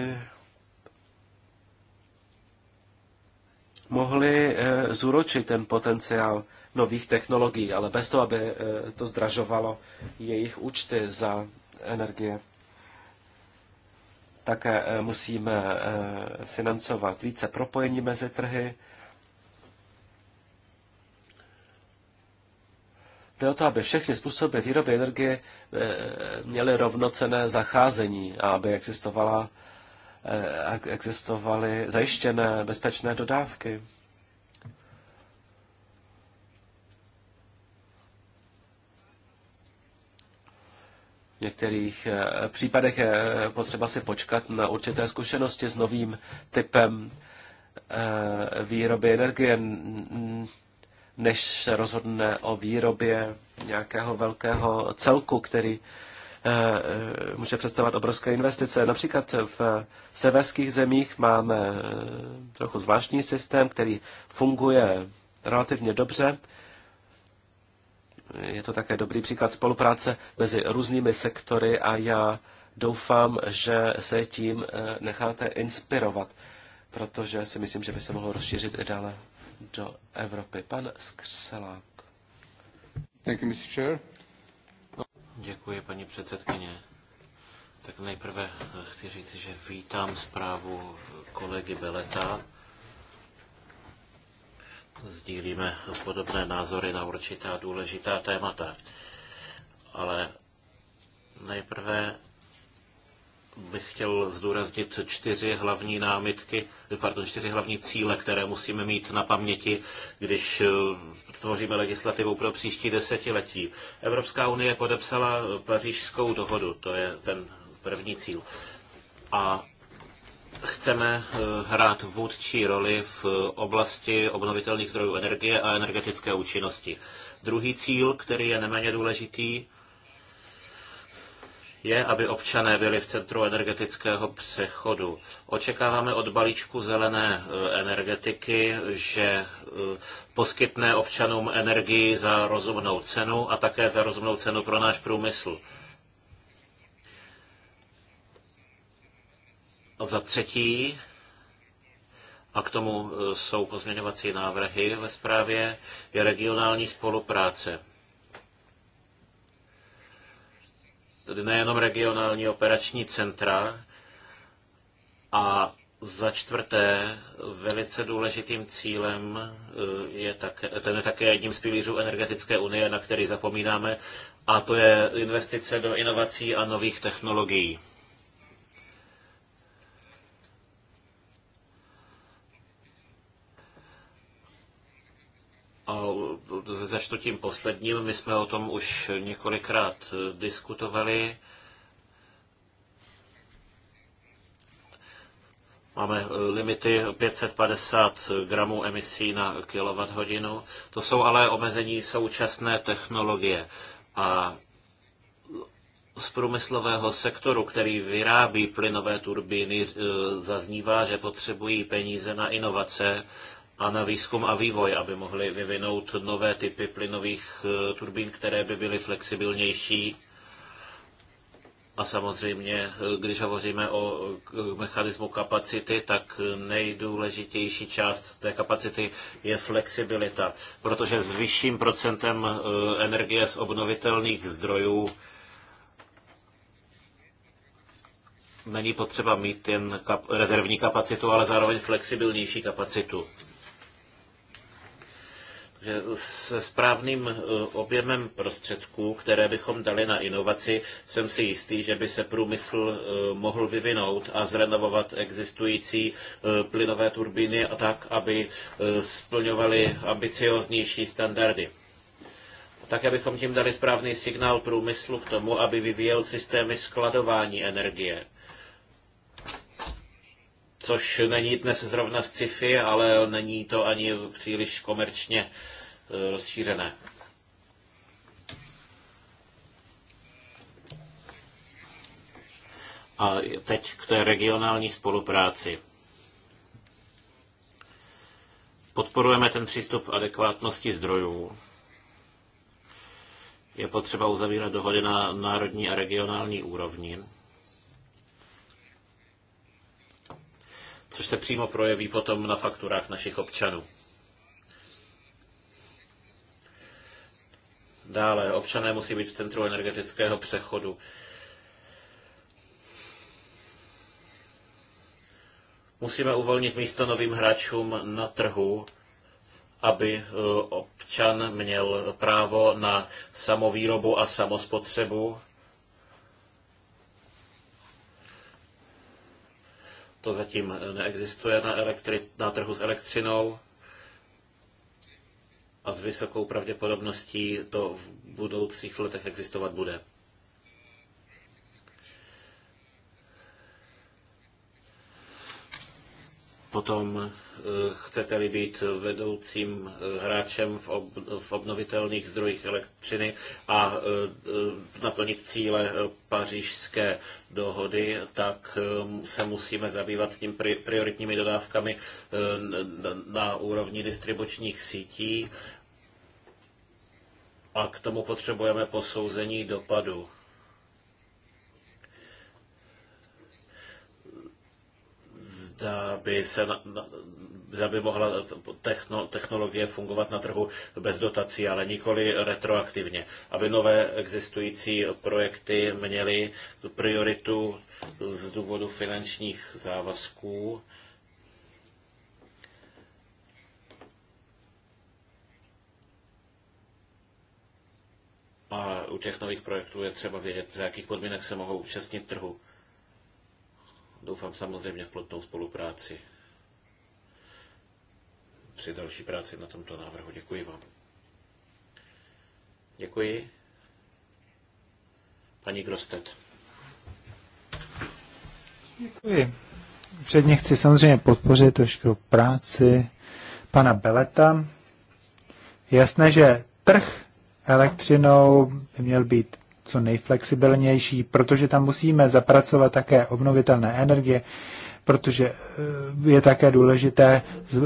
mohly eh, zúročit ten potenciál nových technologií, ale bez toho, aby eh, to zdražovalo jejich účty za energie. Také musíme financovat více propojení mezi trhy, Jde o to, aby všechny způsoby výroby energie eh, měly rovnocené zacházení a aby existovala, eh, existovaly zajištěné bezpečné dodávky. V některých eh, případech je potřeba si počkat na určité zkušenosti s novým typem výroby energie než se rozhodne o výrobě nějakého velkého celku, který eh, eh, může představovat obrovské investice. Například v severských zemích máme eh, trochu zvláštní systém, který funguje relativně dobře. Je to také dobrý příklad spolupráce mezi různými sektory a já doufám, že se tím necháte inspirovat, protože si myslím, že by se mohlo rozšířit i dále do Evropy. Pan Skřelák. Thank you, Mr. Chair. Děkuji, paní předsedkyně. Tak nejprve chci říct, že vítám zprávu kolegy Beleta. Sdílíme podobné názory na určitá důležitá témata. Ale nejprve bych chtěl zdůraznit čtyři hlavní námitky, pardon, čtyři hlavní cíle, které musíme mít na paměti, když eh, tvoříme legislativu pro příští desetiletí. Evropská unie podepsala pařížskou dohodu, to je ten první cíl. A chceme eh, hrát vůdčí roli v eh, oblasti obnovitelných zdrojů energie a energetické účinnosti. Druhý cíl, který je neméně důležitý, je, aby občané byli v centru energetického přechodu. Očekáváme od balíčku zelené e, energetiky, že e, poskytne občanům energii za rozumnou cenu a také za rozumnou cenu pro náš průmysl. za třetí, a k tomu e, jsou pozměňovací návrhy ve zprávě, je regionální spolupráce. tedy nejenom regionální operační centra. A za čtvrté, velice důležitým cílem e, je také, ten je také jedním z pilířů energetické unie, na který zapomínáme, a to je investice do inovací a nových technologií. A začnu tím posledním. My jsme o tom už několikrát eh, diskutovali. Máme eh, limity 550 gramů emisí na kWh. To jsou ale omezení současné technologie. A z průmyslového sektoru, který vyrábí plynové turbíny, eh, zaznívá, že potřebují peníze na inovace a na výzkum a vývoj, aby mohli vyvinout nové typy plynových eh, turbín, které by byly flexibilnější. A samozřejmě, eh, když hovoříme o eh, mechanismu kapacity, tak nejdůležitější část té kapacity je flexibilita, protože s vyšším procentem energie z obnovitelných zdrojů není potřeba mít jen kap- rezervní kapacitu, ale zároveň flexibilnější kapacitu že se správným eh, objemem prostředků, které bychom dali na inovaci, jsem si jistý, že by se průmysl eh, mohl vyvinout a zrenovovat existující eh, plynové turbíny a tak, aby splňovaly ambicioznější standardy tak abychom tím dali správný signál průmyslu k tomu, aby vyvíjel systémy skladování energie což není dnes zrovna sci-fi, ale není to ani příliš komerčně e, rozšířené. A teď k té regionální spolupráci. Podporujeme ten přístup adekvátnosti zdrojů. Je potřeba uzavírat dohody na národní a regionální úrovni. což se přímo projeví potom na fakturách našich občanů. Dále, občané musí být v centru energetického přechodu. Musíme uvolnit místo novým hráčům na trhu, aby eh, občan měl právo na samovýrobu a samospotřebu To zatím eh, neexistuje na, elektri- na trhu s elektřinou a s vysokou pravděpodobností to v budoucích letech existovat bude. Potom Eh, chcete-li být vedoucím eh, hráčem v, ob, v obnovitelných zdrojích elektřiny a eh, naplnit cíle pařížské dohody, tak se musíme zabývat tím prioritními dodávkami na úrovni distribučních sítí a k tomu potřebujeme posouzení dopadu. zda by, se, zda by mohla techno, technologie fungovat na trhu bez dotací, ale nikoli retroaktivně. Aby nové existující projekty měly prioritu z důvodu finančních závazků. A u těch nových projektů je třeba vědět, za jakých podmínek se mohou účastnit trhu. Doufám samozřejmě v plotnou spolupráci při další práci na tomto návrhu. Děkuji vám. Děkuji. Paní Grostet. Děkuji. Předně chci samozřejmě podpořit trošku práci pana Beleta. Jasné, že trh elektřinou by měl být co nejflexibilnější, protože tam musíme zapracovat také obnovitelné energie, protože eh, je také důležité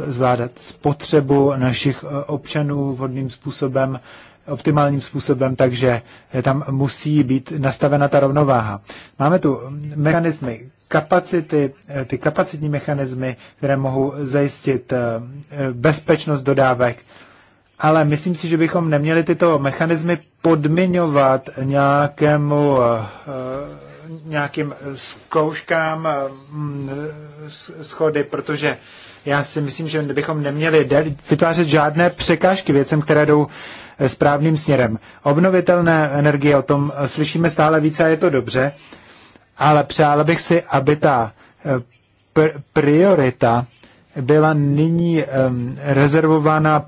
zvládat spotřebu našich eh, občanů vhodným způsobem, optimálním způsobem, takže eh, tam musí být nastavena ta rovnováha. Máme tu mechanismy kapacity, ty kapacitní mechanismy, které mohou zajistit bezpečnost dodávek, ale myslím si, že bychom neměli tyto mechanismy podmiňovat nějakému, eh, eh, nějakým zkouškám eh, schody, protože já si myslím, že bychom neměli vytvářet žádné překážky věcem, které jdou správným směrem. Obnovitelné energie, o tom slyšíme stále více a je to dobře, ale přála bych si, aby ta priorita byla nyní rezervována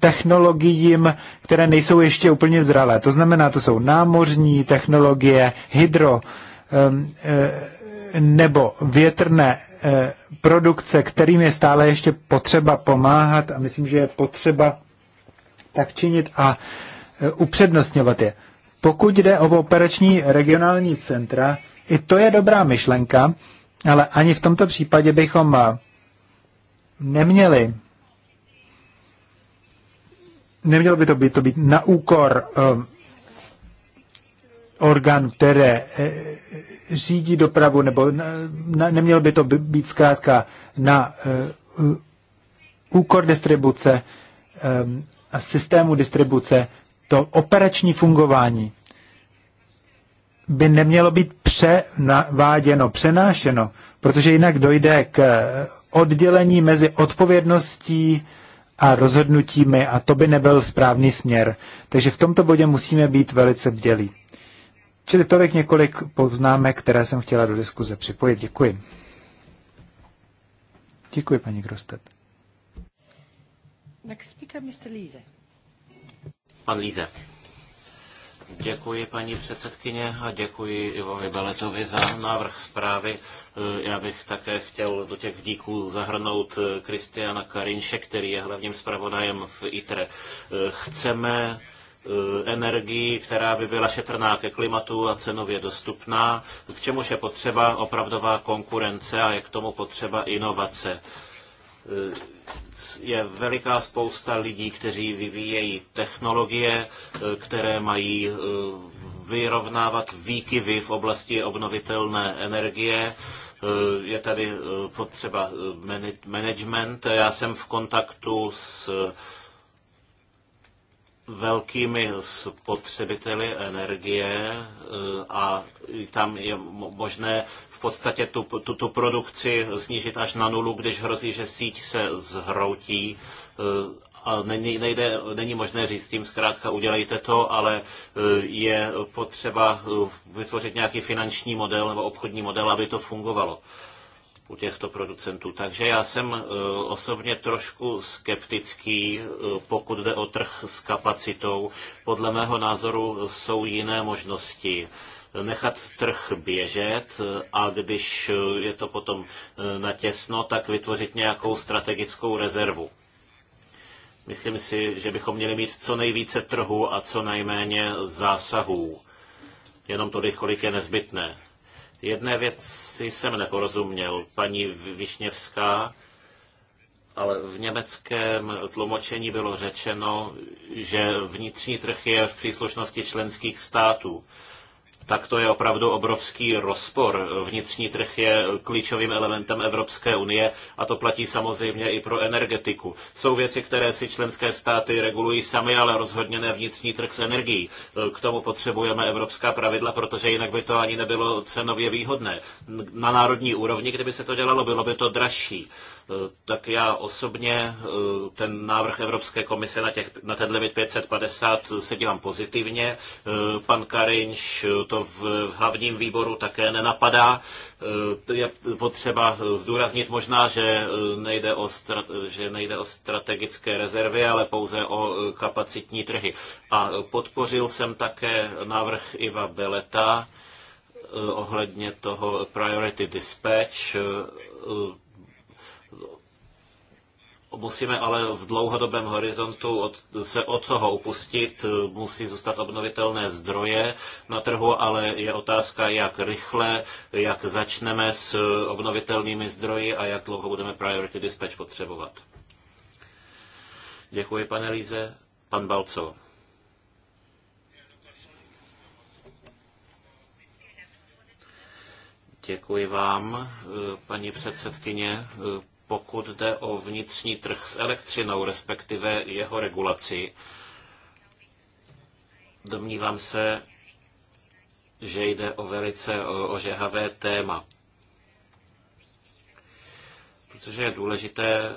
technologiím, které nejsou ještě úplně zralé. To znamená, to jsou námořní technologie, hydro e, nebo větrné e, produkce, kterým je stále ještě potřeba pomáhat a myslím, že je potřeba tak činit a e, upřednostňovat je. Pokud jde o operační regionální centra, i to je dobrá myšlenka, ale ani v tomto případě bychom neměli. Nemělo by to být, to být na úkor um, orgán, které eh, řídí dopravu, nebo na, nemělo by to být zkrátka na uh, úkor distribuce um, a systému distribuce, to operační fungování by nemělo být převáděno, přenášeno, protože jinak dojde k oddělení mezi odpovědností a rozhodnutími a to by nebyl správný směr. Takže v tomto bodě musíme být velice bdělí. Čili tolik několik poznámek, které jsem chtěla do diskuze připojit. Děkuji. Děkuji, paní Grostet. Next speaker, Mr. Líze. Pan Líze. Děkuji paní předsedkyně a děkuji Ivovi Beletovi za návrh zprávy. E, já bych také chtěl do těch díků zahrnout e, Kristiana Karinše, který je hlavním zpravodajem v ITRE. E, chceme energii, která by byla šetrná ke klimatu a cenově dostupná, k čemuž je potřeba opravdová konkurence a je k tomu potřeba inovace je veliká spousta lidí, kteří vyvíjejí technologie, eh, které mají eh, vyrovnávat výkyvy v oblasti obnovitelné energie. Eh, je tady potřeba management. Já jsem v kontaktu s velkými spotřebiteli energie a tam je možné v podstatě tu, tu, tu produkci snížit až na nulu, když hrozí, že síť se zhroutí. Eh, a není, nejde, není možné říct tím zkrátka udělejte to, ale eh, je potřeba eh, vytvořit nějaký finanční model nebo obchodní model, aby to fungovalo u těchto producentů. Takže já jsem osobně trošku skeptický, pokud jde o trh s kapacitou. Podle mého názoru jsou jiné možnosti nechat trh běžet a když je to potom eh, natěsno, tak vytvořit nějakou strategickou rezervu. Myslím si, že bychom měli mít co nejvíce trhu a co nejméně zásahů. Jenom tolik, kolik je nezbytné. Jedné věci jsem neporozuměl. Paní Višněvská, ale v německém tlumočení bylo řečeno, že vnitřní trh je v příslušnosti členských států tak to je opravdu obrovský rozpor. Vnitřní trh je klíčovým elementem Evropské unie a to platí samozřejmě i pro energetiku. Jsou věci, které si členské státy regulují sami, ale rozhodně ne vnitřní trh s energií. K tomu potřebujeme evropská pravidla, protože jinak by to ani nebylo cenově výhodné. Na národní úrovni, kdyby se to dělalo, bylo by to dražší. Eh, tak já osobně eh, ten návrh Evropské komise na, těch, na ten limit 550 eh, se dívám pozitivně. Pan Karinš to v, hlavním výboru také nenapadá. Je potřeba zdůraznit možná, že nejde o, stra, že nejde o strategické rezervy, ale pouze o kapacitní trhy. A podpořil jsem také návrh Iva Beleta ohledně toho Priority Dispatch Musíme ale v dlouhodobém horizontu od, se od toho upustit, musí zůstat obnovitelné zdroje na trhu, ale je otázka, jak rychle, jak začneme s obnovitelnými zdroji a jak dlouho budeme Priority Dispatch potřebovat. Děkuji, pane Líze. Pan Balco. Děkuji vám, paní předsedkyně, pokud jde o vnitřní trh s elektřinou, respektive jeho regulaci. Domnívám se, že jde o velice ožehavé téma, protože je důležité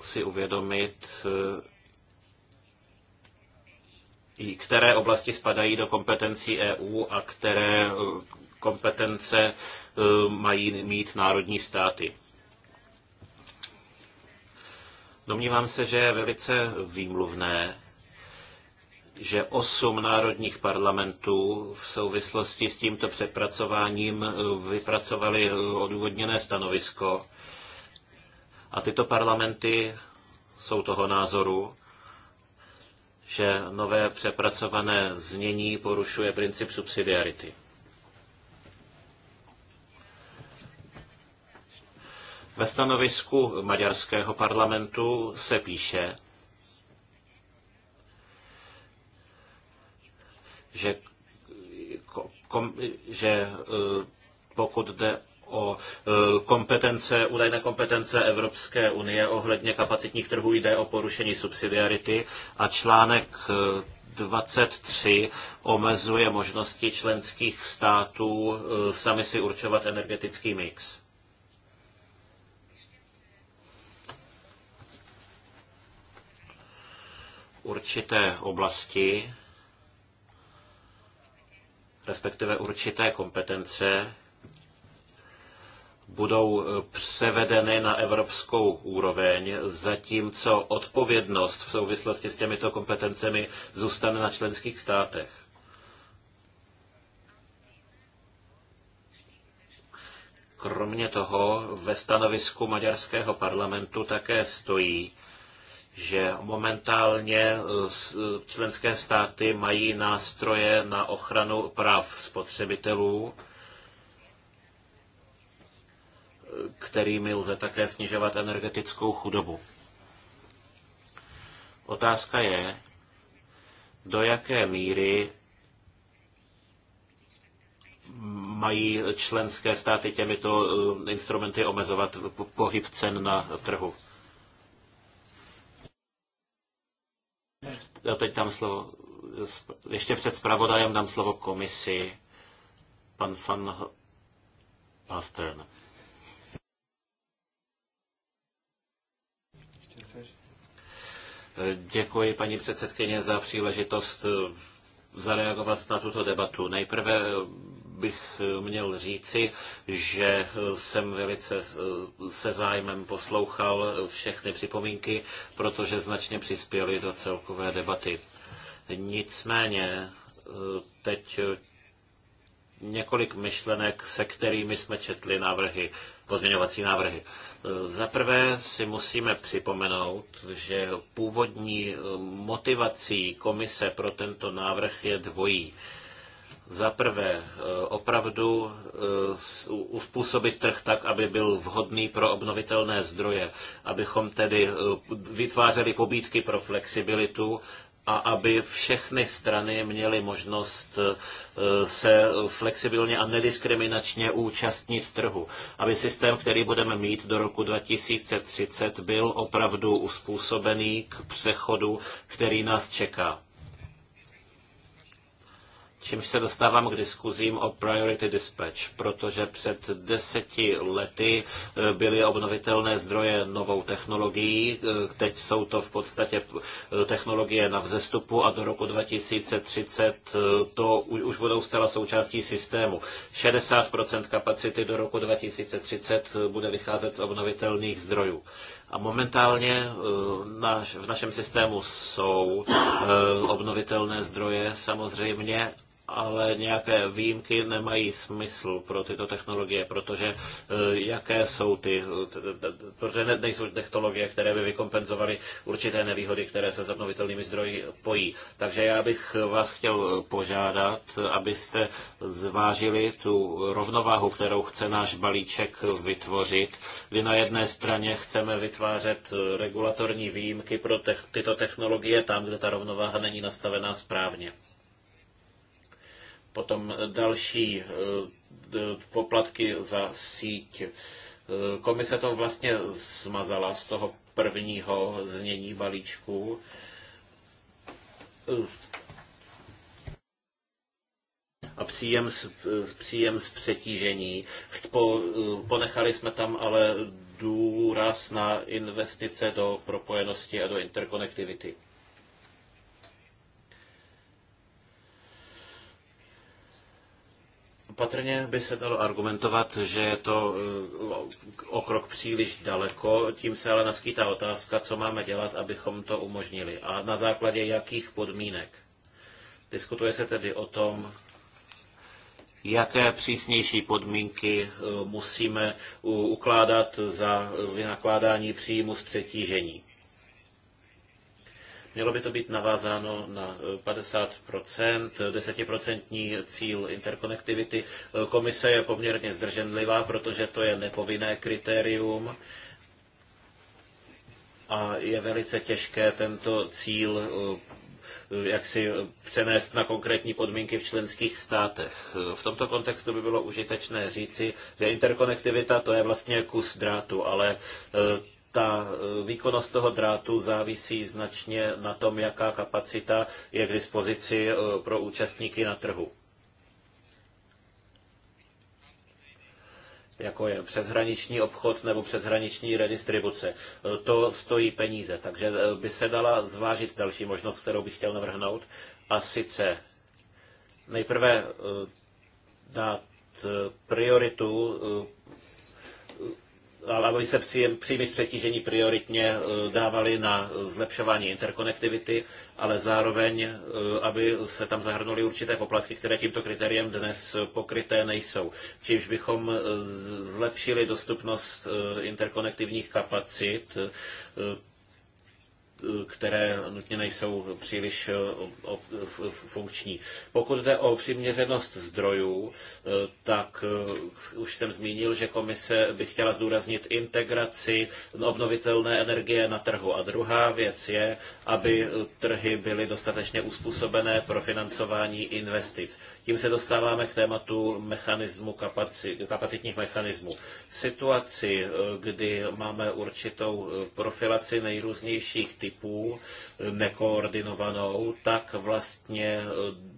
si uvědomit, které oblasti spadají do kompetencí EU a které e, kompetence e, mají mít národní státy. Domnívám se, že je velice výmluvné, že osm národních parlamentů v souvislosti s tímto přepracováním eh, vypracovali eh, odůvodněné stanovisko. A tyto parlamenty jsou toho názoru, že nové přepracované znění porušuje princip subsidiarity. Ve stanovisku maďarského parlamentu se píše, že, kom, že e, pokud jde o e, kompetence, údajné kompetence Evropské unie ohledně kapacitních trhů jde o porušení subsidiarity a článek 23 e, omezuje možnosti členských států sami si určovat energetický mix. určité oblasti, respektive určité kompetence, budou eh, převedeny na evropskou úroveň, zatímco odpovědnost v souvislosti s těmito kompetencemi zůstane na členských státech. Kromě toho ve stanovisku maďarského parlamentu také stojí, že momentálně eh, eh, členské státy mají nástroje na ochranu práv spotřebitelů, kterými lze také snižovat energetickou chudobu. Otázka je, do jaké míry mají členské státy těmito eh, instrumenty omezovat pohyb cen na trhu. Teď dám slovo, ještě před zpravodajem dám slovo komisi, pan Van Pastern. Děkuji, paní předsedkyně, za příležitost zareagovat na tuto debatu. Nejprve bych měl říci, že jsem velice se zájmem poslouchal všechny připomínky, protože značně přispěly do celkové debaty. Nicméně teď několik myšlenek, se kterými jsme četli návrhy, pozměňovací návrhy. Za prvé si musíme připomenout, že původní motivací komise pro tento návrh je dvojí. Za prvé, eh, opravdu eh, uspůsobit trh tak, aby byl vhodný pro obnovitelné zdroje, abychom tedy eh, vytvářeli pobídky pro flexibilitu a aby všechny strany měly možnost se flexibilně a nediskriminačně účastnit trhu. Aby systém, který budeme mít do roku 2030, byl opravdu uspůsobený k přechodu, který nás čeká. Čímž se dostávám k diskuzím o Priority Dispatch, protože před deseti lety eh, byly obnovitelné zdroje novou technologií, eh, teď jsou to v podstatě eh, technologie na vzestupu a do roku 2030 to už budou zcela součástí systému. 60% kapacity do roku 2030 bude vycházet z obnovitelných zdrojů. A momentálně v našem systému jsou obnovitelné zdroje samozřejmě, ale nějaké výjimky nemají smysl pro tyto technologie, protože eh, jaké jsou ty, eh, protože ne, nejsou technologie, které by vykompenzovaly určité nevýhody, které se s obnovitelnými zdroji pojí. Takže já bych vás chtěl eh, požádat, abyste zvážili tu rovnováhu, kterou chce náš balíček vytvořit, kdy na jedné straně chceme vytvářet regulatorní výjimky pro te- tyto technologie tam, kde ta rovnováha není nastavená správně. Potom další eh, poplatky za síť. Eh, komise to vlastně smazala z toho prvního znění balíčku. Eh, a příjem z, příjem z přetížení. Po, ponechali jsme tam ale důraz na investice do propojenosti a do interkonektivity. Patrně by se dalo argumentovat, že je to eh, o krok příliš daleko, tím se ale naskýtá otázka, co máme dělat, abychom to umožnili a na základě jakých podmínek. Diskutuje se tedy o tom, jaké přísnější podmínky eh, musíme ukládat za vynakládání příjmu z přetížení. Mělo by to být navázáno na 50%, eh, 10% eh, cíl interkonektivity. Eh, komise je poměrně zdrženlivá, protože to je nepovinné kritérium a je velice těžké tento cíl jak si přenést na konkrétní podmínky v členských státech. V tomto kontextu by bylo užitečné říci, že interkonektivita to je vlastně kus drátu, ale ta eh, výkonnost toho drátu závisí značně na tom, jaká kapacita je k dispozici eh, pro účastníky na trhu. jako je přeshraniční obchod nebo přeshraniční redistribuce. Eh, to stojí peníze, takže by se dala zvážit další možnost, kterou bych chtěl navrhnout. A sice nejprve dát prioritu aby se příjmy z přetížení prioritně eh, dávaly na zlepšování interkonektivity, ale zároveň, eh, aby se tam zahrnuly určité poplatky, které tímto kritériem dnes pokryté nejsou. Čímž bychom eh, zlepšili dostupnost interkonektivních kapacit, které nutně nejsou příliš eh, funkční. Pokud jde o přiměřenost zdrojů, eh, tak eh, už jsem zmínil, že komise by chtěla zdůraznit integraci obnovitelné energie na trhu. A druhá věc je, aby trhy byly dostatečně uspůsobené pro financování investic. Tím se dostáváme k tématu mechanismu kapaci, kapacitních mechanismů. V situaci, kdy máme určitou profilaci nejrůznějších typů, typů eh, nekoordinovanou, tak vlastně eh,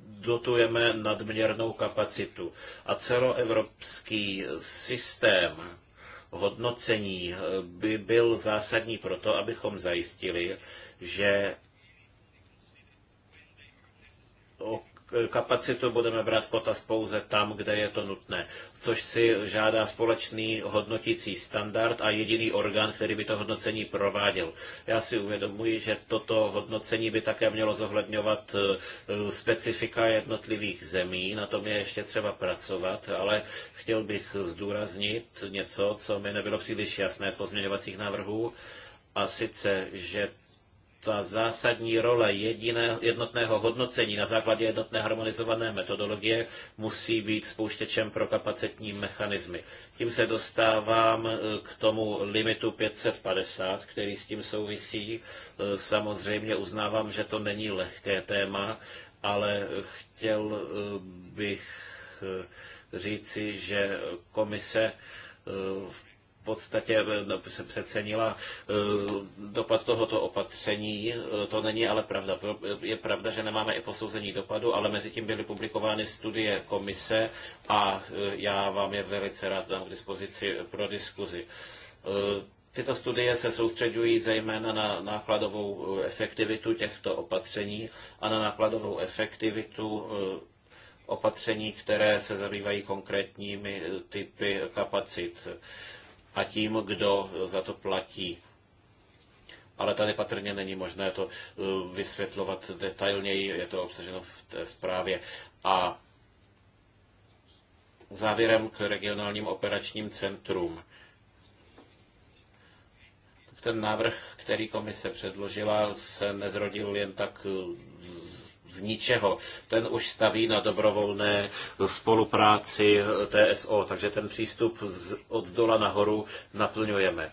dotujeme nadměrnou kapacitu. A celoevropský systém hodnocení eh, by byl zásadní proto, abychom zajistili, že kapacitu budeme brát v potaz pouze tam, kde je to nutné, což si žádá společný hodnotící standard a jediný orgán, který by to hodnocení prováděl. Já si uvědomuji, že toto hodnocení by také mělo zohledňovat e, specifika jednotlivých zemí, na tom je ještě třeba pracovat, ale chtěl bych zdůraznit něco, co mi nebylo příliš jasné z pozměňovacích návrhů, a sice, že ta zásadní role jediného jednotného hodnocení na základě jednotné harmonizované metodologie musí být spouštěčem pro kapacitní mechanismy. Tím se dostávám eh, k tomu limitu 550, který s tím souvisí. Eh, samozřejmě uznávám, že to není lehké téma, ale chtěl eh, bych říci, že komise v podstatě eh, no, se přecenila eh, dopad tohoto opatření. Eh, to není ale pravda. Je pravda, že nemáme i posouzení dopadu, ale mezi tím byly publikovány studie komise a já vám je velice rád dám k dispozici pro diskuzi. Tyto studie se soustředují zejména na nákladovou efektivitu těchto opatření a na nákladovou efektivitu opatření, které se zabývají konkrétními typy kapacit a tím, kdo za to platí. Ale tady patrně není možné to eh, vysvětlovat detailněji, je to obsaženo v té zprávě. A závěrem k regionálním operačním centrum. Ten návrh, který komise předložila, se nezrodil jen tak eh, z ničeho. Ten už staví na dobrovolné spolupráci TSO, takže ten přístup z, od zdola nahoru naplňujeme.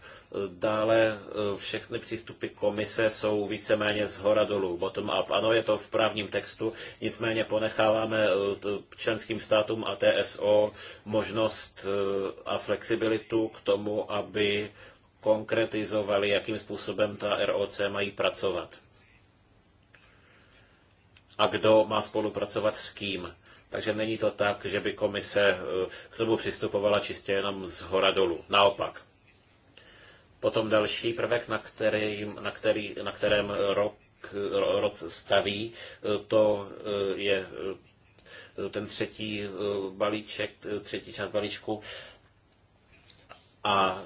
Dále eh, všechny přístupy komise jsou víceméně z hora dolů, bottom up. Ano, je to v právním textu, nicméně ponecháváme eh, členským státům a TSO možnost eh, a flexibilitu k tomu, aby konkretizovali, jakým způsobem ta ROC mají pracovat a kdo má spolupracovat s kým. Takže není to tak, že by komise eh, k tomu přistupovala čistě jenom z hora dolů. Naopak. Potom další prvek, na, který, na, který, na kterém rok, rok staví, eh, to eh, je ten třetí balíček, třetí část balíčku. A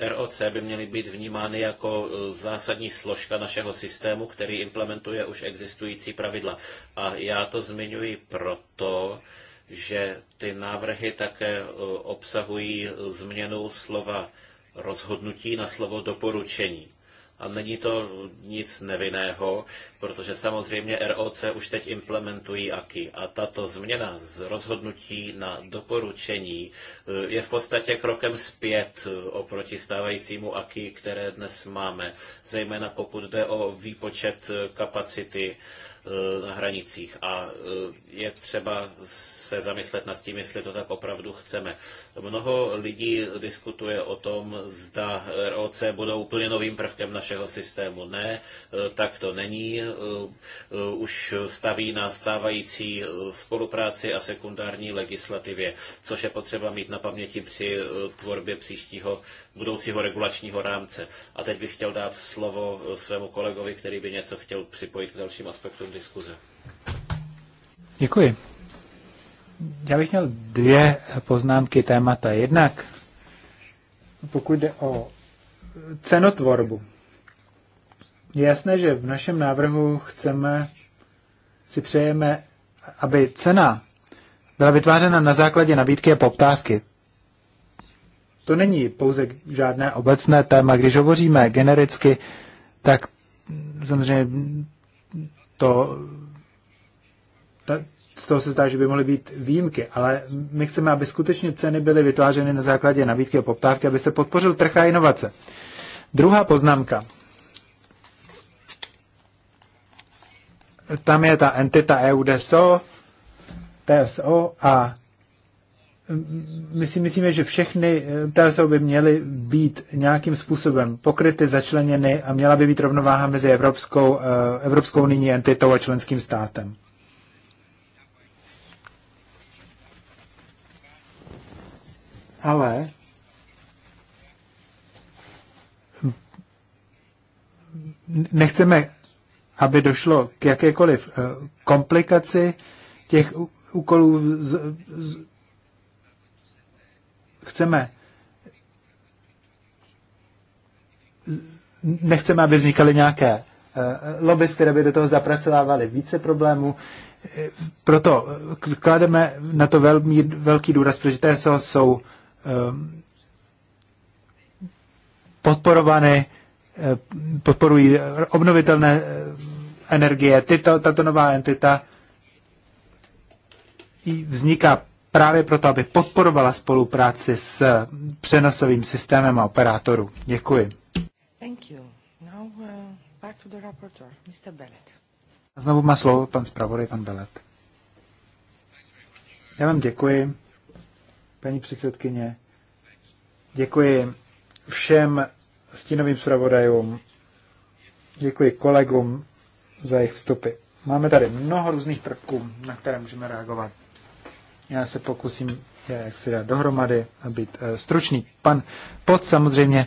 Eh, ROC by měly být vnímány jako eh, zásadní složka našeho systému, který implementuje už existující pravidla. A já to zmiňuji proto, že ty návrhy také eh, obsahují změnu slova rozhodnutí na slovo doporučení. A není to nic nevinného, protože samozřejmě ROC už teď implementují AKI. A tato změna z rozhodnutí na doporučení eh, je v podstatě krokem zpět eh, oproti stávajícímu AKI, které dnes máme, zejména pokud jde o výpočet eh, kapacity na hranicích a je třeba se zamyslet nad tím, jestli to tak opravdu chceme. Mnoho lidí diskutuje o tom, zda ROC budou úplně novým prvkem našeho systému. Ne, tak to není. Eh, už staví na stávající eh, spolupráci a sekundární legislativě, což je potřeba mít na paměti při eh, tvorbě příštího budoucího regulačního rámce. A teď bych chtěl dát slovo svému kolegovi, který by něco chtěl připojit k dalším aspektům diskuze. Děkuji. Já bych měl dvě poznámky témata. Jednak, pokud jde o cenotvorbu. Je jasné, že v našem návrhu chceme, si přejeme, aby cena byla vytvářena na základě nabídky a poptávky. To není pouze žádné obecné téma. Když hovoříme genericky, tak samozřejmě to, ta, z toho se zdá, že by mohly být výjimky, ale my chceme, aby skutečně ceny byly vytvářeny na základě nabídky a poptávky, aby se podpořil trh a inovace. Druhá poznámka. Tam je ta entita EUDSO, TSO a my si myslíme, že všechny TSO by měly být nějakým způsobem pokryty, začleněny a měla by být rovnováha mezi Evropskou, eh, Evropskou nyní entitou a členským státem. ale nechceme, aby došlo k jakékoliv eh, komplikaci těch úkolů. Z, z, chceme nechceme, aby vznikaly nějaké eh, lobby, které by do toho zapracovávaly více problémů. Eh, proto klademe na to velmi velký důraz, protože TSO jsou podporované podporují obnovitelné energie. Tyto, tato nová entita vzniká právě proto, aby podporovala spolupráci s přenosovým systémem a operátorů. Děkuji. Thank you. Now, uh, back to the rapporteur, Mr. Bellet. Znovu má slovo pan zpravodaj, pan Belet. Já vám děkuji. Paní předsedkyně, děkuji všem stínovým zpravodajům, děkuji kolegům za jejich vstupy. Máme tady mnoho různých prvků, na které můžeme reagovat. Já se pokusím je jak si dát dohromady a být eh, stručný. Pan Pod samozřejmě,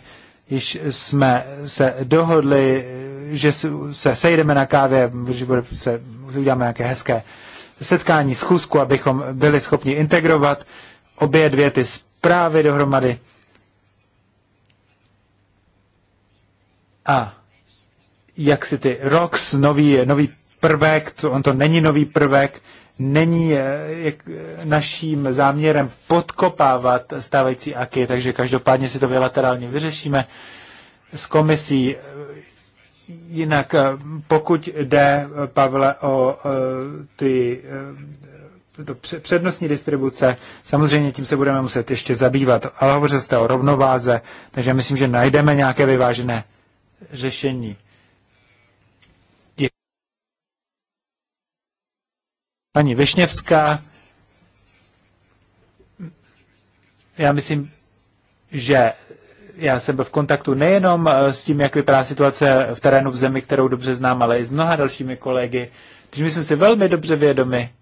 již jsme se dohodli, eh, že se sejdeme na kávě, že bude se, uděláme nějaké hezké setkání, schůzku, abychom byli schopni integrovat obě dvě ty zprávy dohromady. A jak si ty ROX, nový, nový prvek, to, on to není nový prvek, není eh, jak, eh, naším záměrem podkopávat stávající AKY, takže každopádně si to bilaterálně vyřešíme s komisí. Jinak eh, pokud jde, Pavle, o ty to přednostní distribuce. Samozřejmě tím se budeme muset ještě zabývat, ale hovořil jste o rovnováze, takže myslím, že najdeme nějaké vyvážené řešení. Paní Višněvská, já myslím, že já jsem byl v kontaktu nejenom eh, s tím, jak vypadá situace v terénu v zemi, kterou dobře znám, ale i s mnoha dalšími kolegy. Takže my jsme si velmi dobře vědomi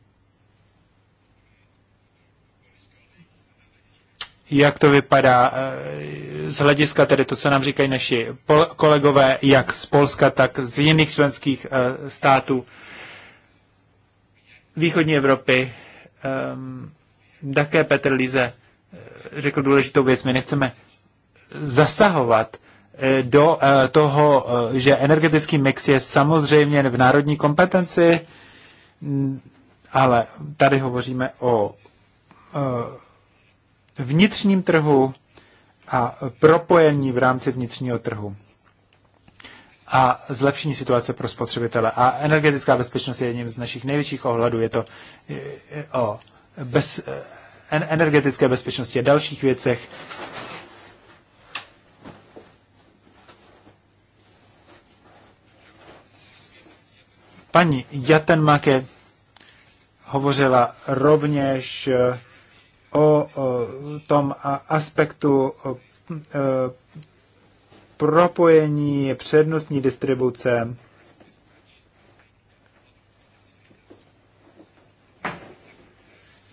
jak to vypadá eh, z hlediska tedy to, co nám říkají naši kolegové, jak z Polska, tak z jiných členských eh, států východní Evropy. Ehm, také Petr Líze eh, řekl důležitou věc. My nechceme zasahovat do toho, že energetický mix je samozřejmě v národní kompetenci, ale tady hovoříme o vnitřním trhu a propojení v rámci vnitřního trhu a zlepšení situace pro spotřebitele. A energetická bezpečnost je jedním z našich největších ohledů. Je to o bez, eh, energetické bezpečnosti a dalších věcech. Paní Jatenmake hovořila rovněž o tom aspektu e, propojení přednostní distribuce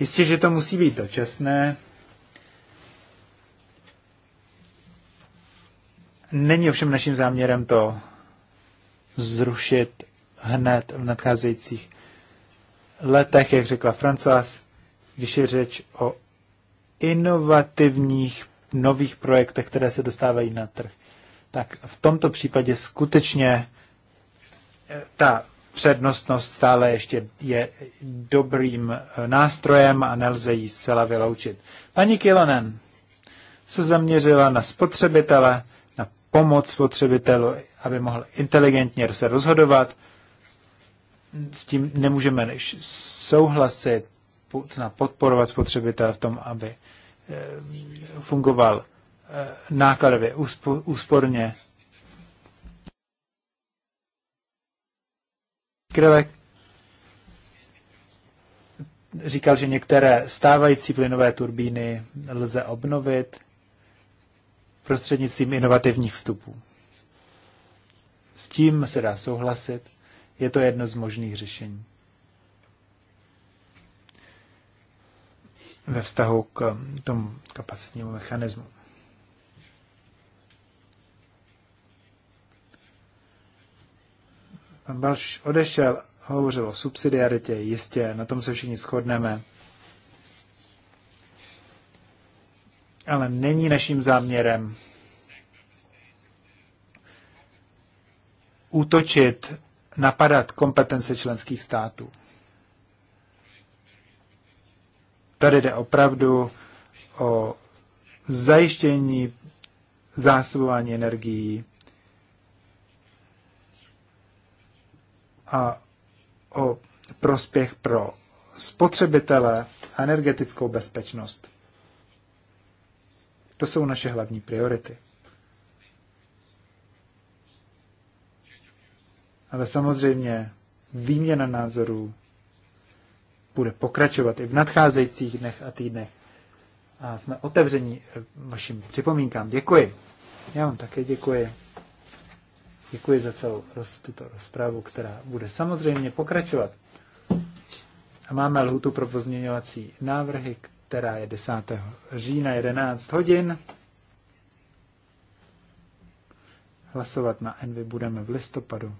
Jistě, že to musí být dočasné. Není ovšem naším záměrem to zrušit hned v nadcházejících letech, jak řekla Francois, když je řeč o inovativních nových projektech, které se dostávají na trh. Tak v tomto případě skutečně eh, ta přednostnost stále ještě je dobrým eh, nástrojem a nelze ji zcela vyloučit. Paní Kilonen se zaměřila na spotřebitele, na pomoc spotřebitelu, aby mohl inteligentně se rozhodovat. S tím nemůžeme než souhlasit podporovat spotřebitele v tom, aby eh, fungoval eh, nákladově úsporně. Krelek říkal, že některé stávající plynové turbíny lze obnovit prostřednictvím inovativních vstupů. S tím se dá souhlasit, je to jedno z možných řešení. ve vztahu k tomu kapacitnímu mechanismu. Pan Balš odešel, hovořil o subsidiaritě, jistě, na tom se všichni shodneme. Ale není naším záměrem útočit, napadat kompetence členských států. Tady jde opravdu o zajištění zásobování energií a o prospěch pro spotřebitele a energetickou bezpečnost. To jsou naše hlavní priority. Ale samozřejmě výměna názorů bude pokračovat i v nadcházejících dnech a týdnech. A jsme otevření eh, vašim připomínkám. Děkuji. Já vám také děkuji. Děkuji za celou tuto rozpravu, která bude samozřejmě pokračovat. A máme lhutu pro pozměňovací návrhy, která je 10. října 11 hodin. Hlasovat na Envy budeme v listopadu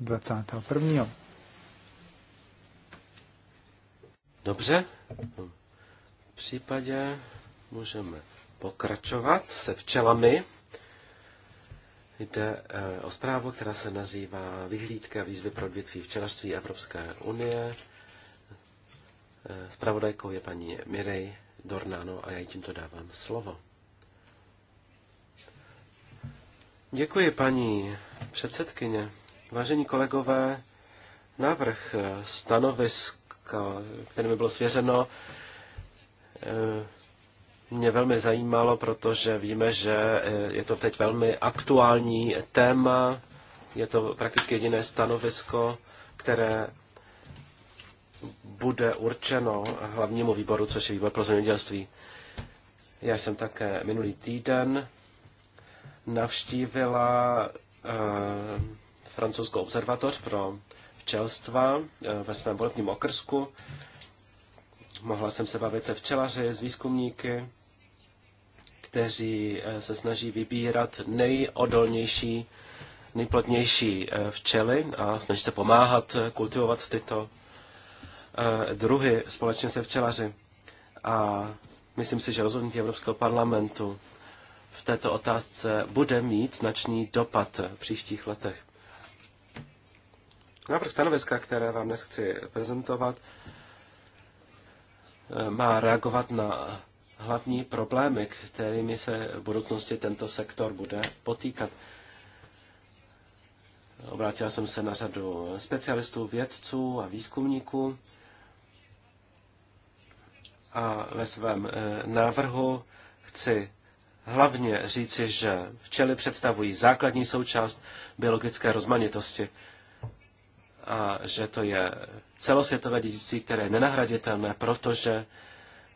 21. Dobře, v případě můžeme pokračovat se včelami. Jde eh, o zprávu, která se nazývá Vyhlídka výzvy pro odvětví včelařství Evropské unie. Spravodajkou eh, je paní Mirej Dornano a já jí tímto dávám slovo. Děkuji, paní předsedkyně. Vážení kolegové, návrh eh, stanovisk které mi bylo svěřeno, eh, mě velmi zajímalo, protože víme, že eh, je to teď velmi aktuální téma, je to prakticky jediné stanovisko, které bude určeno hlavnímu výboru, což je výbor pro zemědělství. Já jsem také minulý týden navštívila eh, francouzskou observatoř pro včelstva eh, ve svém volebním okrsku. Mohla jsem se bavit se včelaři, s výzkumníky, kteří eh, se snaží vybírat nejodolnější, nejplodnější eh, včely a snaží se pomáhat kultivovat tyto druhy společně se včelaři. A myslím si, že rozhodnutí Evropského parlamentu v této otázce bude mít značný dopad v příštích letech. Návrh stanoviska, které vám dnes chci prezentovat, eh, má reagovat na hlavní problémy, kterými se v budoucnosti tento sektor bude potýkat. Obrátil jsem se na řadu specialistů, vědců a výzkumníků a ve svém eh, návrhu chci hlavně říci, že včely představují základní součást biologické rozmanitosti a že to je celosvětové dědictví, které je nenahraditelné, protože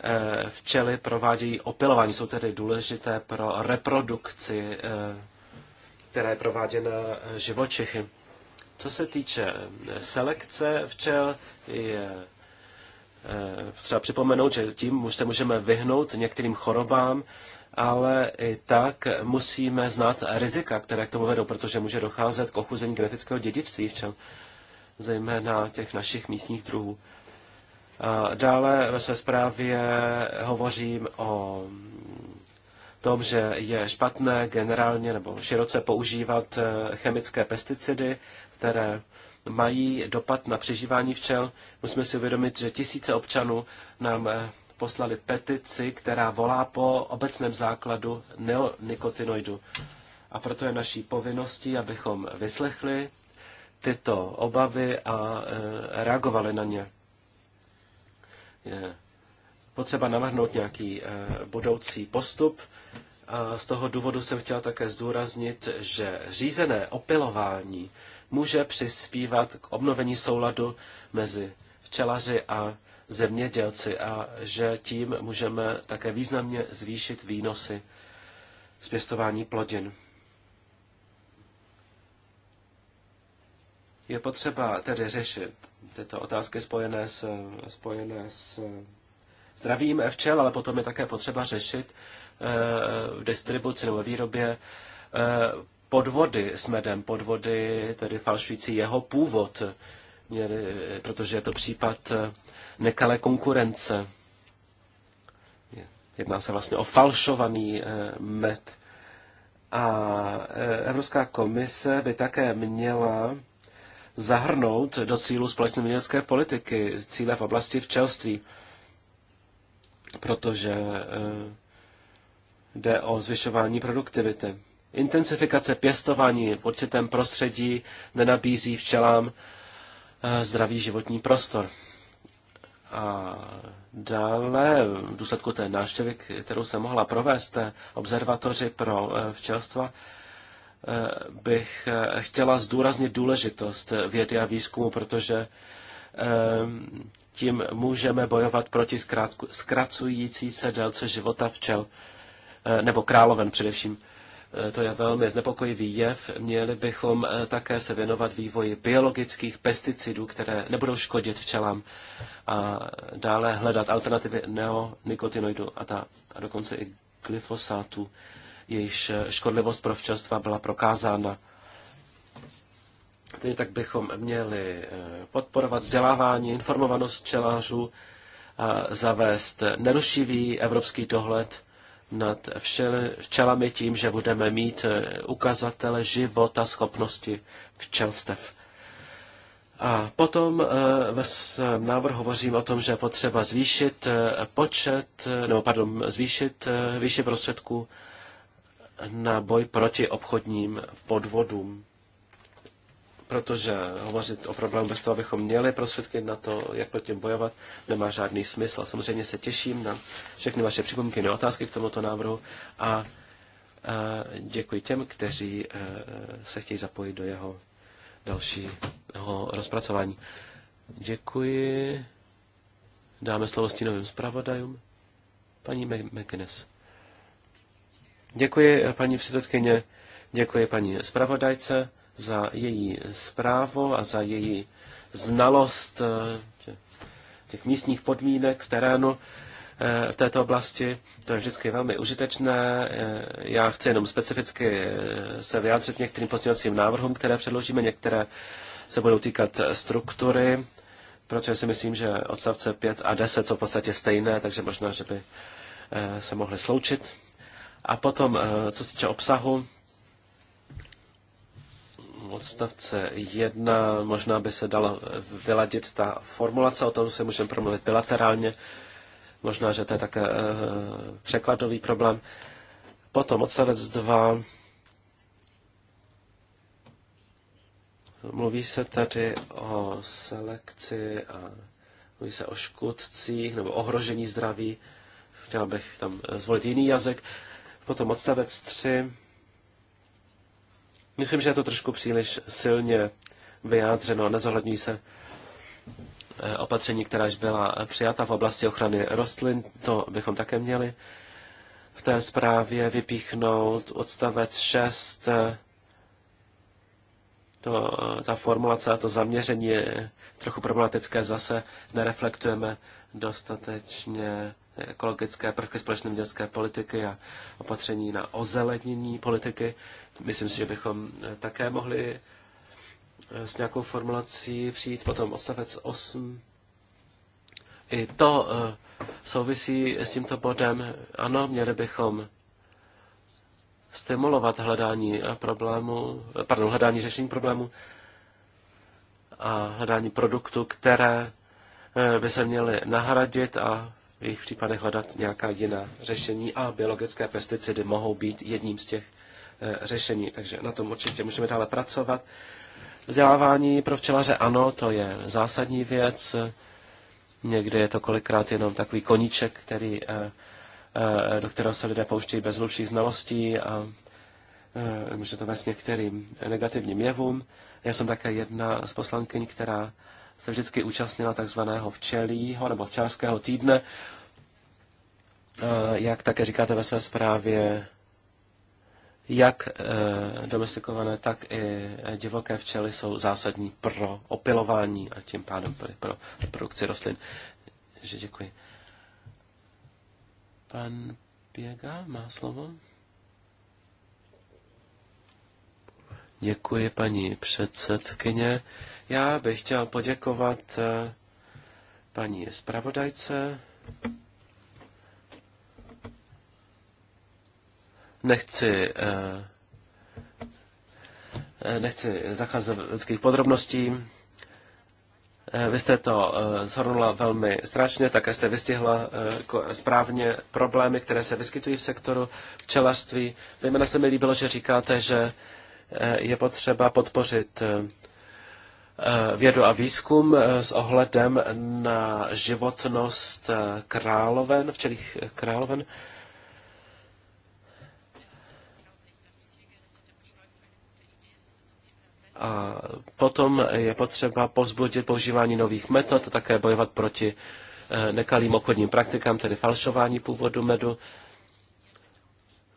eh, včely provádějí opilování, jsou tedy důležité pro reprodukci, eh, která je prováděna živočichy. Co se týče eh, selekce včel, je třeba připomenout, že tím už se můžeme vyhnout některým chorobám, ale i tak musíme znát rizika, které k tomu vedou, protože může docházet k ochuzení genetického dědictví včel zejména těch našich místních druhů. dále ve své zprávě hovořím o tom, že je špatné generálně nebo široce používat eh, chemické pesticidy, které mají dopad na přežívání včel. Musíme si uvědomit, že tisíce občanů nám eh, poslali petici, která volá po obecném základu neonikotinoidu. A proto je naší povinností, abychom vyslechli tyto obavy a eh, reagovali na ně. Je potřeba navrhnout nějaký eh, budoucí postup. A z toho důvodu jsem chtěla také zdůraznit, že řízené opilování může přispívat k obnovení souladu mezi včelaři a zemědělci a že tím můžeme také významně zvýšit výnosy z pěstování plodin. Je potřeba tedy řešit tyto otázky spojené s, spojené s zdravím včel, ale potom je také potřeba řešit eh, v distribuci nebo výrobě eh, podvody s medem, podvody tedy falšující jeho původ, protože je to případ eh, nekalé konkurence. Jedná se vlastně o falšovaný med. A Evropská komise by také měla zahrnout do cílu společné městské politiky, cíle v oblasti včelství, protože eh, jde o zvyšování produktivity. Intensifikace pěstování v určitém prostředí nenabízí včelám eh, zdravý životní prostor. A dále v důsledku té návštěvy, kterou se mohla provést té observatoři pro eh, včelstva, Eh, bych eh, chtěla zdůraznit důležitost vědy a výzkumu, protože ehm, tím můžeme bojovat proti zkracující se délce života včel, eh, nebo královen především. To je velmi znepokojivý jev. Měli bychom také se věnovat vývoji biologických pesticidů, které nebudou škodit včelám a dále hledat alternativy neonikotinoidů a, ta, a dokonce i glyfosátu jejíž škodlivost pro včelstva byla prokázána. Tedy tak bychom měli eh, podporovat vzdělávání, informovanost včelářů, a zavést nerušivý evropský dohled nad včelami tím, že budeme mít eh, ukazatele života schopnosti včelstev. A potom eh, ve svém návrhu hovořím o tom, že je potřeba zvýšit počet, nebo pardon, zvýšit výši prostředků na boj proti obchodním podvodům. Protože hovořit o problému bez toho, abychom měli prostředky na to, jak proti těm bojovat, nemá žádný smysl. Samozřejmě se těším na všechny vaše připomínky na otázky k tomuto návrhu a e, děkuji těm, kteří e, se chtějí zapojit do jeho dalšího rozpracování. Děkuji. Dáme slovo stínovým zpravodajům. Paní McGuinness. Děkuji, paní předsedkyně, děkuji paní zpravodajce za její zprávu a za její znalost eh, těch místních podmínek v terénu eh, v této oblasti. To je vždycky velmi užitečné. Eh, já chci jenom specificky se vyjádřit některým pozměňovacím návrhům, které předložíme. Některé se budou týkat struktury, protože si myslím, že odstavce 5 a 10 jsou v podstatě stejné, takže možná, že by se mohly sloučit. A potom, eh, co se týče obsahu, odstavce 1, možná by se dalo vyladit ta formulace, o tom se můžeme promluvit bilaterálně, možná, že to je také eh, překladový problém. Potom odstavec 2, mluví se tady o selekci a mluví se o škudcích nebo ohrožení zdraví, chtěl bych tam eh, zvolit jiný jazyk. Potom odstavec 3. Myslím, že je to trošku příliš silně vyjádřeno, nezohledňují se eh, opatření, která již byla přijata v oblasti ochrany rostlin, to bychom také měli v té zprávě vypíchnout odstavec 6. Eh, to, eh, ta formulace a to zaměření je trochu problematické. Zase nereflektujeme dostatečně ekologické prvky společné městské politiky a opatření na ozelenění politiky. Myslím si, že bychom eh, také mohli eh, s nějakou formulací přijít. Potom odstavec 8. I to eh, souvisí s tímto bodem. Ano, měli bychom stimulovat hledání problému, pardon, hledání řešení problému a hledání produktu, které by se měly nahradit a v jejich případech hledat nějaká jiná řešení a biologické pesticidy mohou být jedním z těch eh, řešení. Takže na tom určitě můžeme dále pracovat. Vzdělávání pro včelaře ano, to je zásadní věc. Někdy je to kolikrát jenom takový koníček, který, eh, eh, do kterého se lidé pouštějí bez hlubších znalostí a může to vést některým negativním jevům. Já jsem také jedna z poslankyň, která se vždycky účastnila takzvaného včelího nebo včelského týdne. Eh, jak také říkáte ve své zprávě, jak eh, domestikované, tak i divoké včely jsou zásadní pro opilování a tím pádem pro produkci rostlin. Takže děkuji. Pan Běga má slovo. Děkuji, paní předsedkyně. Já bych chtěl poděkovat eh, paní zpravodajce. Nechci eh, eh, nechci zacházet do lidských podrobností. Vy jste to zhrnula velmi strašně, také jste vystihla správně problémy, které se vyskytují v sektoru včelařství. Zejména se mi líbilo, že říkáte, že je potřeba podpořit Eh, vědu a výzkum eh, s ohledem na životnost eh, královen, včelých královen. A potom je potřeba pozbudit používání nových metod, také bojovat proti nekalým obchodním praktikám, tedy falšování původu medu.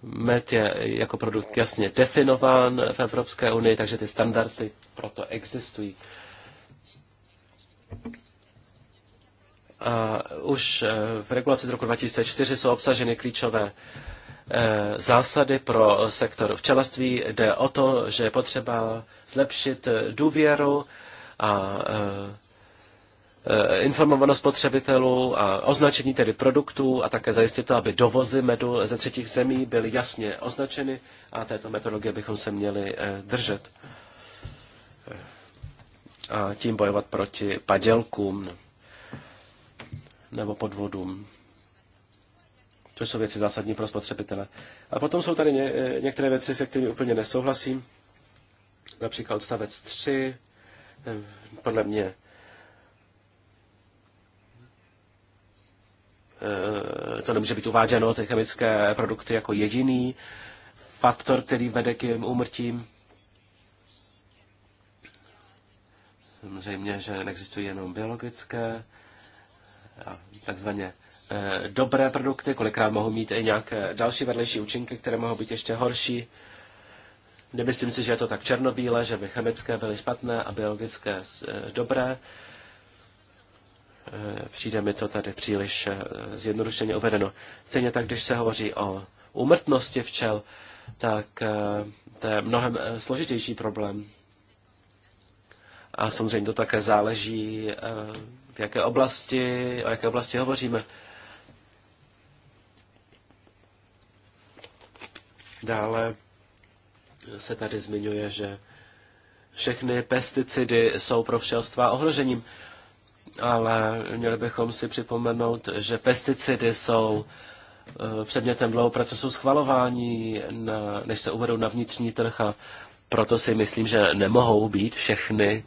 Med je jako produkt jasně definován v Evropské unii, takže ty standardy proto existují. A už eh, v regulaci z roku 2004 jsou obsaženy klíčové eh, zásady pro sektor včelaství. Jde o to, že je potřeba zlepšit eh, důvěru a Eh, informovanost spotřebitelů a označení tedy produktů a také zajistit to, aby dovozy medu ze třetích zemí byly jasně označeny a této metodologie bychom se měli eh, držet. Eh, a tím bojovat proti padělkům nebo podvodům. To jsou věci zásadní pro spotřebitele. A potom jsou tady ně, některé věci, se kterými úplně nesouhlasím. Například odstavec 3, podle mě Eh, to nemůže být uváděno, ty chemické produkty jako jediný faktor, který vede k jejím úmrtím. Samozřejmě, že neexistují jenom biologické a takzvaně eh, dobré produkty, kolikrát mohou mít i nějaké další vedlejší účinky, které mohou být ještě horší. Nemyslím si, že je to tak černobílé, že by chemické byly špatné a biologické eh, dobré. Eh, přijde mi to tady příliš eh, zjednodušeně uvedeno. Stejně tak, když se hovoří o úmrtnosti včel, tak eh, to je mnohem složitější problém. A samozřejmě to také záleží, v jaké oblasti, o jaké oblasti hovoříme. Dále se tady zmiňuje, že všechny pesticidy jsou pro včelstva ohrožením ale měli bychom si připomenout, že pesticidy jsou e, předmětem dlouhého procesu schvalování, na, než se uvedou na vnitřní trh a proto si myslím, že nemohou být všechny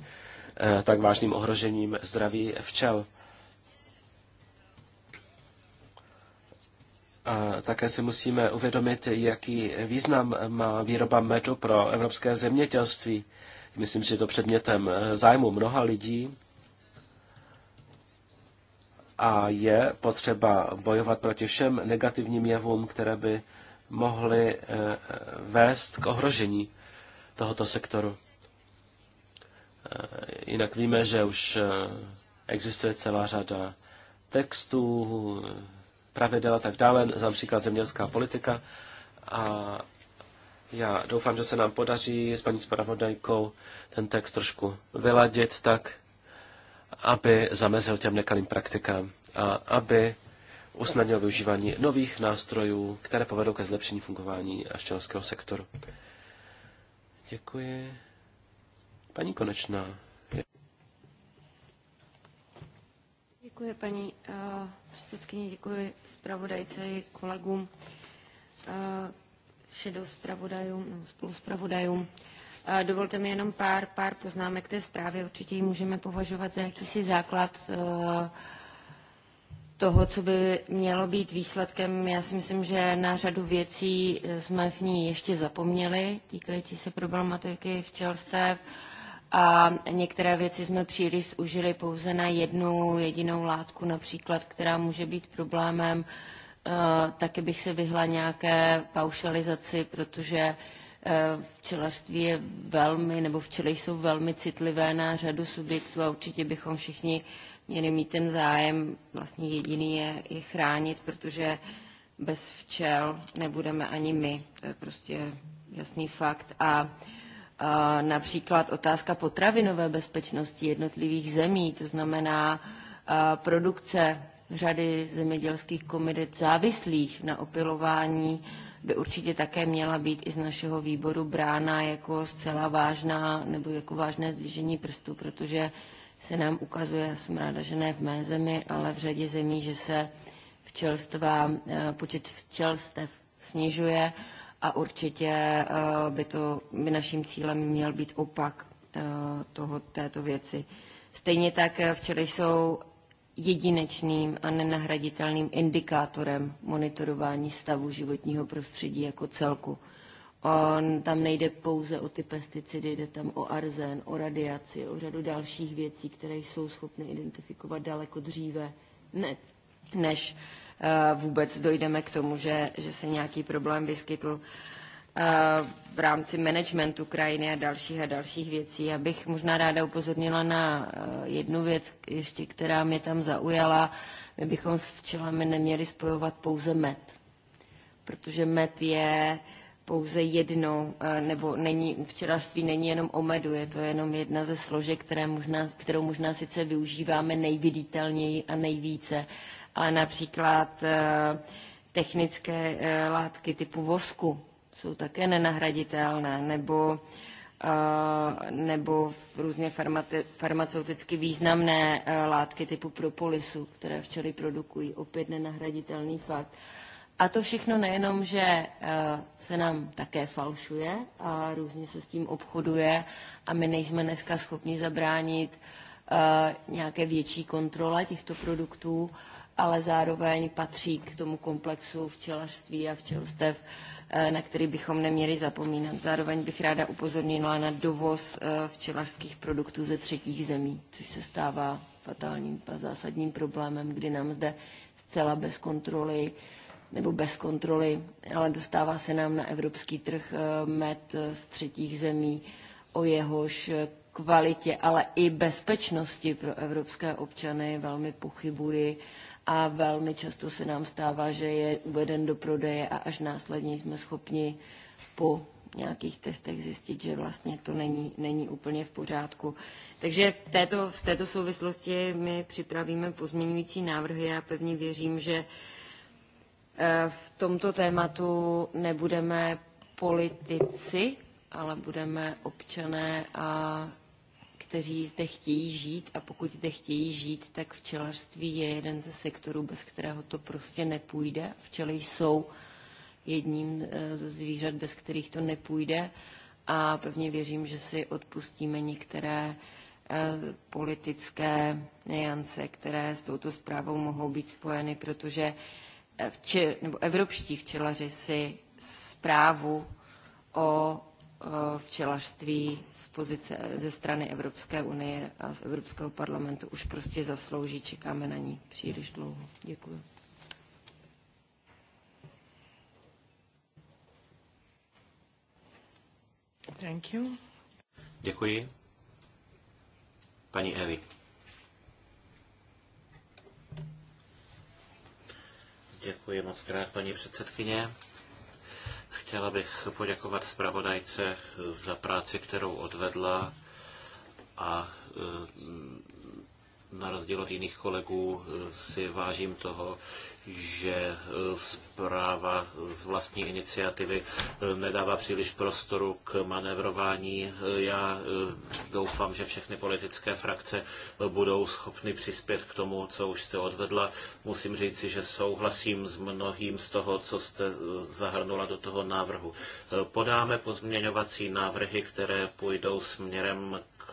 e, tak vážným ohrožením zdraví včel. A také si musíme uvědomit, jaký význam má výroba medu pro evropské zemědělství. Myslím, že je to předmětem e, zájmu mnoha lidí a je potřeba bojovat proti všem negativním jevům, které by mohly eh, vést k ohrožení tohoto sektoru. Eh, jinak víme, že už eh, existuje celá řada textů, pravidel a tak dále, například zemědělská politika. A já doufám, že se nám podaří s paní zpravodajkou ten text trošku vyladit tak, aby zamezil těm nekalým praktikám a aby usnadnil využívání nových nástrojů, které povedou ke zlepšení fungování aščelského sektoru. Děkuji. Paní Konečná. Děkuji, paní eh, předsedkyně, děkuji zpravodajce i kolegům, eh, šedou zpravodajům, spolu zpravodajům. Eh, dovolte mi jenom pár, pár poznámek té zprávy. Určitě ji můžeme považovat za jakýsi základ eh, toho, co by mělo být výsledkem. Já si myslím, že na řadu věcí eh, jsme v ní ještě zapomněli, týkající se problematiky včelstev a některé věci jsme příliš užili pouze na jednu jedinou látku, například, která může být problémem. Taky bych se vyhla nějaké paušalizaci, protože Eh, včelařství je velmi, nebo včely jsou velmi citlivé na řadu subjektů a určitě bychom všichni měli mít ten zájem, vlastně jediný je, je chránit, protože bez včel nebudeme ani my. To je prostě jasný fakt. A a například otázka potravinové bezpečnosti jednotlivých zemí, to znamená produkce řady zemědělských komodit závislých na opilování by určitě také měla být i z našeho výboru brána jako zcela vážná nebo jako vážné zvýšení prstů, protože se nám ukazuje, já jsem ráda, že ne v mé zemi, ale v řadě zemí, že se včelstva, eh, počet včelstev snižuje a určitě eh, by, to, by naším cílem měl být opak eh, toho, této věci. Stejně tak včely jsou jedinečným a nenahraditelným indikátorem monitorování stavu životního prostředí jako celku. On, tam nejde pouze o ty pesticidy, jde tam o arzen, o radiaci, o řadu dalších věcí, které jsou schopny identifikovat daleko dříve, ne, než uh, vůbec dojdeme k tomu, že, že se nějaký problém vyskytl. Uh, v rámci managementu krajiny a dalších a dalších věcí. Já bych možná ráda upozornila na eh, jednu věc, ještě která mě tam zaujala. My bychom s včelami neměli spojovat pouze med, protože med je pouze jednou, eh, nebo není, včelařství není jenom o medu, je to jenom jedna ze složek, které možná, kterou možná sice využíváme nejviditelněji a nejvíce, ale například eh, technické látky typu vosku, jsou také nenahraditelné, nebo, eh, nebo různě farmaceuticky významné eh, látky typu propolisu, které včely produkují, opět nenahraditelný fakt. A to všechno nejenom, že eh, se nám také falšuje a různě se s tím obchoduje a my nejsme dneska schopni zabránit nějaké větší kontrole těchto produktů, ale zároveň patří k tomu komplexu včelařství a včelstev Eh, na který bychom neměli zapomínat. Zároveň bych ráda upozornila na dovoz eh, včelařských produktů ze třetích zemí, což se stává fatálním a zásadním problémem, kdy nám zde zcela bez kontroly nebo bez kontroly, ale dostává se nám na evropský trh eh, med z třetích zemí, o jehož kvalitě, ale i bezpečnosti pro evropské občany velmi pochybuji a velmi často se nám stává, že je uveden do prodeje a až následně jsme schopni po nějakých testech zjistit, že vlastně to není, není úplně v pořádku. Takže v této, v této souvislosti my připravíme pozměňující návrhy. Já pevně věřím, že eh, v tomto tématu nebudeme politici, ale budeme občané a kteří zde chtějí žít a pokud zde chtějí žít, tak včelařství je jeden ze sektorů, bez kterého to prostě nepůjde. Včely jsou jedním eh, ze zvířat, bez kterých to nepůjde a pevně věřím, že si odpustíme některé eh, politické nejance, které s touto zprávou mohou být spojeny, protože eh, vče, nebo evropští včelaři si zprávu o Eh, včelařství z pozice, ze strany Evropské unie a z Evropského parlamentu už prostě zaslouží. Čekáme na ní příliš dlouho. Děkuji. Thank you. Děkuji. Paní Evi. Děkuji moc krát, paní předsedkyně. Chtěla bych poděkovat zpravodajce za práci, kterou odvedla a na rozdíl od jiných kolegů eh, si vážím toho, že eh, zpráva z vlastní iniciativy eh, nedává příliš prostoru k manévrování. Já doufám, že všechny politické frakce budou schopny přispět k tomu, co už jste odvedla. Musím říci, že souhlasím s mnohým z toho, co jste zahrnula do toho návrhu. Podáme pozměňovací návrhy, které půjdou směrem k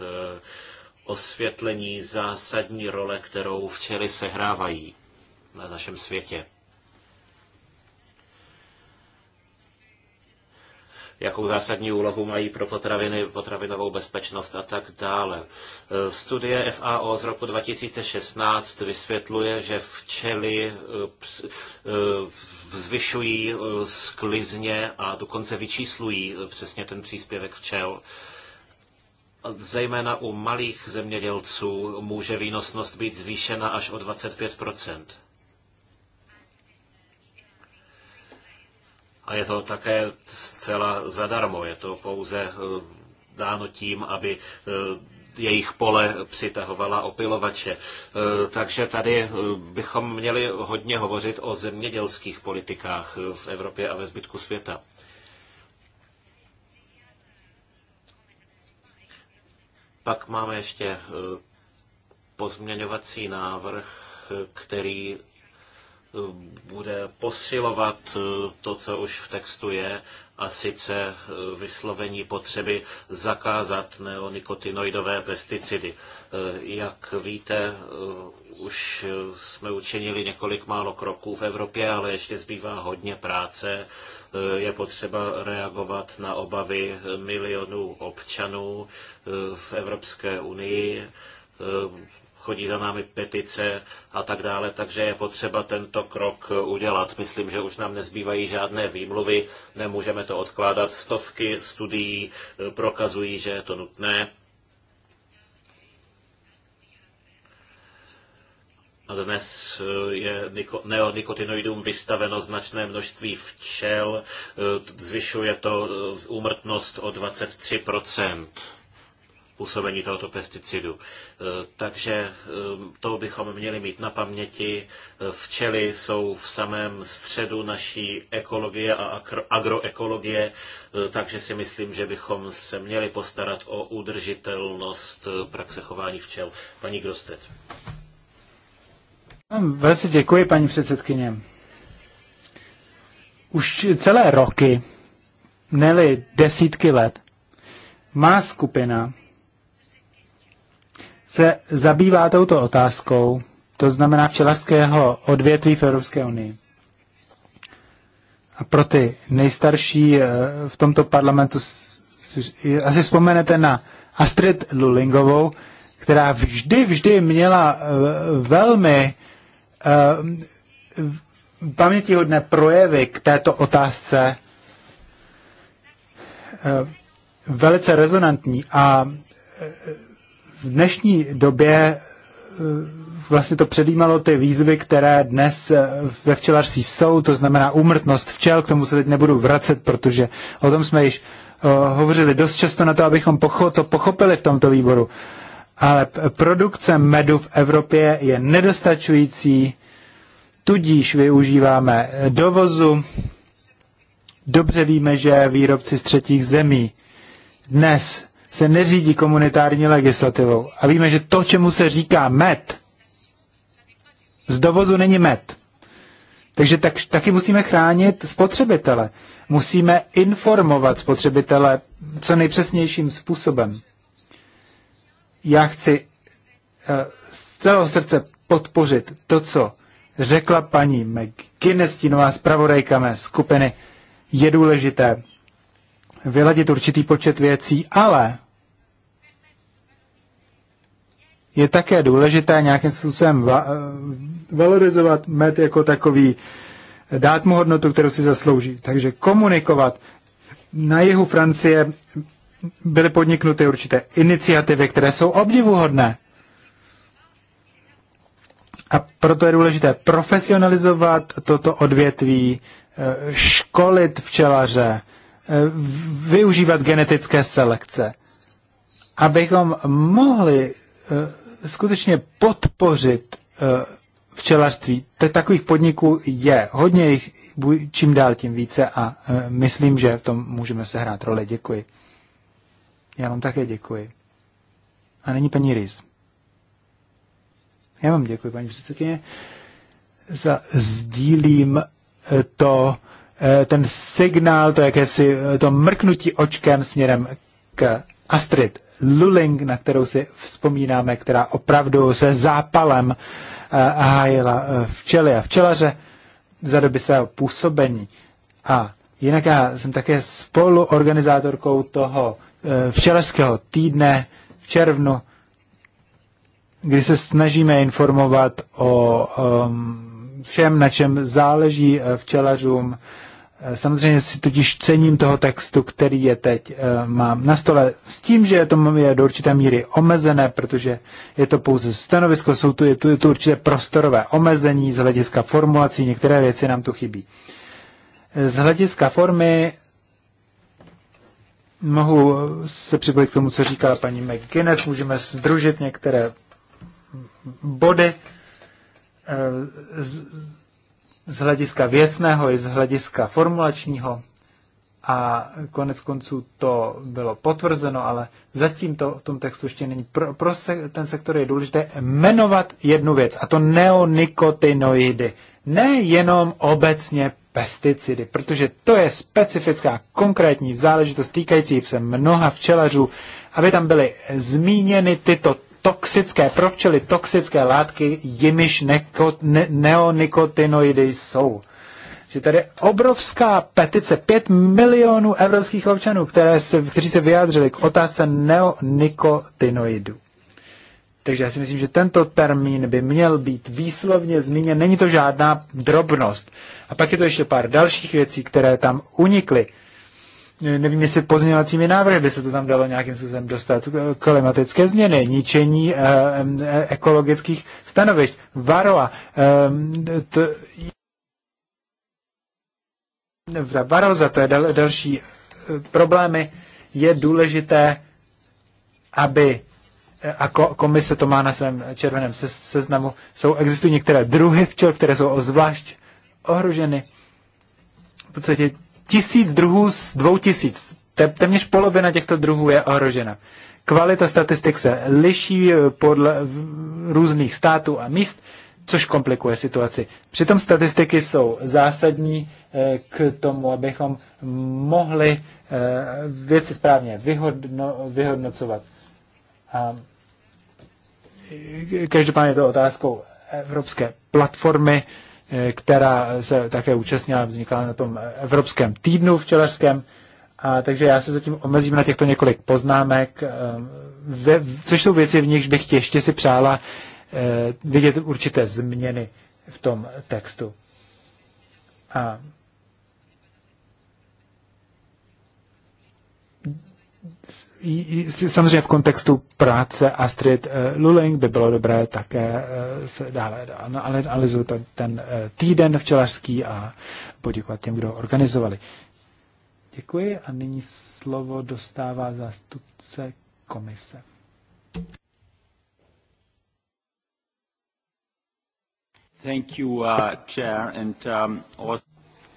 osvětlení zásadní role, kterou včely sehrávají na našem světě. jakou zásadní úlohu mají pro potraviny, potravinovou bezpečnost a tak dále. Studie FAO z roku 2016 vysvětluje, že včely eh, eh, zvyšují eh, sklizně a dokonce vyčíslují přesně ten příspěvek včel zejména u malých zemědělců může výnosnost být zvýšena až o 25 A je to také zcela zadarmo, je to pouze eh, dáno tím, aby eh, jejich pole přitahovala opilovače. Eh, takže tady bychom měli hodně hovořit o zemědělských politikách v Evropě a ve zbytku světa. Pak máme ještě eh, pozměňovací návrh, který eh, bude posilovat eh, to, co už v textu je, a sice vyslovení potřeby zakázat neonikotinoidové pesticidy. Jak víte, už jsme učinili několik málo kroků v Evropě, ale ještě zbývá hodně práce. Je potřeba reagovat na obavy milionů občanů eh, v Evropské unii eh, chodí za námi petice a tak dále, takže je potřeba tento krok udělat. Myslím, že už nám nezbývají žádné výmluvy, nemůžeme to odkládat. Stovky studií eh, prokazují, že je to nutné Dnes eh, je neonikotinoidům vystaveno značné množství včel, eh, zvyšuje to eh, úmrtnost o 23 působení tohoto pesticidu. Takže to bychom měli mít na paměti. Včely jsou v samém středu naší ekologie a agroekologie, takže si myslím, že bychom se měli postarat o udržitelnost praxe chování včel. Paní Grostet. Velice děkuji, paní předsedkyně. Už celé roky, neli desítky let, má skupina se zabývá touto otázkou, to znamená včelařského odvětví v Evropské unii. A pro ty nejstarší eh, v tomto parlamentu asi vzpomenete na Astrid Lulingovou, která vždy, vždy měla eh, velmi Eh, pamětihodné projevy k této otázce eh, velice rezonantní a eh, v dnešní době vlastně to předjímalo ty výzvy, které dnes ve včelařství jsou, to znamená úmrtnost včel, k tomu se teď nebudu vracet, protože o tom jsme již hovořili dost často na to, abychom to pochopili v tomto výboru ale produkce medu v Evropě je nedostačující, tudíž využíváme dovozu. Dobře víme, že výrobci z třetích zemí dnes se neřídí komunitární legislativou. A víme, že to, čemu se říká med, z dovozu není med. Takže tak, taky musíme chránit spotřebitele. Musíme informovat spotřebitele co nejpřesnějším způsobem. Já chci eh, z celého srdce podpořit to, co řekla paní McGuinness, stínová zpravodajka mé skupiny. Je důležité vyladit určitý počet věcí, ale je také důležité nějakým způsobem va- eh, valorizovat med jako takový, eh, dát mu hodnotu, kterou si zaslouží. Takže komunikovat. Na jihu Francie byly podniknuty určité iniciativy, které jsou obdivuhodné. A proto je důležité profesionalizovat toto odvětví, eh, školit včelaře, eh, využívat genetické selekce, abychom mohli eh, skutečně podpořit včelařství. Takových podniků je hodně, jich čím dál tím více a myslím, že v tom můžeme sehrát roli. Děkuji. Já vám také děkuji. A není paní Riz. Já vám děkuji, paní předsedkyně. Za, sdílím eh, to, eh, ten signál, to jakési, eh, to mrknutí očkem směrem k Astrid Luling, na kterou si vzpomínáme, která opravdu se zápalem hájila včely a včelaře za doby svého působení. A jinak já jsem také spoluorganizátorkou toho včelského týdne v červnu, kdy se snažíme informovat o um, všem, na čem záleží eh, včelařům. Eh, samozřejmě si totiž cením toho textu, který je teď eh, mám na stole, s tím, že to je do určité míry omezené, protože je to pouze stanovisko, jsou tu, je tu, je tu určité prostorové omezení z hlediska formulací, některé věci nám tu chybí. Z hlediska formy Mohu se připojit k tomu, co říká paní McGuinness. Můžeme združit některé body eh, z hlediska věcného i z hlediska formulačního. A konec konců to bylo potvrzeno, ale zatím to v tom textu ještě není. Pro, pro se, ten sektor je důležité jmenovat jednu věc, a to neonikotinoidy nejenom obecně pesticidy, protože to je specifická konkrétní záležitost týkající se mnoha včelařů, aby tam byly zmíněny tyto toxické, pro včely toxické látky, jimiž neko, ne, neonikotinoidy jsou. Že tady obrovská petice, pět milionů evropských občanů, které se, kteří se vyjádřili k otázce neonikotinoidů. Takže já si myslím, že tento termín by měl být výslovně zmíněn. Není to žádná drobnost. A pak je to ještě pár dalších věcí, které tam unikly. Nevím, jestli pozměňovacími návrhy by se to tam dalo nějakým způsobem dostat. Klimatické změny, ničení eh, eh ekologických stanovišť, varoa. Eh, to, varoza, to je dal, další eh, problémy. Je důležité, aby a komise to má na svém červeném seznamu, jsou, existují některé druhy včel, které jsou zvlášť ohroženy. V podstatě tisíc druhů z dvou tisíc. Téměř polovina těchto druhů je ohrožena. Kvalita statistik se liší eh, podle různých států a míst, což komplikuje situaci. Přitom statistiky jsou zásadní eh, k tomu, abychom mohli eh, věci správně vyhodno, vyhodnocovat. A Každopádně to otázkou Evropské platformy, eh, která se také účastnila, vznikala na tom Evropském týdnu včelařském. A, takže já se zatím omezím na těchto několik poznámek, eh, ve, což jsou věci, v nichž bych ještě si přála eh, vidět určité změny v tom textu. A samozřejmě v kontextu práce Astrid eh, Luling by bylo dobré také eh, se dále analyzovat ten, ten eh, týden včelařský a poděkovat těm, kdo organizovali. Děkuji a nyní slovo dostává zástupce komise. Thank you, uh, Chair, and um, also...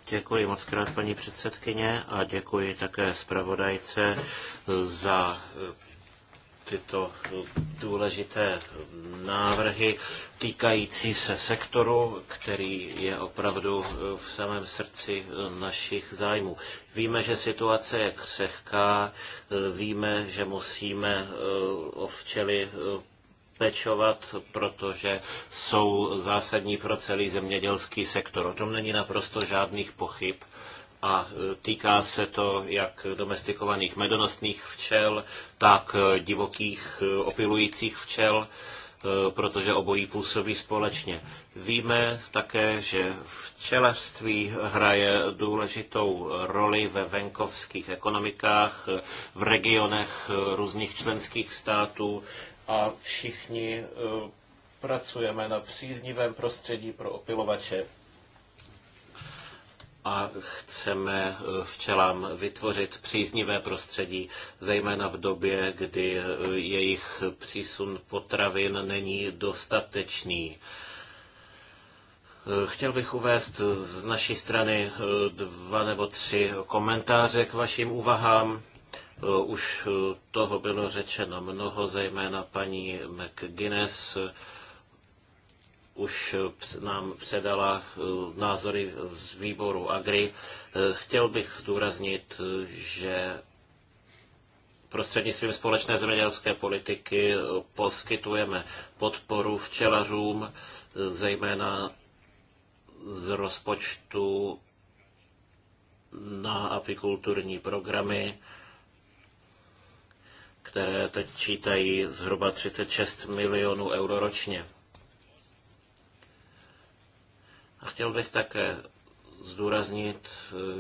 Děkuji moc krát, paní předsedkyně, a děkuji také zpravodajce za eh, tyto eh, důležité eh, návrhy týkající se sektoru, který je opravdu v samém srdci našich zájmů. Víme, že situace je křehká, víme, že musíme ovčely pečovat, protože jsou zásadní pro celý zemědělský sektor. O tom není naprosto žádných pochyb a e, týká se to jak domestikovaných medonostných včel, tak e, divokých e, opilujících včel, protože obojí působí společně. Víme také, že včelařství hraje důležitou roli ve venkovských ekonomikách, v regionech různých členských států, a všichni eh, pracujeme na příznivém prostředí pro opilovače a chceme eh, včelám vytvořit příznivé prostředí, zejména v době, kdy eh, jejich přísun potravin není dostatečný. Chtěl bych uvést z naší strany dva nebo tři komentáře k vašim úvahám. Eh, už eh, toho bylo řečeno mnoho, zejména paní McGuinness eh, už nám předala názory z výboru Agri. Chtěl bych zdůraznit, že prostřednictvím společné zemědělské politiky poskytujeme podporu včelařům, zejména z rozpočtu na apikulturní programy které teď čítají zhruba 36 milionů euro ročně. A chtěl bych také zdůraznit,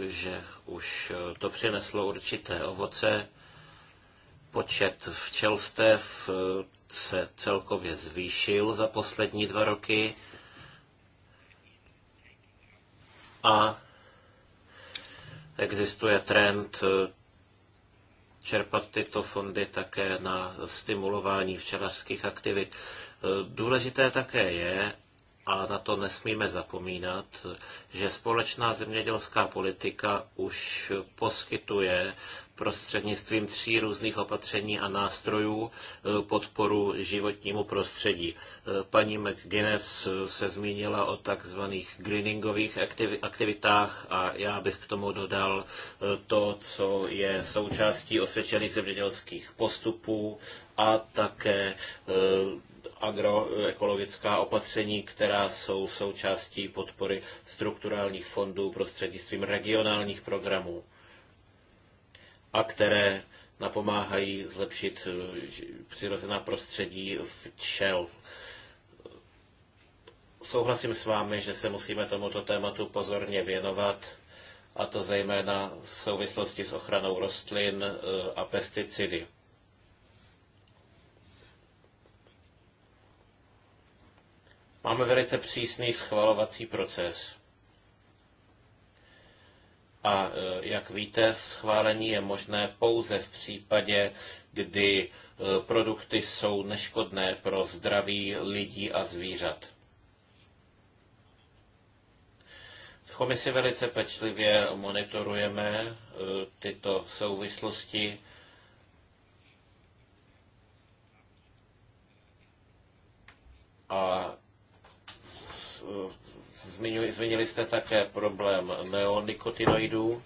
že už to přineslo určité ovoce. Počet včelstev se celkově zvýšil za poslední dva roky a existuje trend čerpat tyto fondy také na stimulování včelařských aktivit. E, důležité také je, a na to nesmíme zapomínat, že společná zemědělská politika už poskytuje prostřednictvím tří různých opatření a nástrojů e, podporu životnímu prostředí. E, paní McGuinness e, se zmínila o takzvaných greeningových aktivitách a já bych k tomu dodal to, co je součástí osvědčených zemědělských postupů a také agroekologická opatření, která jsou součástí podpory strukturálních fondů prostřednictvím regionálních programů a které napomáhají zlepšit eh, přirozená prostředí v čel. Souhlasím s vámi, že se musíme tomuto tématu pozorně věnovat, a to zejména v souvislosti s ochranou rostlin eh, a pesticidy. Máme velice přísný schvalovací proces. A e, jak víte, schválení je možné pouze v případě, kdy e, produkty jsou neškodné pro zdraví lidí a zvířat. V komisi velice pečlivě monitorujeme e, tyto souvislosti a Zmiňuji, zmínili jste také problém neonikotinoidů,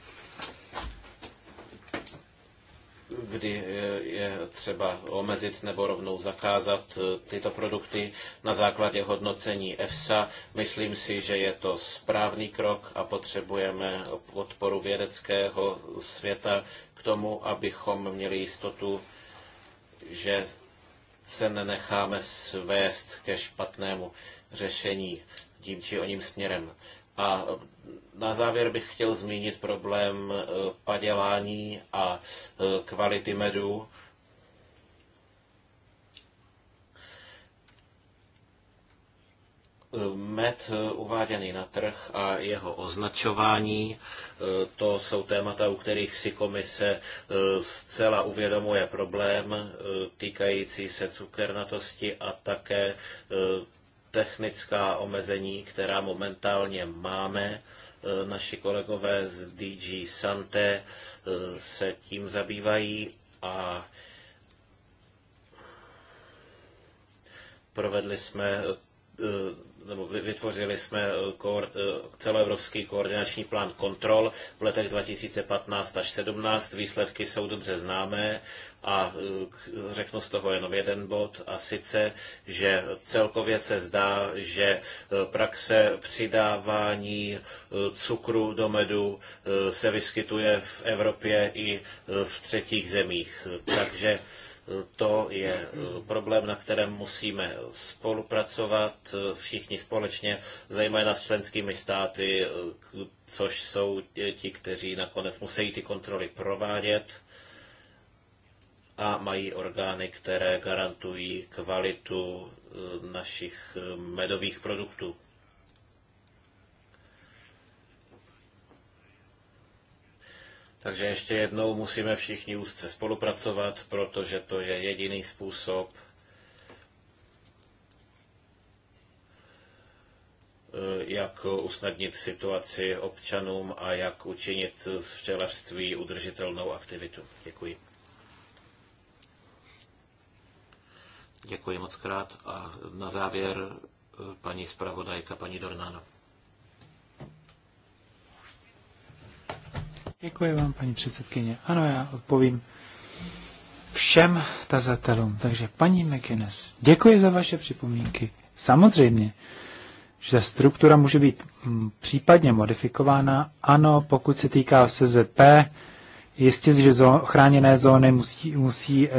kdy eh, je třeba omezit nebo rovnou zakázat eh, tyto produkty na základě hodnocení EFSA. Myslím si, že je to správný krok a potřebujeme podporu vědeckého světa k tomu, abychom měli jistotu, že se nenecháme svést ke špatnému řešení tím či oním směrem. A e, na závěr bych chtěl zmínit problém e, padělání a e, kvality medu. Med uváděný na trh a jeho označování, to jsou témata, u kterých si komise zcela uvědomuje problém týkající se cukernatosti a také technická omezení, která momentálně máme. E, naši kolegové z DG Sante e, se tím zabývají a provedli jsme e, nebo vytvořili jsme eh, eh, celoevropský koordinační plán kontrol v letech 2015 až 17. Výsledky jsou dobře známé a eh, řeknu z toho jenom jeden bod a sice, že celkově se zdá, že praxe přidávání cukru do medu se vyskytuje v Evropě i v třetích zemích. Takže to je eh, problém, na kterém musíme spolupracovat eh, všichni společně, zejména s členskými státy, eh, což jsou ti, kteří nakonec musí ty kontroly provádět a mají orgány, které garantují kvalitu našich medových produktů. Takže ještě jednou musíme všichni úzce spolupracovat, protože to je jediný způsob, eh, jak usnadnit situaci občanům a jak učinit z včelařství udržitelnou aktivitu. Děkuji. Děkuji moc krát a na závěr eh, paní zpravodajka, paní Dornána. Děkuji vám, paní předsedkyně. Ano, já odpovím všem tazatelům. Takže paní McInnes, děkuji za vaše připomínky. Samozřejmě, že struktura může být mm, případně modifikována. Ano, pokud se týká SZP, jistě, že zó- chráněné zóny musí, musí e,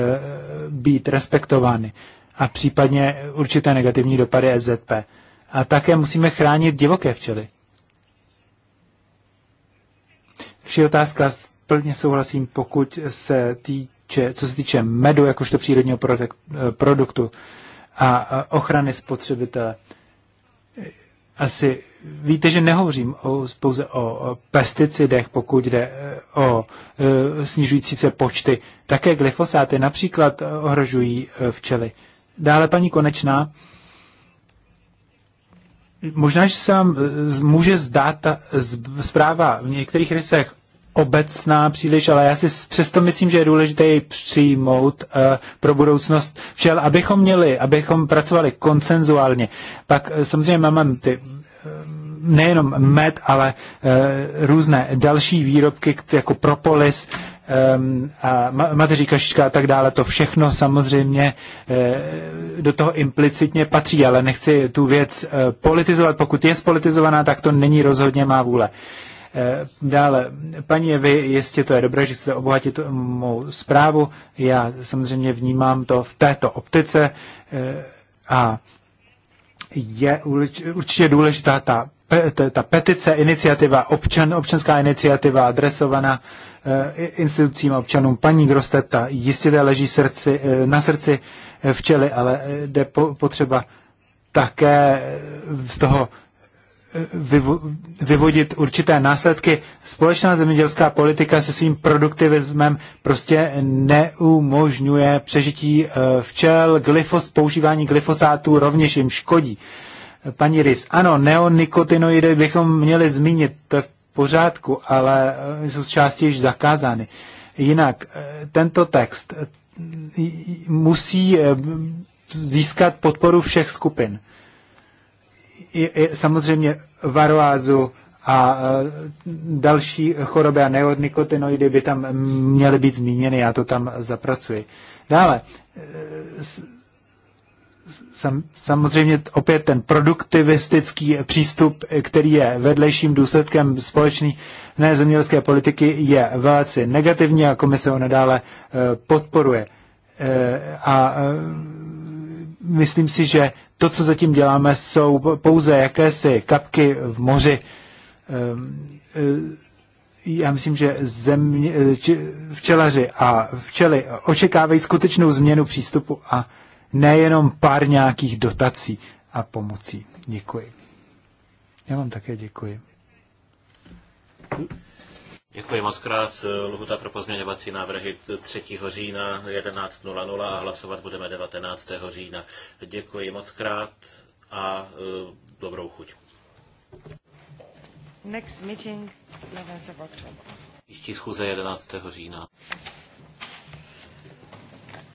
být respektovány a případně určité negativní dopady SZP. A také musíme chránit divoké včely. Vši otázka, plně souhlasím, pokud se týče, co se týče medu jakožto přírodního produktu a ochrany spotřebitele. Asi víte, že nehovořím o, pouze o pesticidech, pokud jde e, o e, snižující se počty. Také glyfosáty například e, ohrožují včely. Dále paní Konečná, možná, že se vám může zdát ta zpráva v některých rysech obecná příliš, ale já si přesto myslím, že je důležité ji přijmout uh, pro budoucnost všel, abychom měli, abychom pracovali koncenzuálně. Pak eh, samozřejmě máme ty eh, nejenom med, ale uh, různé další výrobky jako propolis, um, a mateří kašička a tak dále, to všechno samozřejmě uh, do toho implicitně patří, ale nechci tu věc uh, politizovat. Pokud je spolitizovaná, tak to není rozhodně má vůle. Uh, Eh, dále, paní, vy jistě to je dobré, že chcete obohatit mou zprávu. Já samozřejmě vnímám to v této optice eh, a je určitě důležitá ta, ta petice, iniciativa, občan, občanská iniciativa adresovaná eh, institucím a občanům. Paní Grosteta jistě to leží srdci, na srdci včely, ale jde potřeba také z toho vyvodit určité následky. Společná zemědělská politika se svým produktivismem prostě neumožňuje přežití eh, včel. Glyfos, používání glyfosátů rovněž jim škodí. Paní Rys, ano, neonikotinoidy bychom měli zmínit, to je v pořádku, ale eh, jsou z části již zakázány. Jinak, eh, tento text musí získat podporu všech skupin samozřejmě varoázu a e, další choroby a neodnikotinoidy by tam měly být zmíněny, já to tam zapracuji. Dále, e, sam, samozřejmě opět ten produktivistický přístup, který je vedlejším důsledkem společné zemědělské politiky, je velice negativní a komise ho nadále e, podporuje. A myslím si, že to, co zatím děláme, jsou pouze jakési kapky v moři. Ehm, e, já myslím, že země, e, včelaři a včely očekávají skutečnou změnu přístupu a nejenom pár nějakých dotací a pomocí. Děkuji. Já vám také děkuji. Děkuji moc krát. Lhuta pro pozměňovací návrhy 3. října 11.00 a hlasovat budeme 19. října. Děkuji moc krát a e, dobrou chuť. Next meeting 11. Příští schůze 11. října.